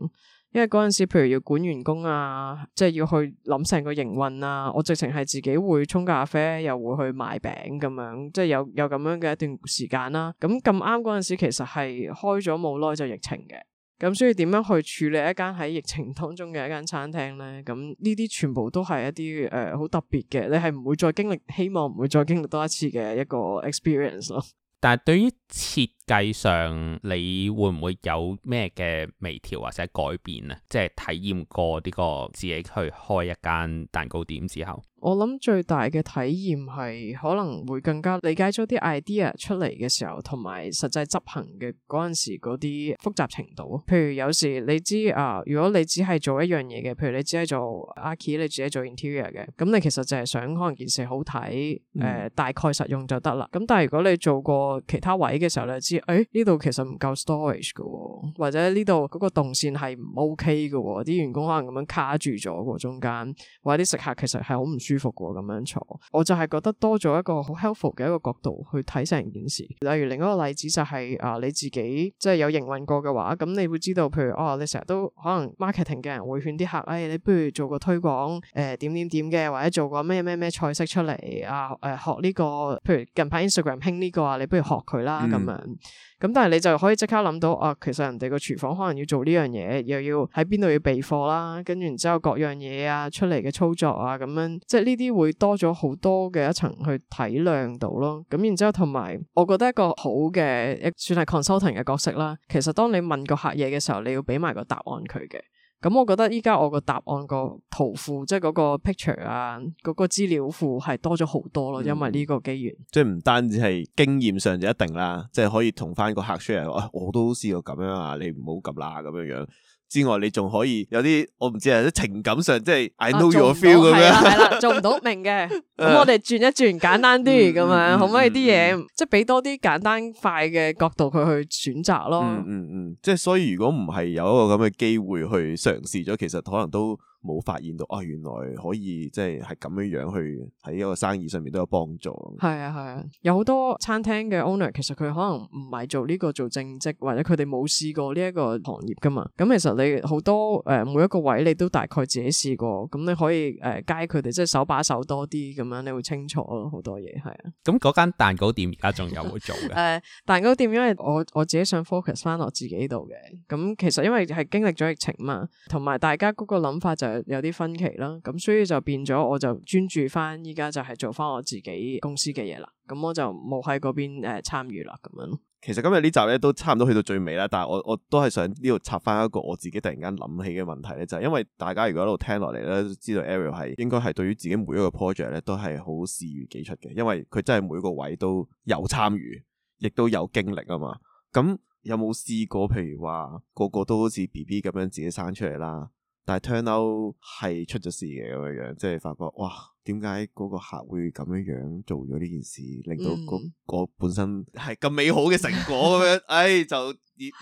因為嗰陣時，譬如要管員工啊，即係要去諗成個營運啊，我直情係自己會沖咖啡，又會去賣餅咁樣，即係有有咁樣嘅一段時間啦、啊。咁咁啱嗰陣時，其實係開咗冇耐就疫情嘅。咁所以點樣去處理一間喺疫情當中嘅一間餐廳咧？咁呢啲全部都係一啲誒好特別嘅，你係唔會再經歷，希望唔會再經歷多一次嘅一個 experience 咯。但係對於設計上你會唔會有咩嘅微調或者改變啊？即係體驗過呢個自己去開一間蛋糕店之後，我諗最大嘅體驗係可能會更加理解咗啲 idea 出嚟嘅時候，同埋實際執行嘅嗰陣時嗰啲複雜程度。譬如有時你知啊，如果你只係做一樣嘢嘅，譬如你只係做 archi，你自己做 interior 嘅，咁你其實就係想可能件事好睇，誒大概實用就得啦。咁、嗯、但係如果你做過其他位，嘅時候你知，誒呢度其實唔夠 storage 嘅、哦，或者呢度嗰個動線係唔 OK 嘅、哦，啲員工可能咁樣卡住咗喎、哦、中間，或者啲食客其實係好唔舒服嘅咁樣坐。我就係覺得多咗一個好 helpful 嘅一個角度去睇成件事。例如另一個例子就係、是、啊，你自己即係有營運過嘅話，咁你會知道，譬如哦、啊、你成日都可能 marketing 嘅人會勸啲客，誒、哎、你不如做個推廣誒、呃、點點點嘅，或者做個咩咩咩菜式出嚟啊誒、呃、學呢、這個，譬如近排 Instagram 興呢、這個啊，你不如學佢啦。嗯咁樣，咁、嗯、但係你就可以即刻諗到啊，其實人哋個廚房可能要做呢樣嘢，又要喺邊度要備貨啦，跟住然之後各樣嘢啊出嚟嘅操作啊，咁樣即係呢啲會多咗好多嘅一層去體諒到咯。咁然之後同埋，我覺得一個好嘅，算係 consultant 嘅角色啦。其實當你問個客嘢嘅時候，你要俾埋個答案佢嘅。咁我覺得依家我個答案個圖庫，即係嗰個 picture 啊，嗰個資料庫係多咗好多咯，因為呢個機緣。即係唔單止係經驗上就一定啦，即係可以同翻個客 share，哎，我都試過咁樣啊，你唔好咁啦咁樣樣。之外，你仲可以有啲我唔知啊，啲情感上即係 I know your feel 咁這樣。係啦， [laughs] 做唔到明嘅。咁 [laughs] 我哋轉一轉，簡單啲咁樣，可唔、嗯嗯嗯、可以啲嘢、嗯嗯、即係俾多啲簡單快嘅角度佢去，去選擇咯。嗯嗯嗯，即係所以如果唔係有一個咁嘅機會去嘗試咗，其實可能都。冇發現到啊、哦！原來可以即係係咁樣樣去喺一個生意上面都有幫助。係啊，係啊，有好多餐廳嘅 owner 其實佢可能唔係做呢、這個做正職，或者佢哋冇試過呢一個行業噶嘛。咁、嗯、其實你好多誒、呃、每一個位你都大概自己試過，咁、嗯、你可以誒教佢哋即係手把手多啲咁樣，你會清楚咯好多嘢係啊。咁嗰間蛋糕店而家仲有冇做嘅？誒、 [laughs] 呃、蛋糕店因為我我自己想 focus 翻我自己度嘅。咁、嗯、其實因為係經歷咗疫情嘛，同埋大家嗰個諗法就係有啲分歧啦，咁所以就變咗，我就專注翻依家就係做翻我自己公司嘅嘢啦，咁我就冇喺嗰邊誒參與啦咁樣。其實今日呢集咧都差唔多去到最尾啦，但係我我都係想呢度插翻一個我自己突然間諗起嘅問題咧，就係因為大家如果喺度聽落嚟咧，都知道 Ariel 係應該係對於自己每一個 project 咧都係好視如己出嘅，因為佢真係每一個位都有參與，亦都有經歷啊嘛。咁有冇試過，譬如話個個都好似 B B 咁樣自己生出嚟啦，但係 turn out 係出咗事嘅咁樣樣，即係發覺哇，點解嗰個客會咁樣樣做咗呢件事，令到嗰、嗰個、嗯、本身係咁美好嘅成果咁、 [laughs] 哎、樣，誒就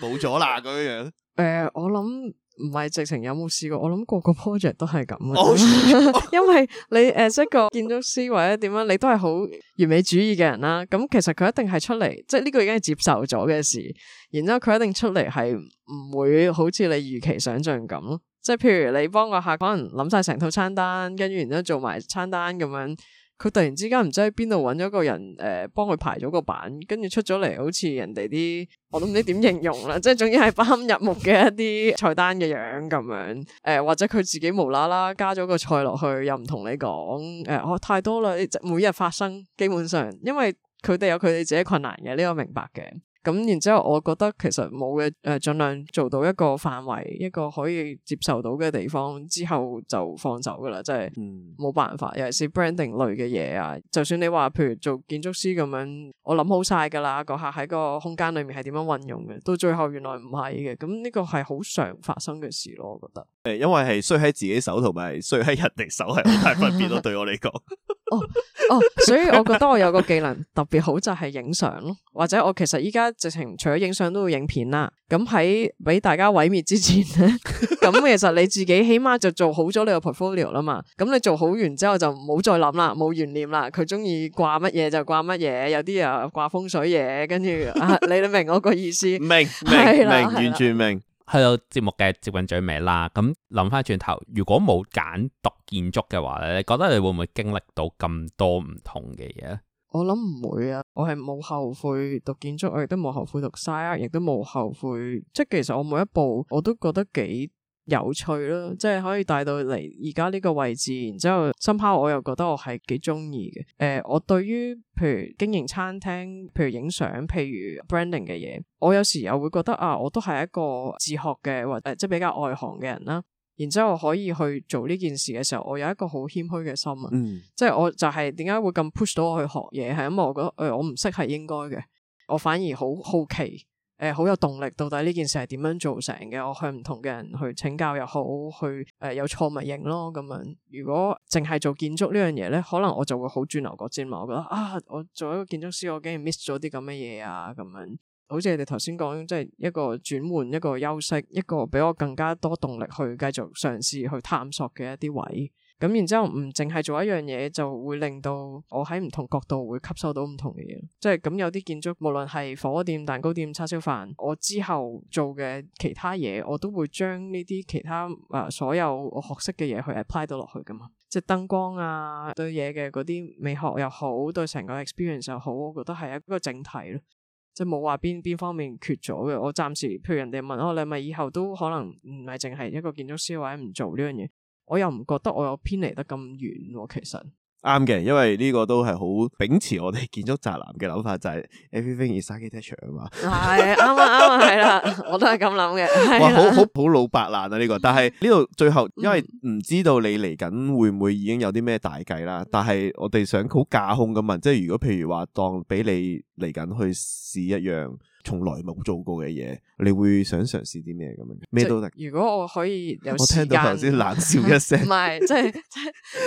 冇咗啦咁樣樣。誒，我諗唔係直情有冇試過，我諗個個 project 都係咁。 [laughs] [laughs] 因為你誒，呃、即一個建築師或者點樣，你都係好完美主義嘅人啦。咁其實佢一定係出嚟，即係呢個已經係接受咗嘅事。然之後佢一定出嚟係唔會好似你預期想象咁咯。即係譬如你幫個客可能諗晒成套餐單，跟住然之後做埋餐單咁樣，佢突然之間唔知喺邊度揾咗個人誒、呃，幫佢排咗個版，跟住出咗嚟好似人哋啲，我都唔知點形容啦。即係總之係不堪入目嘅一啲菜單嘅樣咁樣，誒、呃、或者佢自己無啦啦加咗個菜落去，又唔同你講，誒、呃、我、哦、太多啦，每日發生基本上，因為佢哋有佢哋自己困難嘅，呢、這個明白嘅。咁然之後，我覺得其實冇嘅誒，盡量做到一個範圍，一個可以接受到嘅地方之後就放手噶啦，即係嗯冇辦法。尤其是 branding 類嘅嘢啊，就算你話譬如做建築師咁樣，我諗好晒噶啦，個客喺個空間裏面係點樣運用嘅，到最後原來唔係嘅，咁、嗯、呢、這個係好常發生嘅事咯、啊，我覺得。誒，因為係衰喺自己手同埋衰喺人哋手係好大分別咯，對我嚟講、 [laughs] 哦。哦哦，所以我覺得我有個技能特別好就係影相咯，或者我其實依家。直情除咗影相都要影片啦，咁喺俾大家毀滅之前咧，咁其實你自己起碼就做好咗你個 portfolio 啦嘛。咁你做好完之後就唔好再諗啦，冇怨念啦。佢中意掛乜嘢就掛乜嘢，有啲啊掛風水嘢，跟住你都明我個意思？明明明，完全明。去到節目嘅接近最尾啦，咁諗翻轉頭，如果冇揀讀建築嘅話咧，你覺得你會唔會經歷到咁多唔同嘅嘢？我諗唔會啊！我係冇後悔讀建築，我亦都冇後悔讀 design，亦都冇後悔。即係其實我每一步我都覺得幾有趣咯，即係可以帶到嚟而家呢個位置。然之後，深拋我又覺得我係幾中意嘅。誒、呃，我對於譬如經營餐廳、譬如影相、譬如 branding 嘅嘢，我有時又會覺得啊，我都係一個自學嘅或者、呃、即係比較外行嘅人啦。然之後可以去做呢件事嘅時候，我有一個好謙虛嘅心啊，嗯、即係我就係點解會咁 push 到我去學嘢，係因為我覺得誒、呃、我唔識係應該嘅，我反而好好奇，誒、呃、好有動力。到底呢件事係點樣做成嘅？我向唔同嘅人去請教又好，去誒、呃、有錯咪認咯咁樣。如果淨係做建築呢樣嘢咧，可能我就會好轉牛角尖嘛。我覺得啊，我做一個建築師，我竟然 miss 咗啲咁嘅嘢啊咁樣。好似你哋頭先講，即係一個轉換、一個休息、一個俾我更加多動力去繼續嘗試去探索嘅一啲位。咁然之後唔淨係做一樣嘢，就會令到我喺唔同角度會吸收到唔同嘅嘢。即係咁有啲建築，無論係火鍋店、蛋糕店、叉燒飯，我之後做嘅其他嘢，我都會將呢啲其他誒所有我學識嘅嘢去 apply 到落去噶嘛。即係燈光啊，對嘢嘅嗰啲美學又好，對成個 experience 又好，我覺得係一個整體咯。即係冇話邊邊方面缺咗嘅，我暫時譬如人哋問我，你係咪以後都可能唔係淨係一個建築師或者唔做呢樣嘢，我又唔覺得我有偏離得咁遠喎，其實。啱嘅，因為呢個都係好秉持我哋建築宅男嘅諗法，就係、是、everything is architecture 啊嘛。 [laughs] [laughs] 、哎，係啱啊啱啊，係啦，我都係咁諗嘅。哇，好好好老白爛啊呢個，但係呢度最後，因為唔知道你嚟緊會唔會已經有啲咩大計啦，但係我哋想好架空咁問，即係如果譬如話當俾你嚟緊去試一樣從來冇做過嘅嘢，你會想嘗試啲咩咁樣？咩都得。如果我可以有時間，我聽到頭先冷笑一聲，唔係， [laughs] 即係即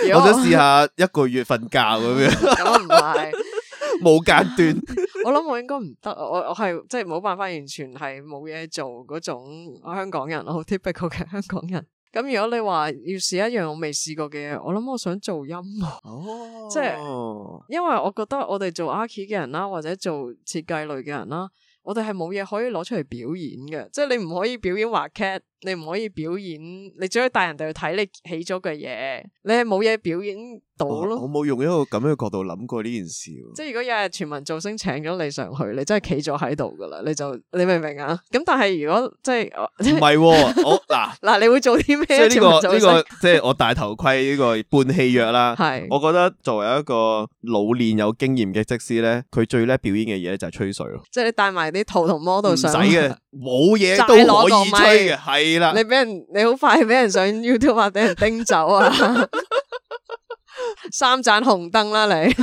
係，我，我想試下一個月瞓覺咁樣。咁唔係，冇間斷。我諗我應該唔得，我我係即係冇辦法完全係冇嘢做嗰種香港人，好 typical 嘅香港人。咁如果你話要試一樣我未試過嘅嘢，我諗我想做音樂。哦，即係，因為我覺得我哋做 arch 嘅人啦，或者做設計類嘅人啦。我哋係冇嘢可以攞出嚟表演嘅，即係你唔可以表演話劇。你唔可以表演，你只可以帶人哋去睇你起咗嘅嘢。你係冇嘢表演到咯。哦、我冇用一個咁嘅角度諗過呢件事。即係如果有日全民造星請咗你上去，你真係企咗喺度噶啦，你就你明唔明啊？咁但係如果即係唔係我嗱嗱， [laughs] 你會做啲咩？呢、這個呢、這個、這個、即係我戴頭盔呢、這個半戲約啦。係是，我覺得作為一個老練有經驗嘅則師咧，佢最叻表演嘅嘢就係吹水咯。即係你帶埋啲圖同 model 上，唔使嘅，冇嘢都可以吹嘅，係。你俾人你好快俾人上 YouTube 啊，俾人叮走啊，三盞紅燈啦你！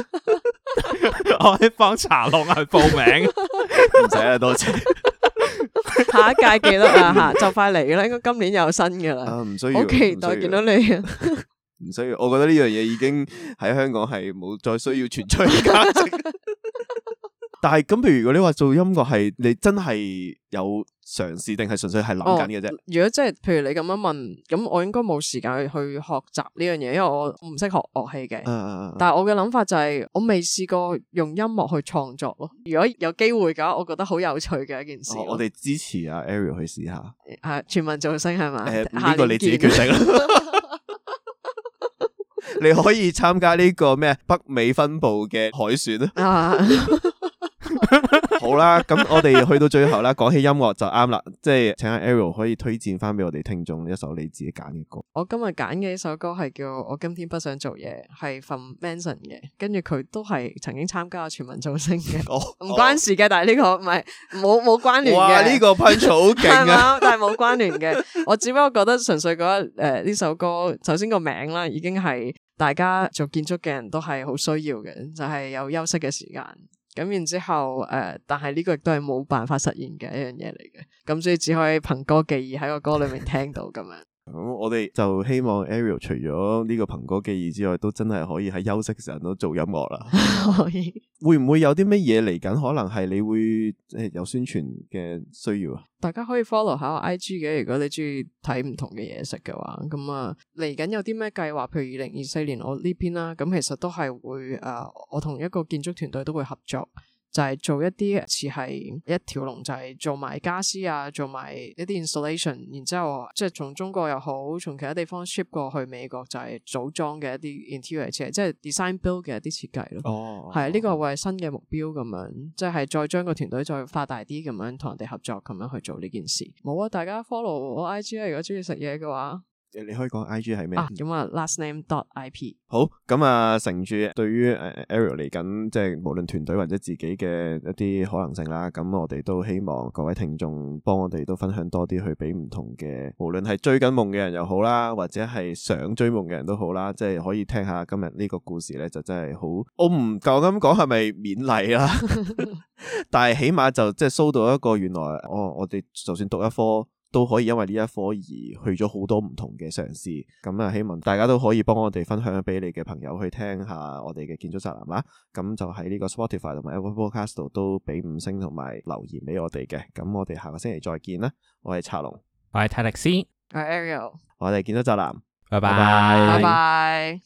我喺幫茶龍去報名，唔使啊，多謝。下一屆記得啦吓，就快嚟啦，應該今年有新嘅啦。啊，唔需要，好期待見到你啊！唔需要，我覺得呢樣嘢已經喺香港係冇再需要存在價值。但係咁、哦就是，譬如如果你話做音樂係，你真係有嘗試，定係純粹係諗緊嘅啫？如果即係譬如你咁樣問，咁我應該冇時間去學習呢樣嘢，因為我唔識學樂器嘅。啊、但係我嘅諗法就係、是，我未試過用音樂去創作咯。如果有機會嘅話，我覺得好有趣嘅一件事、啊。我哋支持阿 Ariel 去試下，係、啊、全民造星係嘛？呢、呃這個你自己決定 [laughs] [laughs] 你可以參加呢個咩北美分部嘅海選啊！ [laughs] 好啦，咁我哋去到最後啦，講 [laughs] 起音樂就啱啦，即係請阿 a r i l 可以推薦翻俾我哋聽眾一首你自己揀嘅歌。我今日揀嘅一首歌係叫《我今天不想做嘢》，係 From Benson 嘅，跟住佢都係曾經參加全民造星嘅。唔、oh, oh. 關事嘅，但係呢、這個唔係冇冇關聯嘅。呢、這個 p e 好勁啊！ [laughs] 但係冇關聯嘅，我只不過覺得純粹覺得誒呢、呃、首歌，首先個名啦，已經係大家做建築嘅人都係好需要嘅，就係、是、有休息嘅時間。咁然之後，誒、呃，但係呢個亦都係冇辦法實現嘅一樣嘢嚟嘅，咁、嗯、所以只可以憑歌寄意喺個歌裏面聽到咁樣。 [laughs] 咁我哋就希望 Ariel 除咗呢個蘋果記憶之外，都真係可以喺休息時都做音樂啦。 [laughs] 可以會唔會有啲咩嘢？嚟緊？可能係你會誒有宣傳嘅需要啊？大家可以 follow 下我 IG 嘅。如果你中意睇唔同嘅嘢食嘅話，咁啊嚟緊有啲咩計劃？譬如二零二四年我呢邊啦，咁其實都係會誒、呃，我同一個建築團隊都會合作。就係做一啲似係一條龍，就係、是、做埋家私啊，做埋一啲 installation，然之後即係從中國又好，從其他地方 ship 過去美國，就係、是、組裝嘅一啲 interior 即係 design build 嘅一啲設計咯。哦、oh.，係、這、呢個會係新嘅目標咁樣，即係再將個團隊再發大啲咁樣，同人哋合作咁樣去做呢件事。冇啊，大家 follow 我 IG 啦，如果中意食嘢嘅話。你可以講 I G 係咩咁啊、嗯、，last name dot I P。好，咁啊，乘住對於誒 Ariel 嚟緊，即係無論團隊或者自己嘅一啲可能性啦，咁我哋都希望各位聽眾幫我哋都分享多啲去俾唔同嘅，無論係追緊夢嘅人又好啦，或者係想追夢嘅人都好啦，即係可以聽下今日呢個故事咧，就真係好。我唔夠膽講係咪勉勵啦？ [laughs] [laughs] 但係起碼就即係 show 到一個原來，哦，我哋就算讀一科。都可以因為呢一科而去咗好多唔同嘅嘗試，咁啊，希望大家都可以幫我哋分享俾你嘅朋友去聽下我哋嘅建築宅男啦，咁就喺呢個 Spotify 同埋 Apple Podcast 度都俾五星同埋留言俾我哋嘅，咁我哋下個星期再見啦，我係策龍，我係泰力師，我係 Ariel，我哋建築宅男，拜拜，拜拜。